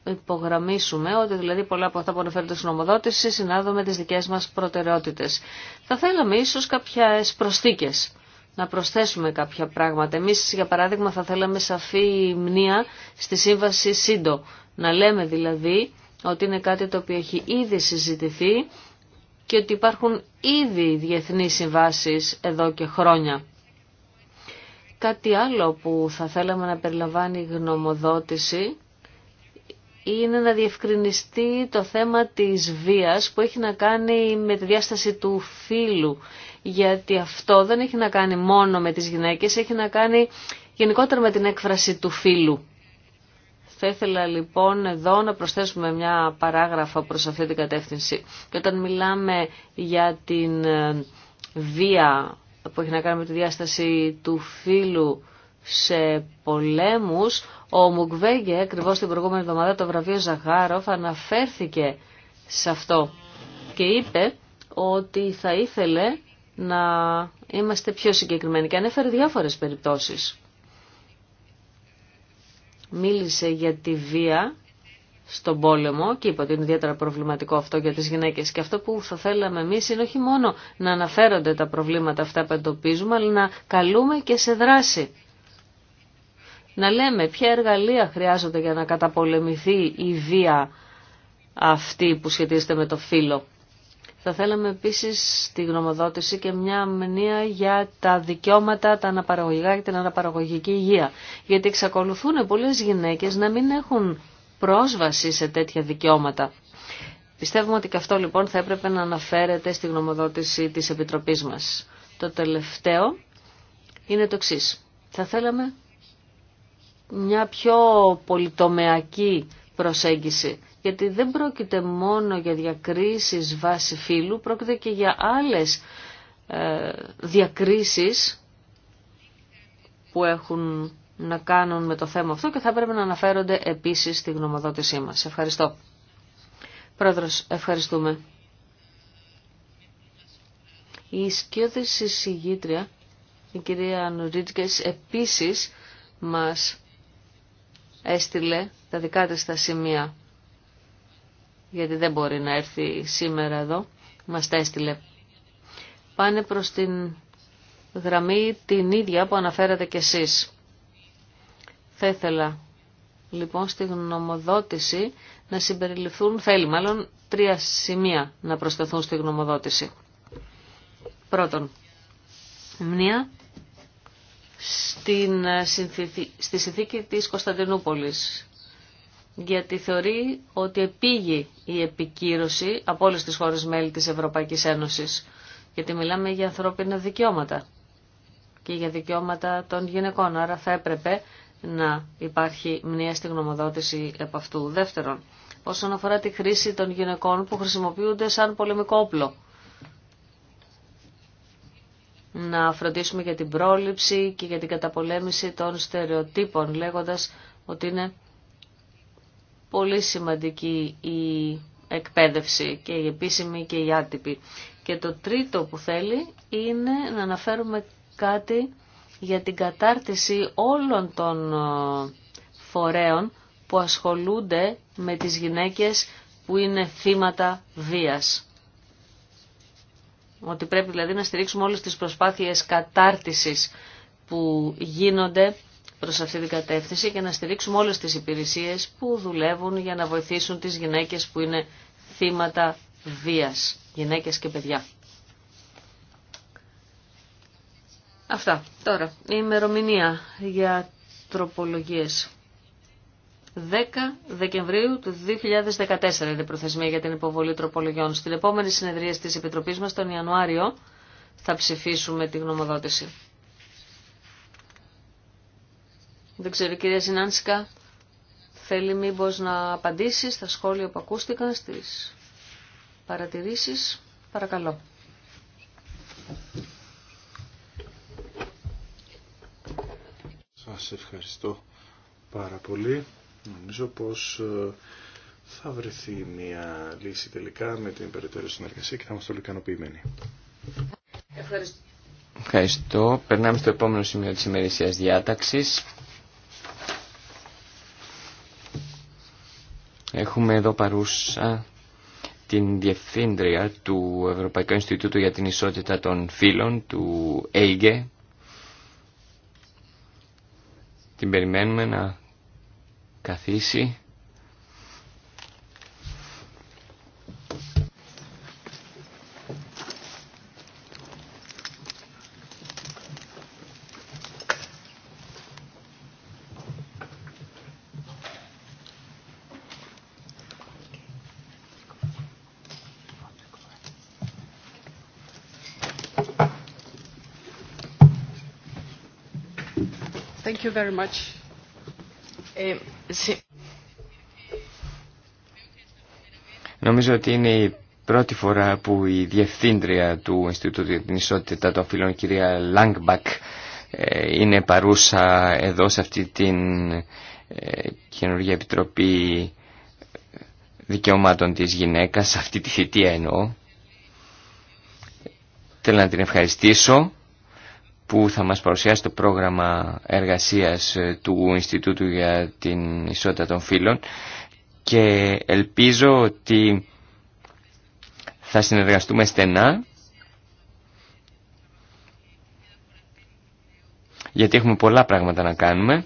υπογραμμίσουμε ότι δηλαδή πολλά από αυτά που αναφέρεται στην ομοδότηση συνάδουμε με τις δικές μας προτεραιότητες. Θα θέλαμε ίσως κάποιες προσθήκες, να προσθέσουμε κάποια πράγματα. Εμείς για παράδειγμα θα θέλαμε σαφή μνήα στη σύμβαση ΣΥΝΤΟ. Να λέμε δηλαδή ότι είναι κάτι το οποίο έχει ήδη συζητηθεί και ότι υπάρχουν ήδη διεθνείς συμβάσεις εδώ και χρόνια. Κάτι άλλο που θα θέλαμε να περιλαμβάνει η γνωμοδότηση είναι να διευκρινιστεί το θέμα της βίας που έχει να κάνει με τη διάσταση του φύλου. Γιατί αυτό δεν έχει να κάνει μόνο με τις γυναίκες, έχει να κάνει γενικότερα με την έκφραση του φύλου. Θα ήθελα λοιπόν εδώ να προσθέσουμε μια παράγραφα προς αυτή την κατεύθυνση. Και όταν μιλάμε για την ε, βία που έχει να κάνει με τη διάσταση του φίλου σε πολέμους, ο Μουγκβέγγε, ακριβώ την προηγούμενη εβδομάδα το βραβείο Ζαχάροφ αναφέρθηκε σε αυτό και είπε ότι θα ήθελε να είμαστε πιο συγκεκριμένοι και ανέφερε διάφορες περιπτώσεις. Μίλησε για τη βία στον πόλεμο και είπα ότι είναι ιδιαίτερα προβληματικό αυτό για τις γυναίκες και αυτό που θα θέλαμε εμείς είναι όχι μόνο να αναφέρονται τα προβλήματα αυτά που εντοπίζουμε αλλά να καλούμε και σε δράση. Να λέμε ποια εργαλεία χρειάζονται για να καταπολεμηθεί η βία αυτή που σχετίζεται με το φύλλο. Θα θέλαμε επίσης τη γνωμοδότηση και μια αμνία για τα δικαιώματα, τα αναπαραγωγικά και την αναπαραγωγική υγεία. Γιατί εξακολουθούν πολλές γυναίκες να μην έχουν πρόσβαση σε τέτοια δικαιώματα. Πιστεύουμε ότι και αυτό λοιπόν θα έπρεπε να αναφέρεται στη γνωμοδότηση της Επιτροπής μας. Το τελευταίο είναι το εξή. Θα θέλαμε μια πιο πολυτομεακή προσέγγιση, γιατί δεν πρόκειται μόνο για διακρίσεις βάση φύλου, πρόκειται και για άλλες ε, διακρίσεις που έχουν να κάνουν με το θέμα αυτό και θα πρέπει να αναφέρονται επίσης στη γνωμοδότησή μας. Ευχαριστώ. Πρόεδρος, ευχαριστούμε. Η σκιώδης εισηγήτρια, η κυρία Νουρίτσκες επίσης μας έστειλε τα δικά της τα σημεία, γιατί δεν μπορεί να έρθει σήμερα εδώ, μας τα έστειλε. Πάνε προς την γραμμή την ίδια που αναφέρατε κι εσείς. Θα ήθελα λοιπόν στη γνωμοδότηση να συμπεριληφθούν, θέλει μάλλον, τρία σημεία να προσθεθούν στη γνωμοδότηση. Πρώτον, μία στην, ε, στη συνθήκη της Κωνσταντινούπολης γιατί θεωρεί ότι επήγει η επικύρωση από όλες τις χώρες μέλη της Ευρωπαϊκής Ένωσης γιατί μιλάμε για ανθρώπινα δικαιώματα και για δικαιώματα των γυναικών άρα θα έπρεπε να υπάρχει μια στη γνωμοδότηση από αυτού. Δεύτερον, όσον αφορά τη χρήση των γυναικών που χρησιμοποιούνται σαν πολεμικό όπλο. Να φροντίσουμε για την πρόληψη και για την καταπολέμηση των στερεοτύπων, λέγοντας ότι είναι πολύ σημαντική η εκπαίδευση και η επίσημη και η άτυπη. Και το τρίτο που θέλει είναι να αναφέρουμε κάτι για την κατάρτιση όλων των ε, φορέων που ασχολούνται με τις γυναίκες που είναι θύματα βίας. Ότι πρέπει δηλαδή να στηρίξουμε όλες τις προσπάθειες κατάρτισης που γίνονται προς αυτή την κατεύθυνση και να στηρίξουμε όλες τις υπηρεσίες που δουλεύουν για να βοηθήσουν τις γυναίκες που είναι θύματα βίας, γυναίκες και παιδιά. Αυτά. Τώρα, η ημερομηνία για τροπολογίες. 10 Δεκεμβρίου του 2014 είναι η προθεσμία για την υποβολή τροπολογιών. Στην επόμενη συνεδρία της Επιτροπής μας τον Ιανουάριο θα ψηφίσουμε τη γνωμοδότηση. Δεν ξέρω, κυρία Ζινάνσικα, θέλει μήπως να απαντήσει στα σχόλια που ακούστηκαν, στις παρατηρήσεις. Παρακαλώ. Σας ευχαριστώ πάρα πολύ. Νομίζω πως ε, θα βρεθεί μια λύση τελικά με την περαιτέρω συνεργασία και θα είμαστε όλοι ικανοποιημένοι. Ευχαριστώ. Ευχαριστώ. Περνάμε στο επόμενο σημείο της ημερησίας διάταξης. Έχουμε εδώ παρούσα την Διευθύντρια του Ευρωπαϊκού Ινστιτούτου για την Ισότητα των Φύλων, του ΕΙΓΕ, την περιμένουμε να καθίσει Ε, Νομίζω ότι είναι η πρώτη φορά που η διευθύντρια του Ινστιτούτου για την Ισότητα των Φίλων, κυρία Λάγκμπακ, ε, είναι παρούσα εδώ σε αυτή την ε, καινούργια επιτροπή δικαιωμάτων της γυναίκας, σε αυτή τη θητεία εννοώ. Θέλω να την ευχαριστήσω που θα μας παρουσιάσει το πρόγραμμα εργασίας ε, του Ινστιτούτου για την Ισότητα των Φύλων και ελπίζω ότι θα συνεργαστούμε στενά γιατί έχουμε πολλά πράγματα να κάνουμε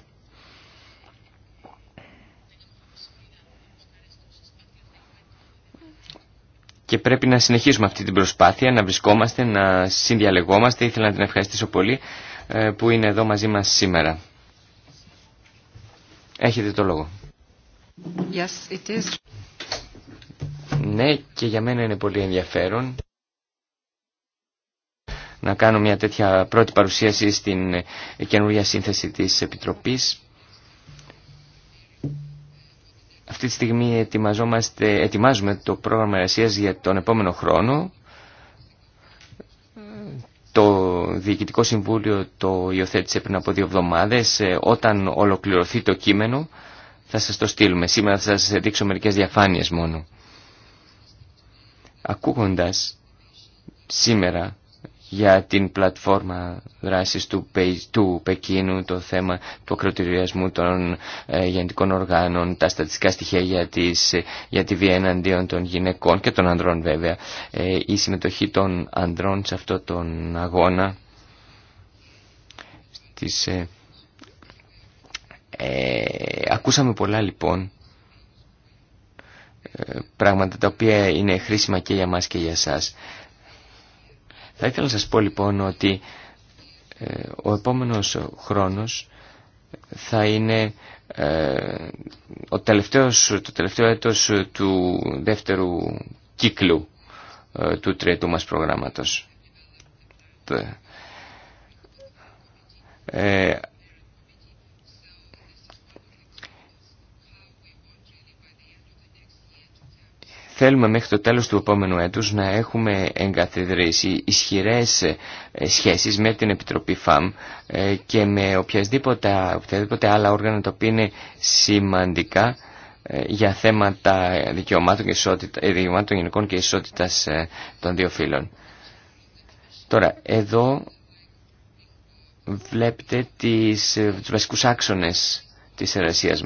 και πρέπει να συνεχίσουμε αυτή την προσπάθεια, να βρισκόμαστε, να συνδιαλεγόμαστε. Ήθελα να την ευχαριστήσω πολύ ε, που είναι εδώ μαζί μας σήμερα. Έχετε το λόγο. Yes, it is. Ναι, και για μένα είναι πολύ ενδιαφέρον να κάνω μια τέτοια πρώτη παρουσίαση στην καινούργια σύνθεση της Επιτροπής αυτή τη στιγμή ετοιμαζόμαστε, ετοιμάζουμε το πρόγραμμα εργασίας για τον επόμενο χρόνο. Το Διοικητικό Συμβούλιο το υιοθέτησε πριν από δύο εβδομάδες. Ε, όταν ολοκληρωθεί το κείμενο θα σας το στείλουμε. Σήμερα θα σας δείξω μερικές διαφάνειες μόνο. Ακούγοντας σήμερα για την πλατφόρμα δράσης του, Πε, Πεκίνου, το θέμα του ακροτηριασμού των ε, οργάνων, τα στατιστικά στοιχεία για, τις, ε, για τη βία εναντίον των γυναικών και των ανδρών βέβαια. Ε, η συμμετοχή των ανδρών σε αυτό τον αγώνα ε, ακούσαμε πολλά λοιπόν πράγματα τα οποία είναι χρήσιμα και για μας και για σας. Θα ήθελα να σας πω λοιπόν ότι ε, ο επόμενος χρόνος θα είναι ε, ο τελευταίος, το τελευταίο έτος του δεύτερου κύκλου ε, του τρίτου μας προγράμματος. Θέλουμε μέχρι το τέλος του επόμενου έτους να έχουμε εγκαθιδρύσει ισχυρές ε, σχέσεις με την Επιτροπή ΦΑΜ ε, και με οποιασδήποτε, οποιαδήποτε άλλα όργανα τα οποία είναι σημαντικά ε, για θέματα δικαιωμάτων, και δικαιωμάτων γενικών και ισότητας των δύο φύλων. Τώρα, εδώ βλέπετε τις, τους βασικούς άξονες της εργασίας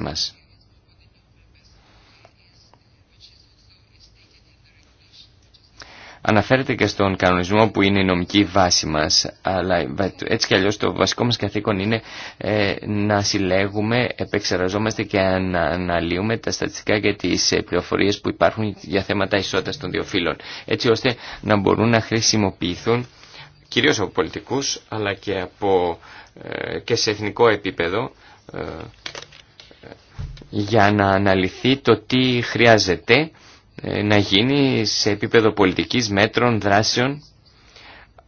αναφέρεται και στον κανονισμό που είναι η νομική βάση μας, αλλά έτσι κι αλλιώς το βασικό μας καθήκον είναι ε, να συλλέγουμε, επεξεργαζόμαστε και να αναλύουμε τα στατιστικά και τις ε, πληροφορίες που υπάρχουν για θέματα ισότητας των δύο φύλων, έτσι ώστε να μπορούν να χρησιμοποιηθούν κυρίως από πολιτικούς, αλλά και, από, ε, και σε εθνικό επίπεδο, για να αναλυθεί το τι χρειάζεται ε, να γίνει σε επίπεδο πολιτικής μέτρων, δράσεων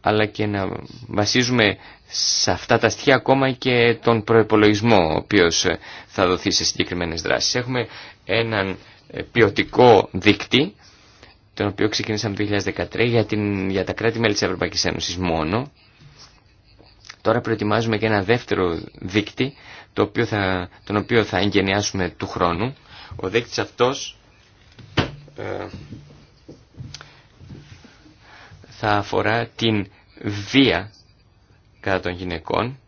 αλλά και να βασίζουμε σε αυτά τα στοιχεία ακόμα και τον προϋπολογισμό ο οποίος ε, θα δοθεί σε συγκεκριμένες δράσεις. Έχουμε έναν ε, ποιοτικό δίκτυ τον οποίο ξεκινήσαμε το 2013 για, την, για τα κράτη-μέλη της Ευρωπαϊκής Ένωσης μόνο. Τώρα προετοιμάζουμε και ένα δεύτερο δίκτυ το οποίο θα, τον οποίο θα εγγενιάσουμε του χρόνου. Ο δίκτυς αυτός ε, θα αφορά την βία κατά των γυναικών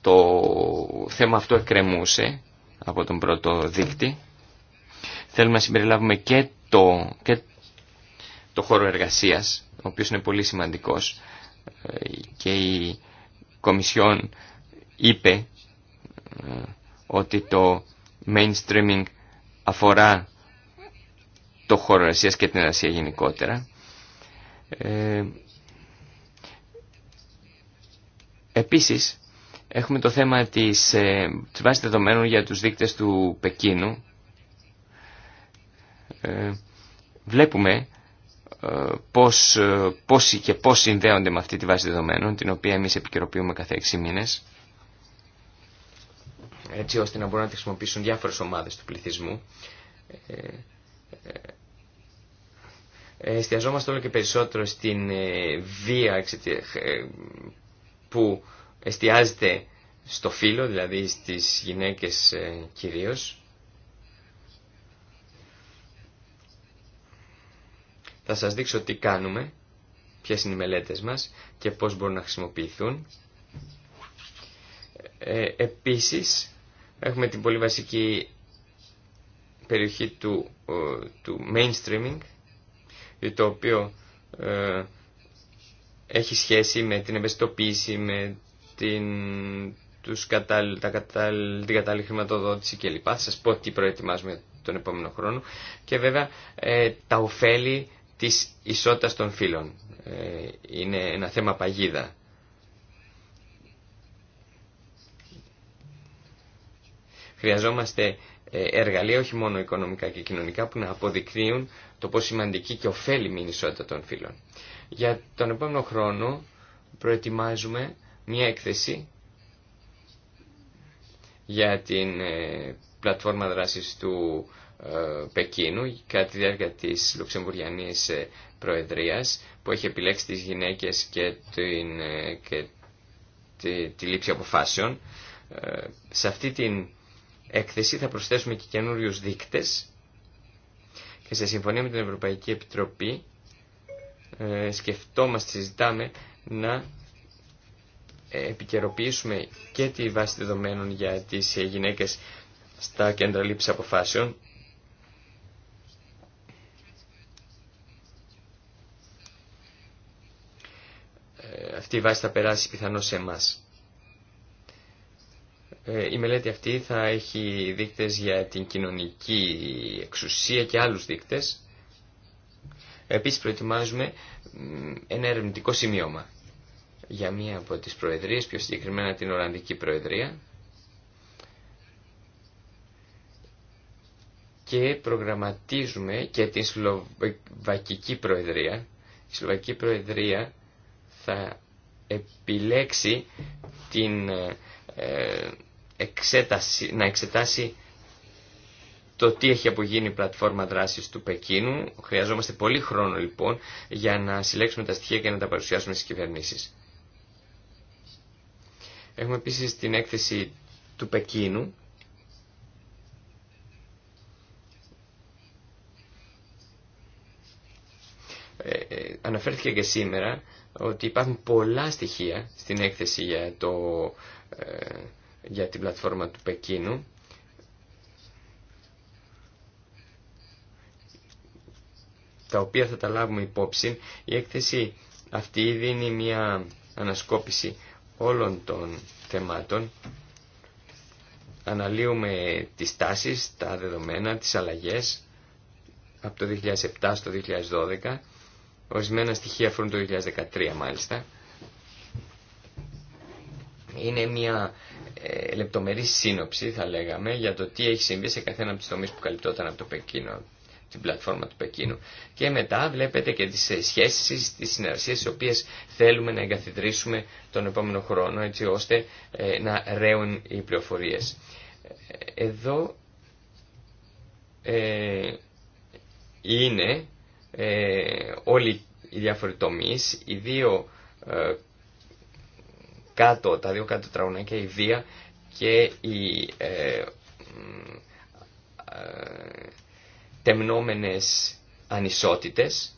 το θέμα αυτό εκκρεμούσε από τον πρώτο δίκτυ. Θέλουμε να συμπεριλάβουμε και το, και το χώρο εργασίας, ο οποίος είναι πολύ σημαντικός ε, και η Κομισιόν είπε ε, ότι το mainstreaming αφορά το χώρο Ρωσίας και την εργασία γενικότερα. Ε, επίσης, έχουμε το θέμα της, ε, της βάσης δεδομένων για τους δείκτες του Πεκίνου. Ε, βλέπουμε πώς, ε, πόσοι και πώς συνδέονται με αυτή τη βάση δεδομένων, την οποία εμείς επικαιροποιούμε κάθε 6 μήνες, έτσι ώστε να μπορούν να τη χρησιμοποιήσουν διάφορες ομάδες του πληθυσμού. Ε, ε, εστιαζόμαστε όλο και περισσότερο στην βία που εστιάζεται στο φύλλο, δηλαδή στις γυναίκες κυρίως, Θα σας δείξω τι κάνουμε, ποιες είναι οι μελέτες μας και πώς μπορούν να χρησιμοποιηθούν. Ε, επίσης, έχουμε την πολύ βασική περιοχή του, ε, του mainstreaming, το οποίο ε, έχει σχέση με την ευαισθητοποίηση, με την, τους κατάλ, τα την κατάλληλη χρηματοδότηση κλπ. Θα σας πω τι προετοιμάζουμε τον επόμενο χρόνο. Και βέβαια ε, τα ωφέλη της ισότητας των φύλων. Ε, είναι ένα θέμα παγίδα. Χρειαζόμαστε ε, εργαλεία όχι μόνο οικονομικά και κοινωνικά που να αποδεικνύουν το πόσο σημαντική και ωφέλιμη είναι η ισότητα των φύλων. Για τον επόμενο χρόνο προετοιμάζουμε μια έκθεση για την ε, πλατφόρμα δράσης του ε, Πεκίνου κάτι τη διάρκεια της Λουξεμβουριανής ε, Προεδρίας που έχει επιλέξει τις γυναίκες και, την, ε, και τη, λήψη αποφάσεων. Σε αυτή την έκθεση θα προσθέσουμε και καινούριου δείκτες και σε συμφωνία με την Ευρωπαϊκή Επιτροπή σκεφτόμαστε, συζητάμε να επικαιροποιήσουμε και τη βάση δεδομένων για τις γυναίκες στα κέντρα λήψης αποφάσεων ...τη η βάση θα περάσει πιθανώς σε εμάς. Ε, η μελέτη αυτή θα έχει δείκτες για την κοινωνική εξουσία και άλλους δείκτες. Επίσης προετοιμάζουμε ένα ερευνητικό σημείωμα για μία από τις προεδρίες, πιο συγκεκριμένα την Ολλανδική Προεδρία. Και προγραμματίζουμε και την Σλοβακική Προεδρία. Η Σλοβακική Προεδρία θα επιλέξει την ε, ε, εξέταση, να εξετάσει το τι έχει απογίνει η πλατφόρμα δράσης του Πεκίνου. Χρειαζόμαστε πολύ χρόνο λοιπόν για να συλλέξουμε τα στοιχεία και να τα παρουσιάσουμε στις κυβερνήσεις. Έχουμε επίσης την έκθεση του Πεκίνου. Ε, ε αναφέρθηκε και σήμερα ότι υπάρχουν πολλά στοιχεία στην έκθεση για, το, ε, για την πλατφόρμα του Πεκίνου τα οποία θα τα λάβουμε υπόψη. Η έκθεση αυτή δίνει μια ανασκόπηση όλων των θεμάτων. Αναλύουμε τις τάσεις, τα δεδομένα, τις αλλαγές από το 2007 στο 2012 Ορισμένα στοιχεία αφορούν το 2013 μάλιστα. Είναι μια ε, λεπτομερή σύνοψη, θα λέγαμε, για το τι έχει συμβεί σε καθένα από τις τομείς που καλυπτόταν από το Πεκίνο, την πλατφόρμα του Πεκίνου. Και μετά βλέπετε και τις ε, σχέσεις, τις συνεργασίες τις οποίες θέλουμε να εγκαθιδρύσουμε τον επόμενο χρόνο, έτσι ώστε ε, να ρέουν οι πληροφορίες. Ε, εδώ ε, είναι ε, όλοι οι διάφοροι τομεί, οι δύο ε, κάτω, τα δύο κάτω τραγουνάκια, η βία και οι ε, ε, τεμνόμενες ανισότητες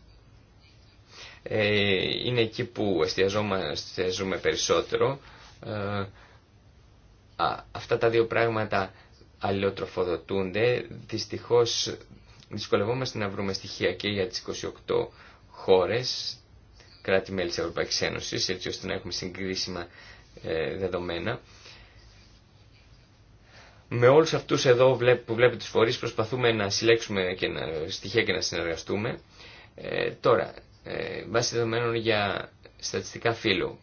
είναι εκεί που εστιαζόμαστε περισσότερο αυτά τα δύο πράγματα αλληλοτροφοδοτούνται δυστυχώς δυσκολευόμαστε να βρούμε στοιχεία και για τις 28 χώρες, κράτη-μέλη της Ευρωπαϊκής Ένωσης, έτσι ώστε να έχουμε συγκρίσιμα ε, δεδομένα. Με όλους αυτούς εδώ που βλέπετε τους φορείς προσπαθούμε να συλλέξουμε και να, στοιχεία και να συνεργαστούμε. Ε, τώρα, ε, βάσει δεδομένων για στατιστικά φύλου.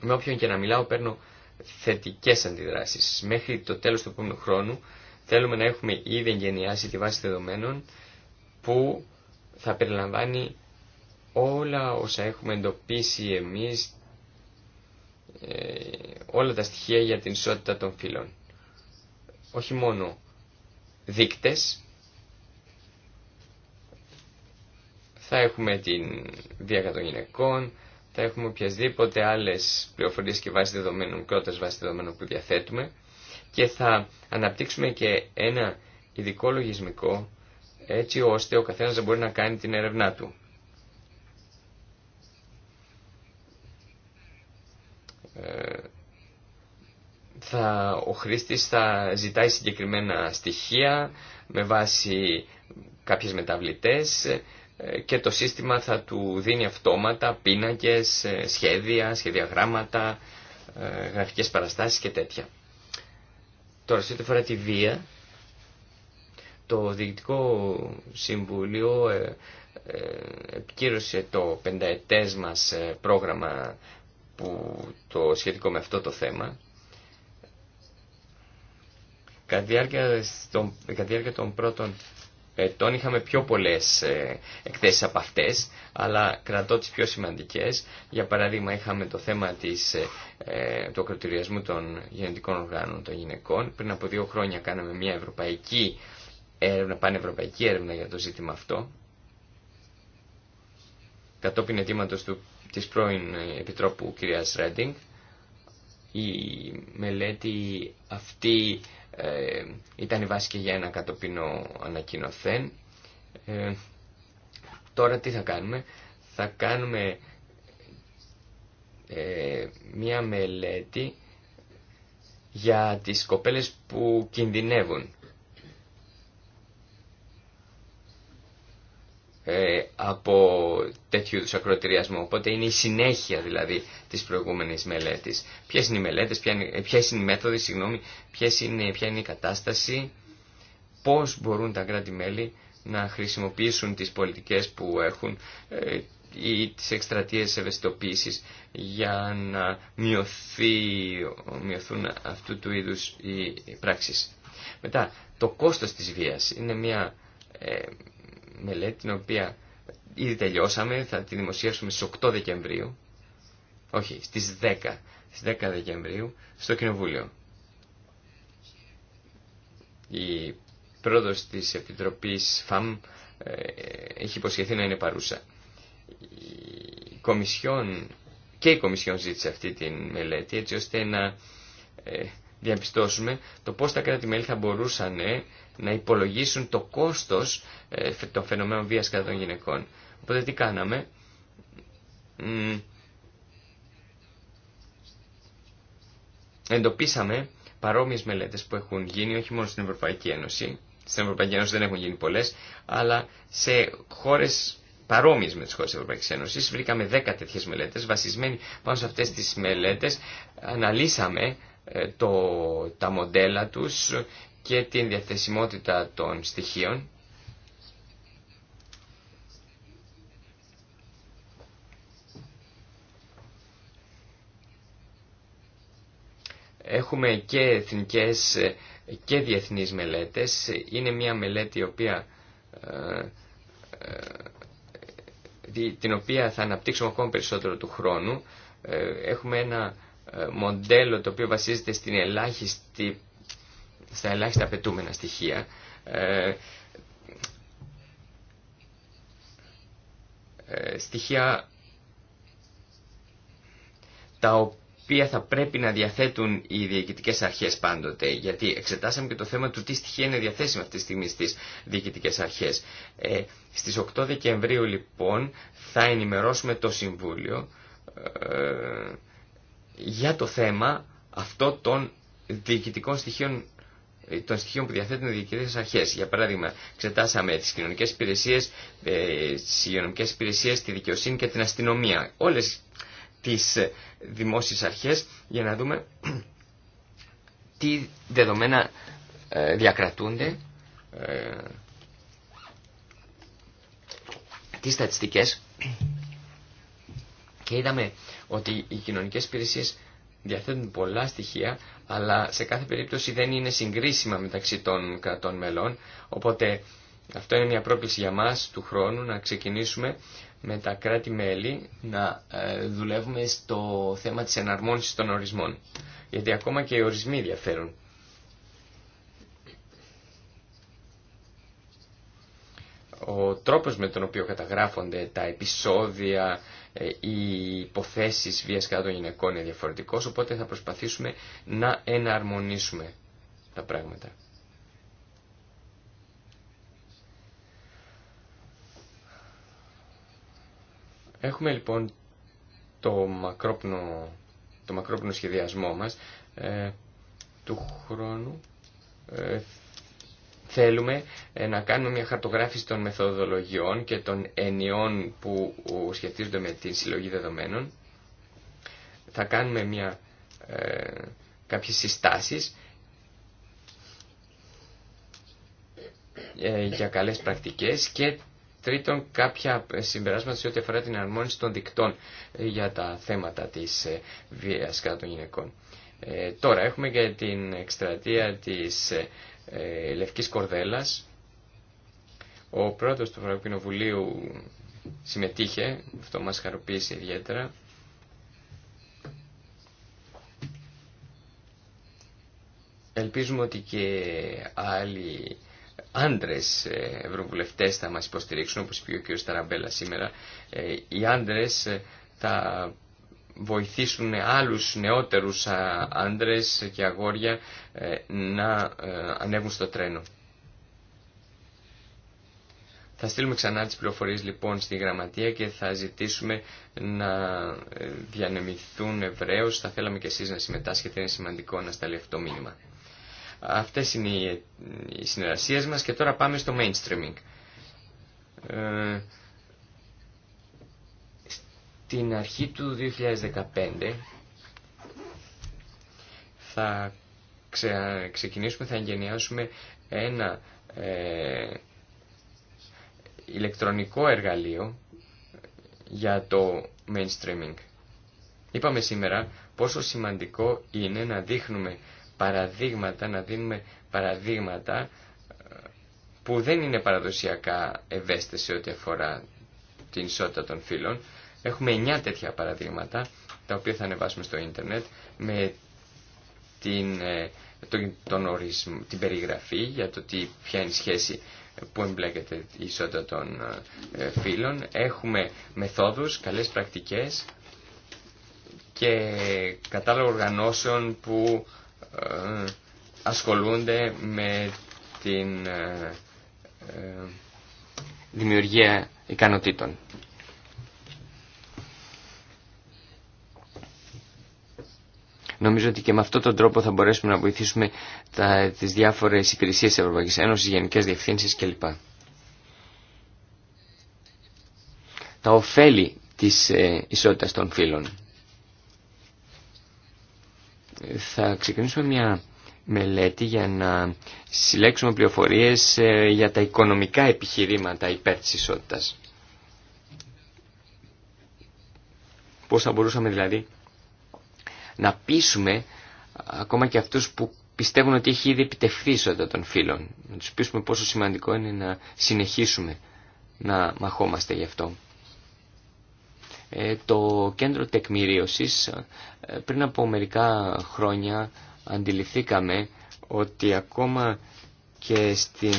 Με όποιον και να μιλάω παίρνω θετικές αντιδράσεις. Μέχρι το τέλος του επόμενου χρόνου θέλουμε να έχουμε ήδη εγγενιάσει τη βάση δεδομένων που θα περιλαμβάνει όλα όσα έχουμε εντοπίσει εμείς, ε, όλα τα στοιχεία για την ισότητα των φύλων. Όχι μόνο δείκτες, θα έχουμε την βία των γυναικών, θα έχουμε οποιασδήποτε άλλες πληροφορίες και βάσει δεδομένων, μικρότερες βάσει δεδομένων που διαθέτουμε και θα αναπτύξουμε και ένα ειδικό λογισμικό έτσι ώστε ο καθένας να μπορεί να κάνει την έρευνά του. Ε, θα, ο χρήστης θα ζητάει συγκεκριμένα στοιχεία με βάση κάποιες μεταβλητές ε, και το σύστημα θα του δίνει αυτόματα πίνακες, ε, σχέδια, σχεδιαγράμματα, ε, γραφικές παραστάσεις και τέτοια. Τώρα, σε ό,τι φορά τη βία, το Διοικητικό Συμβουλίο επικύρωσε το πενταετές μας πρόγραμμα που το σχετικό με αυτό το θέμα. Κατά τη διάρκεια των πρώτων ετών είχαμε πιο πολλές ε, εκθέσεις από αυτές, αλλά κρατώ τις πιο σημαντικές. Για παράδειγμα είχαμε το θέμα της, ε, ε, του ακροτηριασμού των γενετικών οργάνων των γυναικών. Πριν από δύο χρόνια κάναμε μια ευρωπαϊκή έρευνα, πανευρωπαϊκή έρευνα για το ζήτημα αυτό. Κατόπιν αιτήματος του, της πρώην Επιτρόπου κυρίας Ρέντινγκ, η μελέτη αυτή ε, ήταν η βάση και για ένα κατοπινό ανακοινωθέν. Ε, τώρα τι θα κάνουμε. Θα κάνουμε ε, μία μελέτη για τις κοπέλες που κινδυνεύουν. Ε, από τέτοιου είδου ακροτηριασμό. Οπότε είναι η συνέχεια δηλαδή της προηγούμενης μελέτης. Ποιε είναι οι μελέτες, ε, ποιε είναι, οι μέθοδοι, συγγνώμη, είναι, ποια είναι η κατάσταση, πώς μπορούν τα κράτη-μέλη να χρησιμοποιήσουν τις πολιτικές που έχουν ε, ή τις εκστρατείε ευαισθητοποίηση για να μειωθεί, μειωθούν αυτού του είδου οι πράξεις. Μετά, το κόστος της βίας είναι μια ε, μελέτη την οποία ήδη τελειώσαμε, θα τη δημοσιεύσουμε στις 8 Δεκεμβρίου, όχι, στις 10, στις 10 Δεκεμβρίου, στο Κοινοβούλιο. Η πρόεδρος της Επιτροπής ΦΑΜ ε, έχει υποσχεθεί να είναι παρούσα. Η Κομισιόν, και η Κομισιόν ζήτησε αυτή τη μελέτη έτσι ώστε να ε, διαπιστώσουμε το πώς τα κράτη-μέλη θα μπορούσαν ε, να υπολογίσουν το κόστος ε, των φαινομένων βίας κατά των γυναικών. Οπότε τι κάναμε. Εντοπίσαμε παρόμοιες μελέτες που έχουν γίνει όχι μόνο στην Ευρωπαϊκή Ένωση, στην Ευρωπαϊκή Ένωση δεν έχουν γίνει πολλές, αλλά σε χώρες παρόμοιες με τις χώρες της Ευρωπαϊκής Ένωσης βρήκαμε 10 τέτοιες μελέτες, βασισμένοι πάνω σε αυτές τις μελέτες αναλύσαμε ε, τα μοντέλα τους και την διαθεσιμότητα των στοιχείων. Έχουμε και εθνικές ε, και διεθνείς μελέτες. Είναι μια μελέτη η οποία, ε, την οποία θα αναπτύξουμε ακόμα περισσότερο του χρόνου. έχουμε ένα ε, μοντέλο το οποίο βασίζεται στην ελάχιστη, στα ελάχιστα απαιτούμενα στοιχεία ε, ε, στοιχεία τα οποία θα πρέπει να διαθέτουν οι διοικητικέ αρχές πάντοτε. Γιατί εξετάσαμε και το θέμα του τι στοιχεία είναι διαθέσιμα αυτή τη στιγμή στις διοικητικέ αρχές. Ε, στις 8 Δεκεμβρίου λοιπόν θα ενημερώσουμε το Συμβούλιο για το θέμα αυτό των διοικητικών στοιχείων ε, των στοιχείων που διαθέτουν οι διοικητικέ αρχέ. Για παράδειγμα, εξετάσαμε τι κοινωνικέ υπηρεσίε, ε, τι υγειονομικέ υπηρεσίε, τη δικαιοσύνη και την αστυνομία. Όλε τι ε, δημόσιε αρχέ για να δούμε τι δεδομένα διακρατούνται, τι στατιστικές και είδαμε ότι οι κοινωνικές υπηρεσίε διαθέτουν πολλά στοιχεία, αλλά σε κάθε περίπτωση δεν είναι συγκρίσιμα μεταξύ των κρατών μελών, οπότε αυτό είναι μια πρόκληση για μας του χρόνου να ξεκινήσουμε με τα κράτη-μέλη να ε, δουλεύουμε στο θέμα της εναρμόνισης των ορισμών. Γιατί ακόμα και οι ορισμοί διαφέρουν. Ο τρόπος με τον οποίο καταγράφονται τα επεισόδια, ε, οι υποθέσει βία κατά των γυναικών είναι διαφορετικός, οπότε θα προσπαθήσουμε να εναρμονίσουμε τα πράγματα. Έχουμε λοιπόν το μακρόπνο, το μακρόπνο σχεδιασμό μας ε, του χρόνου. Ε, Θέλουμε ε, να κάνουμε μια χαρτογράφηση των μεθοδολογιών και των ενιών που σχετίζονται με την συλλογή δεδομένων. Θα κάνουμε μια, ε, κάποιες συστάσεις ε, για καλές πρακτικές και τρίτον κάποια συμπεράσματα σε ό,τι αφορά την αρμόνιση των δικτών ε, για τα θέματα της βίας κατά των γυναικών. τώρα έχουμε και την εκστρατεία της ε, Λευκής Κορδέλας. Ο πρόεδρος του Ευρωκοινοβουλίου συμμετείχε, αυτό μας χαροποίησε ιδιαίτερα. Ελπίζουμε ότι και άλλοι άντρες ε, ευρωβουλευτές θα μας υποστηρίξουν, όπως είπε ο κ. Ταραμπέλα σήμερα. Ε, οι άντρες ε, θα βοηθήσουν άλλους νεότερους άντρες και αγόρια ε, να ε, ανέβουν στο τρένο. Θα στείλουμε ξανά τις πληροφορίες λοιπόν στη γραμματεία και θα ζητήσουμε να ε, διανεμηθούν ευρέως. Θα θέλαμε και εσείς να συμμετάσχετε, είναι σημαντικό να σταλεί αυτό μήνυμα. Αυτές είναι οι συνεργασίες μας και τώρα πάμε στο mainstreaming την αρχή του 2015 θα ξεκινήσουμε, θα εγγενιάσουμε ένα ε, ηλεκτρονικό εργαλείο για το mainstreaming. Είπαμε σήμερα πόσο σημαντικό είναι να δείχνουμε παραδείγματα, να δίνουμε παραδείγματα ε, που δεν είναι παραδοσιακά ευαίσθηση ό,τι αφορά την ισότητα των φύλων Έχουμε 9 τέτοια παραδείγματα, τα οποία θα ανεβάσουμε στο ίντερνετ, με την, ε, τον ορισμό, την περιγραφή για το τι, ποια είναι η σχέση ε, που εμπλέκεται η ισότητα των ε, φύλων. Έχουμε μεθόδους, καλές πρακτικές και κατάλογο οργανώσεων που ασχολούνται με την δημιουργία ικανοτήτων. Νομίζω ότι και με αυτόν τον τρόπο θα μπορέσουμε να βοηθήσουμε τα, τις διάφορες υπηρεσίες της Ευρωπαϊκής Ένωσης, γενικές διευθύνσεις κλπ. Τα ωφέλη της ε, ισότητας των φύλων. Θα ξεκινήσουμε μια μελέτη για να συλλέξουμε πληροφορίες ε, για τα οικονομικά επιχειρήματα υπέρ της ισότητας. Πώς θα μπορούσαμε δηλαδή να πείσουμε ακόμα και αυτούς που πιστεύουν ότι έχει ήδη επιτευχθεί η των φύλων. Να τους πείσουμε πόσο σημαντικό είναι να συνεχίσουμε να μαχόμαστε γι' αυτό. Ε, το κέντρο τεκμηρίωσης πριν από μερικά χρόνια αντιληφθήκαμε ότι ακόμα και στην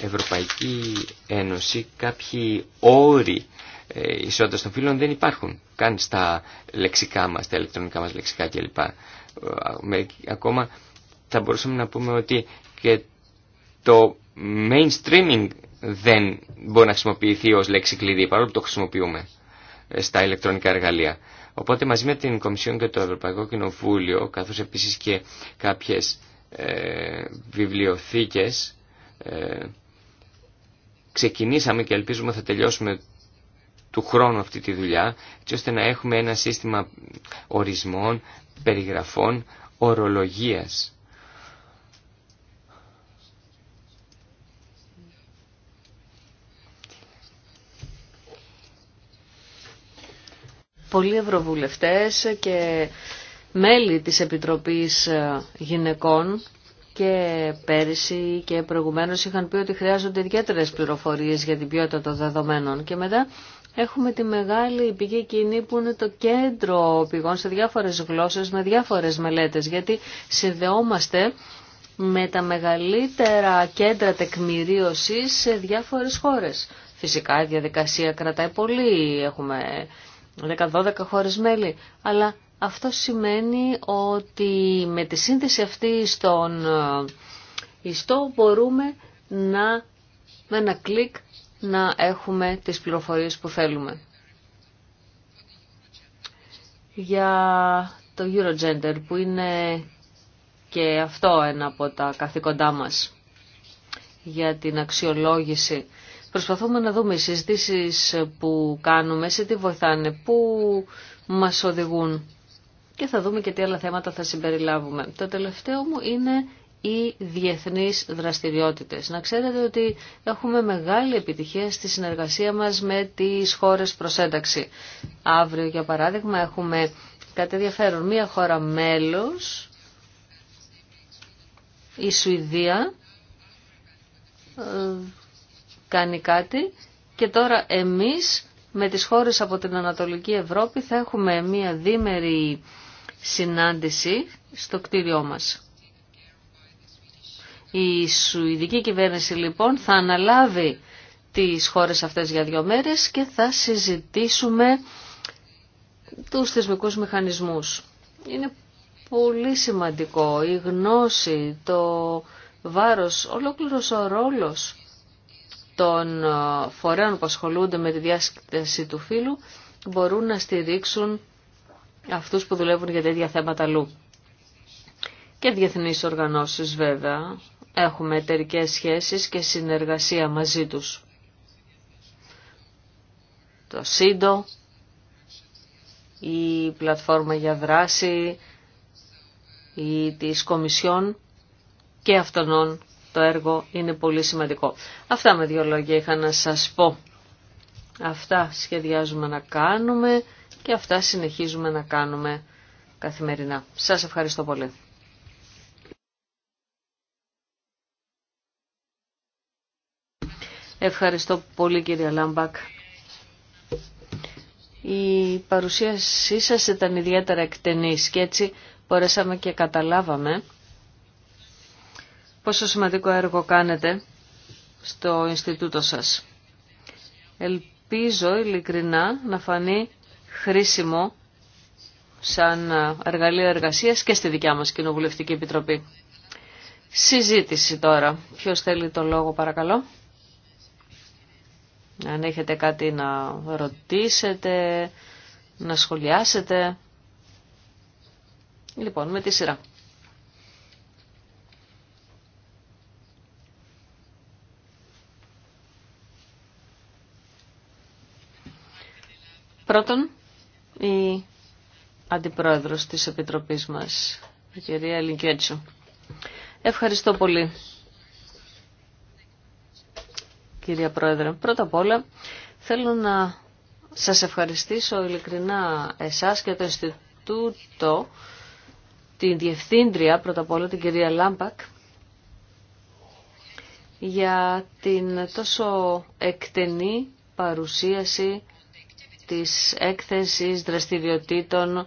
Ευρωπαϊκή Ένωση κάποιοι όροι ε, ισότητας των φύλων δεν υπάρχουν καν στα λεξικά μας, τα ηλεκτρονικά μας λεξικά κλπ. Ε, ακόμα θα μπορούσαμε να πούμε ότι και το mainstreaming δεν μπορεί να χρησιμοποιηθεί ως λέξη κλειδί, παρόλο που το χρησιμοποιούμε ε, στα ηλεκτρονικά εργαλεία. Οπότε μαζί με την Κομισιόν και το Ευρωπαϊκό Κοινοβούλιο, καθώς επίσης και κάποιες ε, βιβλιοθήκες, ξεκινήσαμε και ελπίζουμε θα τελειώσουμε του χρόνου αυτή τη δουλειά, έτσι ώστε να έχουμε ένα σύστημα ορισμών, περιγραφών, ορολογίας. Πολλοί ευρωβουλευτές και μέλη της Επιτροπής Γυναικών και πέρυσι και προηγουμένως είχαν πει ότι χρειάζονται ιδιαίτερες πληροφορίες για την ποιότητα των δεδομένων και μετά Έχουμε τη μεγάλη πηγή κοινή που είναι το κέντρο πηγών σε διάφορες γλώσσες, με διάφορες μελέτες, γιατί συνδεόμαστε με τα μεγαλύτερα κέντρα τεκμηρίωσης σε διάφορες χώρες. Φυσικά η διαδικασία κρατάει πολύ, έχουμε 10-12 χώρες μέλη, αλλά αυτό σημαίνει ότι με τη σύνθεση αυτή στον ιστό μπορούμε να με ένα κλικ να έχουμε τις πληροφορίες που θέλουμε. Για το Eurogender που είναι και αυτό ένα από τα καθήκοντά μας για την αξιολόγηση. Προσπαθούμε να δούμε οι συζητήσεις που κάνουμε, σε τι βοηθάνε, πού μας οδηγούν και θα δούμε και τι άλλα θέματα θα συμπεριλάβουμε. Το τελευταίο μου είναι ή διεθνείς δραστηριότητες. Να ξέρετε ότι έχουμε μεγάλη επιτυχία στη συνεργασία μας με τις χώρες προσένταξη. Αύριο, για παράδειγμα, έχουμε κάτι ενδιαφέρον. Μία χώρα μέλος, η Σουηδία, ε, κάνει κάτι και τώρα εμείς με τις χώρες από την Ανατολική Ευρώπη θα έχουμε μία δίμερη συνάντηση στο κτίριό μας. Η Σουηδική κυβέρνηση λοιπόν θα αναλάβει τις χώρες αυτές για δύο μέρες και θα συζητήσουμε τους θεσμικούς μηχανισμούς. Είναι πολύ σημαντικό η γνώση, το βάρος, ολόκληρος ο ρόλος των ε, φορέων που ασχολούνται με τη διάσκεψη του φύλου μπορούν να στηρίξουν αυτούς που δουλεύουν για τέτοια θέματα αλλού. Και διεθνείς οργανώσεις βέβαια, έχουμε εταιρικέ σχέσεις και συνεργασία μαζί τους. Το ΣΥΝΤΟ, η πλατφόρμα για δράση, η της Κομισιόν και αυτονών το έργο είναι πολύ σημαντικό. Αυτά με δύο λόγια είχα να σας πω. Αυτά σχεδιάζουμε να κάνουμε και αυτά συνεχίζουμε να κάνουμε καθημερινά. Σας ευχαριστώ πολύ. Ευχαριστώ πολύ κύριε Λάμπακ. Η παρουσίασή σας ήταν ιδιαίτερα εκτενής και έτσι μπορέσαμε και καταλάβαμε πόσο σημαντικό έργο κάνετε στο Ινστιτούτο σας. Ελπίζω ειλικρινά να φανεί χρήσιμο σαν εργαλείο εργασίας και στη δικιά μας Κοινοβουλευτική Επιτροπή. Συζήτηση τώρα. Ποιος θέλει το λόγο παρακαλώ. Αν έχετε κάτι να ρωτήσετε, να σχολιάσετε. Λοιπόν, με τη σειρά. Πρώτον, η Αντιπρόεδρος της Επιτροπής μας, η κυρία Λιγκέτσο. Ευχαριστώ πολύ κυρία Πρόεδρε. Πρώτα απ' όλα θέλω να σας ευχαριστήσω ειλικρινά εσάς και το Ινστιτούτο, την Διευθύντρια, πρώτα απ' όλα την κυρία Λάμπακ, για την τόσο εκτενή παρουσίαση της έκθεσης δραστηριοτήτων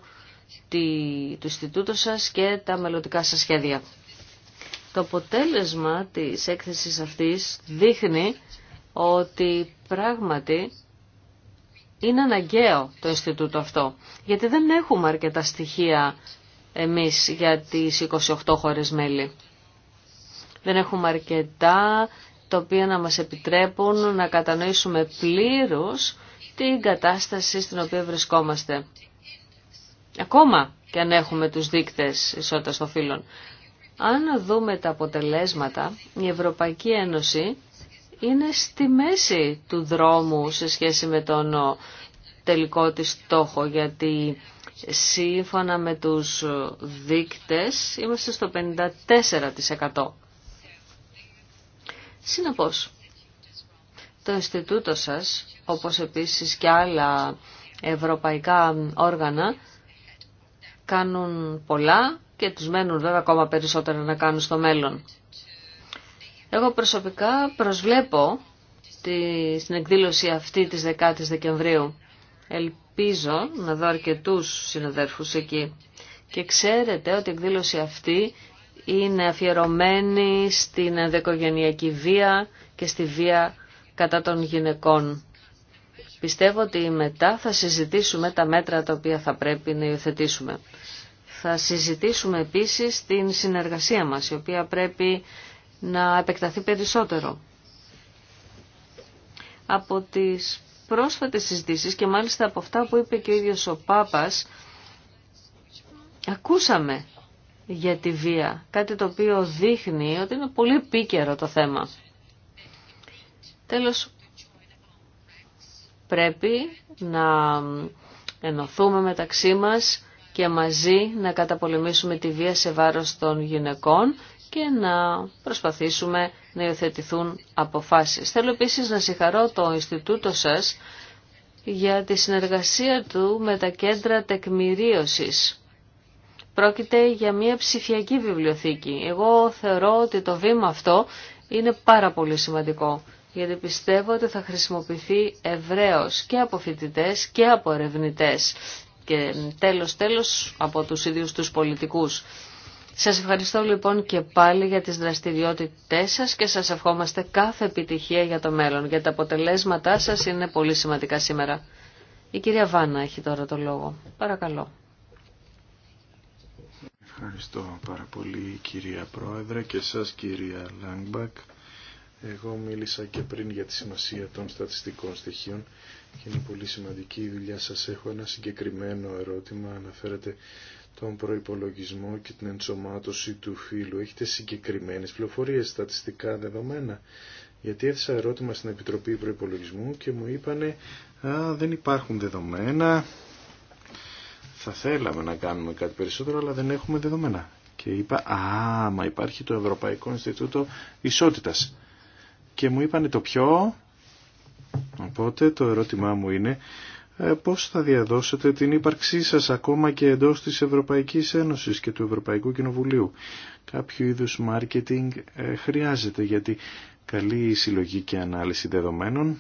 του Ινστιτούτου σας και τα μελλοντικά σας σχέδια. Το αποτέλεσμα της έκθεσης αυτής δείχνει ότι πράγματι είναι αναγκαίο το Ινστιτούτο αυτό, γιατί δεν έχουμε αρκετά στοιχεία εμείς για τις 28 χώρες μέλη. Δεν έχουμε αρκετά τα οποία να μας επιτρέπουν να κατανοήσουμε πλήρως την κατάσταση στην οποία βρισκόμαστε. Ακόμα και αν έχουμε τους δείκτες ισότητας των φύλων. Αν δούμε τα αποτελέσματα, η Ευρωπαϊκή Ένωση είναι στη μέση του δρόμου σε σχέση με τον τελικό της στόχο, γιατί σύμφωνα με τους δείκτες είμαστε στο 54%. Συνεπώς, το Ινστιτούτο σας, όπως επίσης και άλλα ευρωπαϊκά όργανα, κάνουν πολλά και τους μένουν βέβαια ακόμα περισσότερα να κάνουν στο μέλλον. Εγώ προσωπικά προσβλέπω τη, στην εκδήλωση αυτή της 10ης Δεκεμβρίου. Ελπίζω να δω αρκετού συναδέρφους εκεί. Και ξέρετε ότι η εκδήλωση αυτή είναι αφιερωμένη στην ενδοικογενειακή βία και στη βία κατά των γυναικών. Πιστεύω ότι μετά θα συζητήσουμε τα μέτρα τα οποία θα πρέπει να υιοθετήσουμε. Θα συζητήσουμε επίσης την συνεργασία μας, η οποία πρέπει να επεκταθεί περισσότερο. Από τις πρόσφατες συζητήσεις και μάλιστα από αυτά που είπε και ο ίδιος ο Πάπας, ακούσαμε για τη βία, κάτι το οποίο δείχνει ότι είναι πολύ επίκαιρο το θέμα. Τέλος, πρέπει να ενωθούμε μεταξύ μας και μαζί να καταπολεμήσουμε τη βία σε βάρος των γυναικών και να προσπαθήσουμε να υιοθετηθούν αποφάσεις. Θέλω επίσης να συγχαρώ το Ινστιτούτο σας για τη συνεργασία του με τα κέντρα τεκμηρίωσης. Πρόκειται για μια ψηφιακή βιβλιοθήκη. Εγώ θεωρώ ότι το βήμα αυτό είναι πάρα πολύ σημαντικό, γιατί πιστεύω ότι θα χρησιμοποιηθεί ευρέως και από και από ερευνητέ και τέλος τέλος από τους ίδιους τους πολιτικούς. Σας ευχαριστώ λοιπόν και πάλι για τις δραστηριότητές σας και σας ευχόμαστε κάθε επιτυχία για το μέλλον. Για τα αποτελέσματά σας είναι πολύ σημαντικά σήμερα. Η κυρία Βάνα έχει τώρα το λόγο. Παρακαλώ. Ευχαριστώ πάρα πολύ κυρία Πρόεδρε και σας κυρία Λάγκμπακ. Εγώ μίλησα και πριν για τη σημασία των στατιστικών στοιχείων και είναι πολύ σημαντική η δουλειά σας. Έχω ένα συγκεκριμένο ερώτημα, αναφέρεται τον προϋπολογισμό και την ενσωμάτωση του φύλου. Έχετε συγκεκριμένες πληροφορίες, στατιστικά δεδομένα. Γιατί έθεσα ερώτημα στην Επιτροπή Προϋπολογισμού και μου είπανε δεν υπάρχουν δεδομένα, θα θέλαμε να κάνουμε κάτι περισσότερο, αλλά δεν έχουμε δεδομένα». Και είπα «Α, μα υπάρχει το Ευρωπαϊκό Ινστιτούτο Ισότητας». Και μου είπανε το ποιο, οπότε το ερώτημά μου είναι ε, πώς θα διαδώσετε την ύπαρξή σας ακόμα και εντός της Ευρωπαϊκής Ένωσης και του Ευρωπαϊκού Κοινοβουλίου. Κάποιο είδους μάρκετινγκ χρειάζεται γιατί καλή συλλογή και ανάλυση δεδομένων,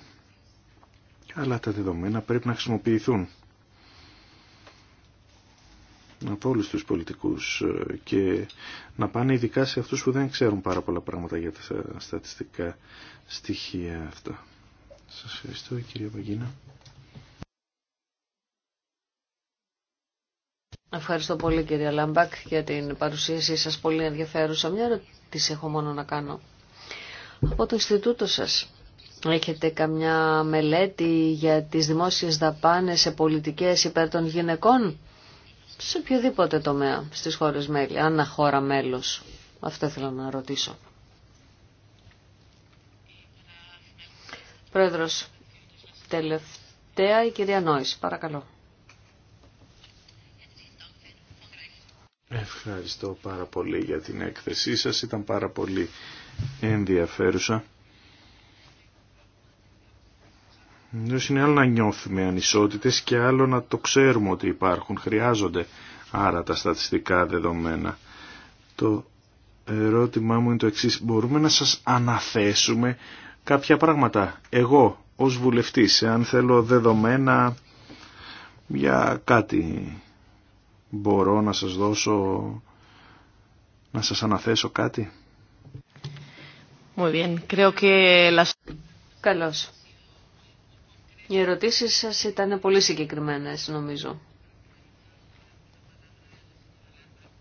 αλλά τα δεδομένα πρέπει να χρησιμοποιηθούν από όλους τους πολιτικούς ε, και να πάνε ειδικά σε αυτούς που δεν ξέρουν πάρα πολλά πράγματα για τα στατιστικά στοιχεία αυτά. Σας ευχαριστώ κύριε Παγκίνα. Ευχαριστώ πολύ κυρία Λάμπακ για την παρουσίασή σας πολύ ενδιαφέρουσα. Μια ερώτηση έχω μόνο να κάνω. Από το Ινστιτούτο σας έχετε καμιά μελέτη για τις δημόσιες δαπάνες σε πολιτικές υπέρ των γυναικών σε οποιοδήποτε τομέα στις χώρες μέλη, ανά χώρα μέλος. Αυτό ήθελα να ρωτήσω. Πρόεδρος, τελευταία η κυρία Νόης, παρακαλώ. Ευχαριστώ πάρα πολύ για την έκθεσή σας. Ήταν πάρα πολύ ενδιαφέρουσα. Ιδίως είναι άλλο να νιώθουμε ανισότητες και άλλο να το ξέρουμε ότι υπάρχουν, χρειάζονται άρα τα στατιστικά δεδομένα. Το ερώτημά μου είναι το εξής, μπορούμε να σας αναθέσουμε κάποια πράγματα. Εγώ ως βουλευτής, αν θέλω δεδομένα για κάτι μπορώ να σας δώσω, να σας αναθέσω κάτι. Muy bien. Creo que las... Καλώς. Οι ερωτήσεις σας ήταν πολύ συγκεκριμένες, νομίζω.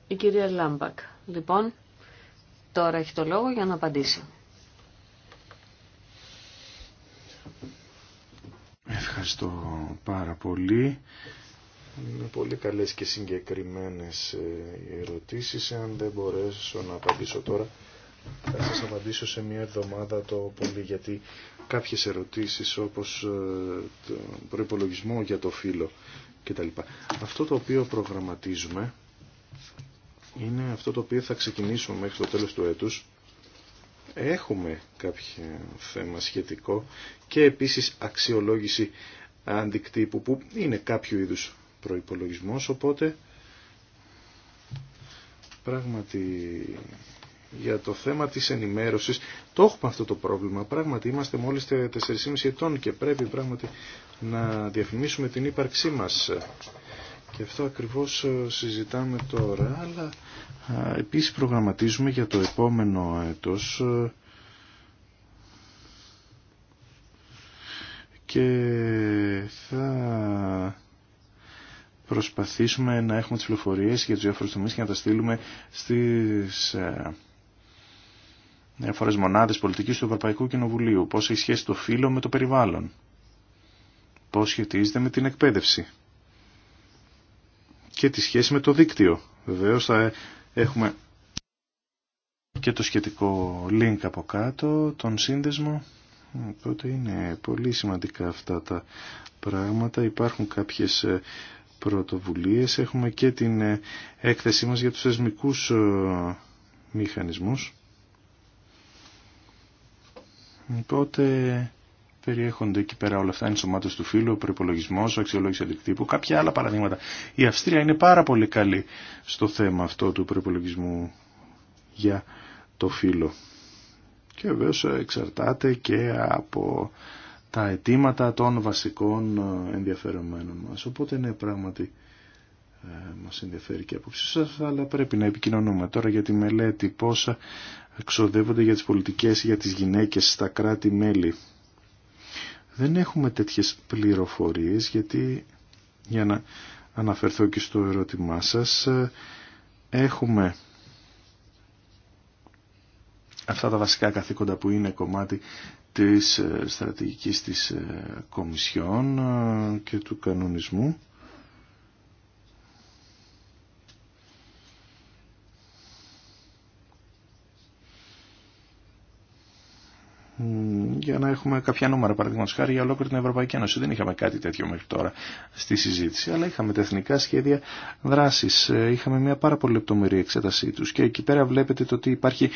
Η κυρία Λάμπακ, λοιπόν, τώρα έχει το λόγο για να απαντήσει. Ευχαριστώ πάρα πολύ. Είναι πολύ καλές και συγκεκριμένες ε, ερωτήσεις. Αν δεν μπορέσω να απαντήσω τώρα, θα σας απαντήσω σε μια εβδομάδα το πολύ, γιατί κάποιες ερωτήσεις όπως ε, το προϋπολογισμό για το φύλλο κτλ. Αυτό το οποίο προγραμματίζουμε είναι αυτό το οποίο θα ξεκινήσουμε μέχρι το τέλος του έτους. Έχουμε κάποιο θέμα σχετικό και επίσης αξιολόγηση αντικτύπου που είναι κάποιο είδους προϋπολογισμός, οπότε πράγματι για το θέμα της ενημέρωσης το έχουμε αυτό το πρόβλημα. Πράγματι είμαστε μόλις 4,5 ετών και πρέπει πράγματι να διαφημίσουμε την ύπαρξή μας. Και αυτό ακριβώς ε, συζητάμε τώρα, αλλά επίσης προγραμματίζουμε για το επόμενο έτος ε, και θα προσπαθήσουμε να έχουμε τις πληροφορίες για τους διάφορους τομείς και να τα στείλουμε στις ε, διάφορες μονάδες πολιτικής του Ευρωπαϊκού Κοινοβουλίου. Πώς έχει σχέση το φύλλο με το περιβάλλον. Πώς σχετίζεται με την εκπαίδευση. Και τη σχέση με το δίκτυο. Βεβαίω θα έχουμε και το σχετικό link από κάτω, τον σύνδεσμο. Οπότε είναι πολύ σημαντικά αυτά τα πράγματα. Υπάρχουν κάποιες ε, πρωτοβουλίες. Έχουμε και την ε, έκθεσή μας για τους θεσμικούς ε, μηχανισμούς. Οπότε περιέχονται εκεί πέρα όλα αυτά, ενσωμάτωση του φύλου, ο προπολογισμό, αξιολόγηση αντικτύπου, κάποια άλλα παραδείγματα. Η Αυστρία είναι πάρα πολύ καλή στο θέμα αυτό του προϋπολογισμού για το φύλο. Και βέβαια ε, εξαρτάται και από τα αιτήματα των βασικών ε, ενδιαφερομένων μας. Οπότε ναι, πράγματι ε, μας ενδιαφέρει και απόψη σα, αλλά πρέπει να επικοινωνούμε τώρα για τη μελέτη πόσα ξοδεύονται για τις πολιτικές για τις γυναίκες στα κράτη-μέλη. Δεν έχουμε τέτοιες πληροφορίες γιατί, για να αναφερθώ και στο ερώτημά σας, ε, έχουμε αυτά τα βασικά καθήκοντα που είναι κομμάτι της ε, στρατηγικής της ε, Κομισιόν ε, και του κανονισμού για να έχουμε κάποια νούμερα, παραδείγματο χάρη για ολόκληρη την Ευρωπαϊκή Ένωση. Δεν είχαμε κάτι τέτοιο μέχρι τώρα στη συζήτηση, αλλά είχαμε τα εθνικά σχέδια δράση. Ε, είχαμε μια πάρα πολύ λεπτομερή εξέτασή του και εκεί πέρα βλέπετε το ότι υπάρχει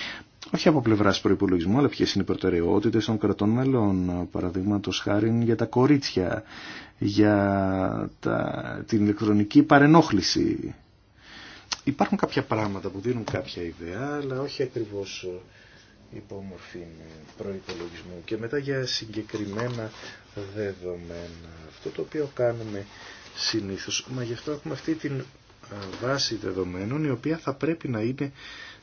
όχι από πλευρά προπολογισμού, αλλά ποιε είναι οι προτεραιότητε των κρατών μελών, παραδείγματο χάρη για τα κορίτσια, για τα, την ηλεκτρονική παρενόχληση. Υπάρχουν κάποια πράγματα που δίνουν κάποια ιδέα, αλλά όχι ακριβώς ε, υπόμορφη προϋπολογισμού και μετά για συγκεκριμένα δεδομένα. Αυτό το οποίο κάνουμε συνήθως, μα γι' αυτό έχουμε αυτή την ε, βάση δεδομένων η οποία θα πρέπει να είναι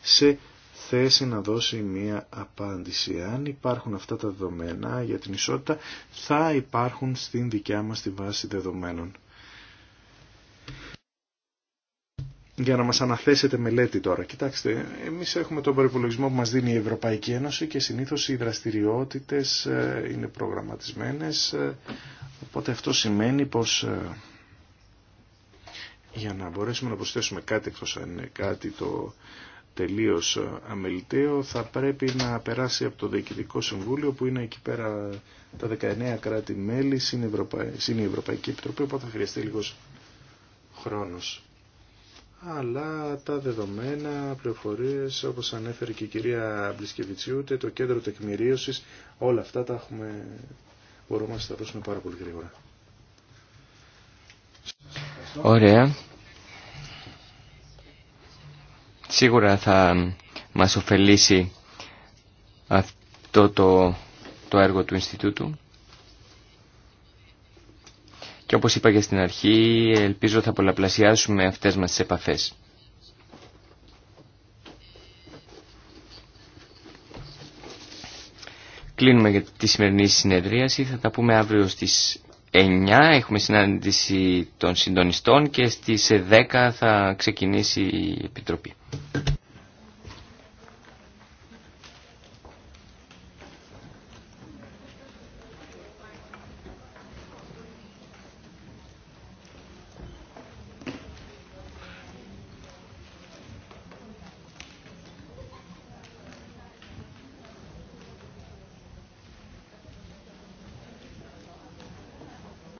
σε θέση να δώσει μία απάντηση. Αν υπάρχουν αυτά τα δεδομένα για την ισότητα θα υπάρχουν στην δικιά μας τη βάση δεδομένων. για να μας αναθέσετε μελέτη τώρα. Κοιτάξτε, εμείς έχουμε τον προπολογισμό που μας δίνει η Ευρωπαϊκή Ένωση και συνήθως οι δραστηριότητες ε, είναι προγραμματισμένες, ε, οπότε αυτό σημαίνει πως ε, για να μπορέσουμε να προσθέσουμε κάτι εκτός αν είναι κάτι το τελείως αμεληταίο θα πρέπει να περάσει από το Διοικητικό Συμβούλιο που είναι εκεί πέρα τα 19 κράτη-μέλη, στην Ευρωπαϊκή Επιτροπή, οπότε θα χρειαστεί λίγος χρόνος αλλά τα δεδομένα, πληροφορίες, όπως ανέφερε και η κυρία Μπλισκεβιτσιούτε, το κέντρο τεκμηρίωσης, όλα αυτά τα έχουμε, μπορούμε να τα δώσουμε πάρα πολύ γρήγορα. Ωραία. Σίγουρα θα μας ωφελήσει αυτό το, το έργο του Ινστιτούτου. Και όπως είπα και στην αρχή, ελπίζω θα πολλαπλασιάσουμε αυτές μας τις επαφές. Κλείνουμε για τη σημερινή συνεδρίαση. Θα τα πούμε αύριο στις 9. Έχουμε συνάντηση των συντονιστών και στις 10 θα ξεκινήσει η Επιτροπή.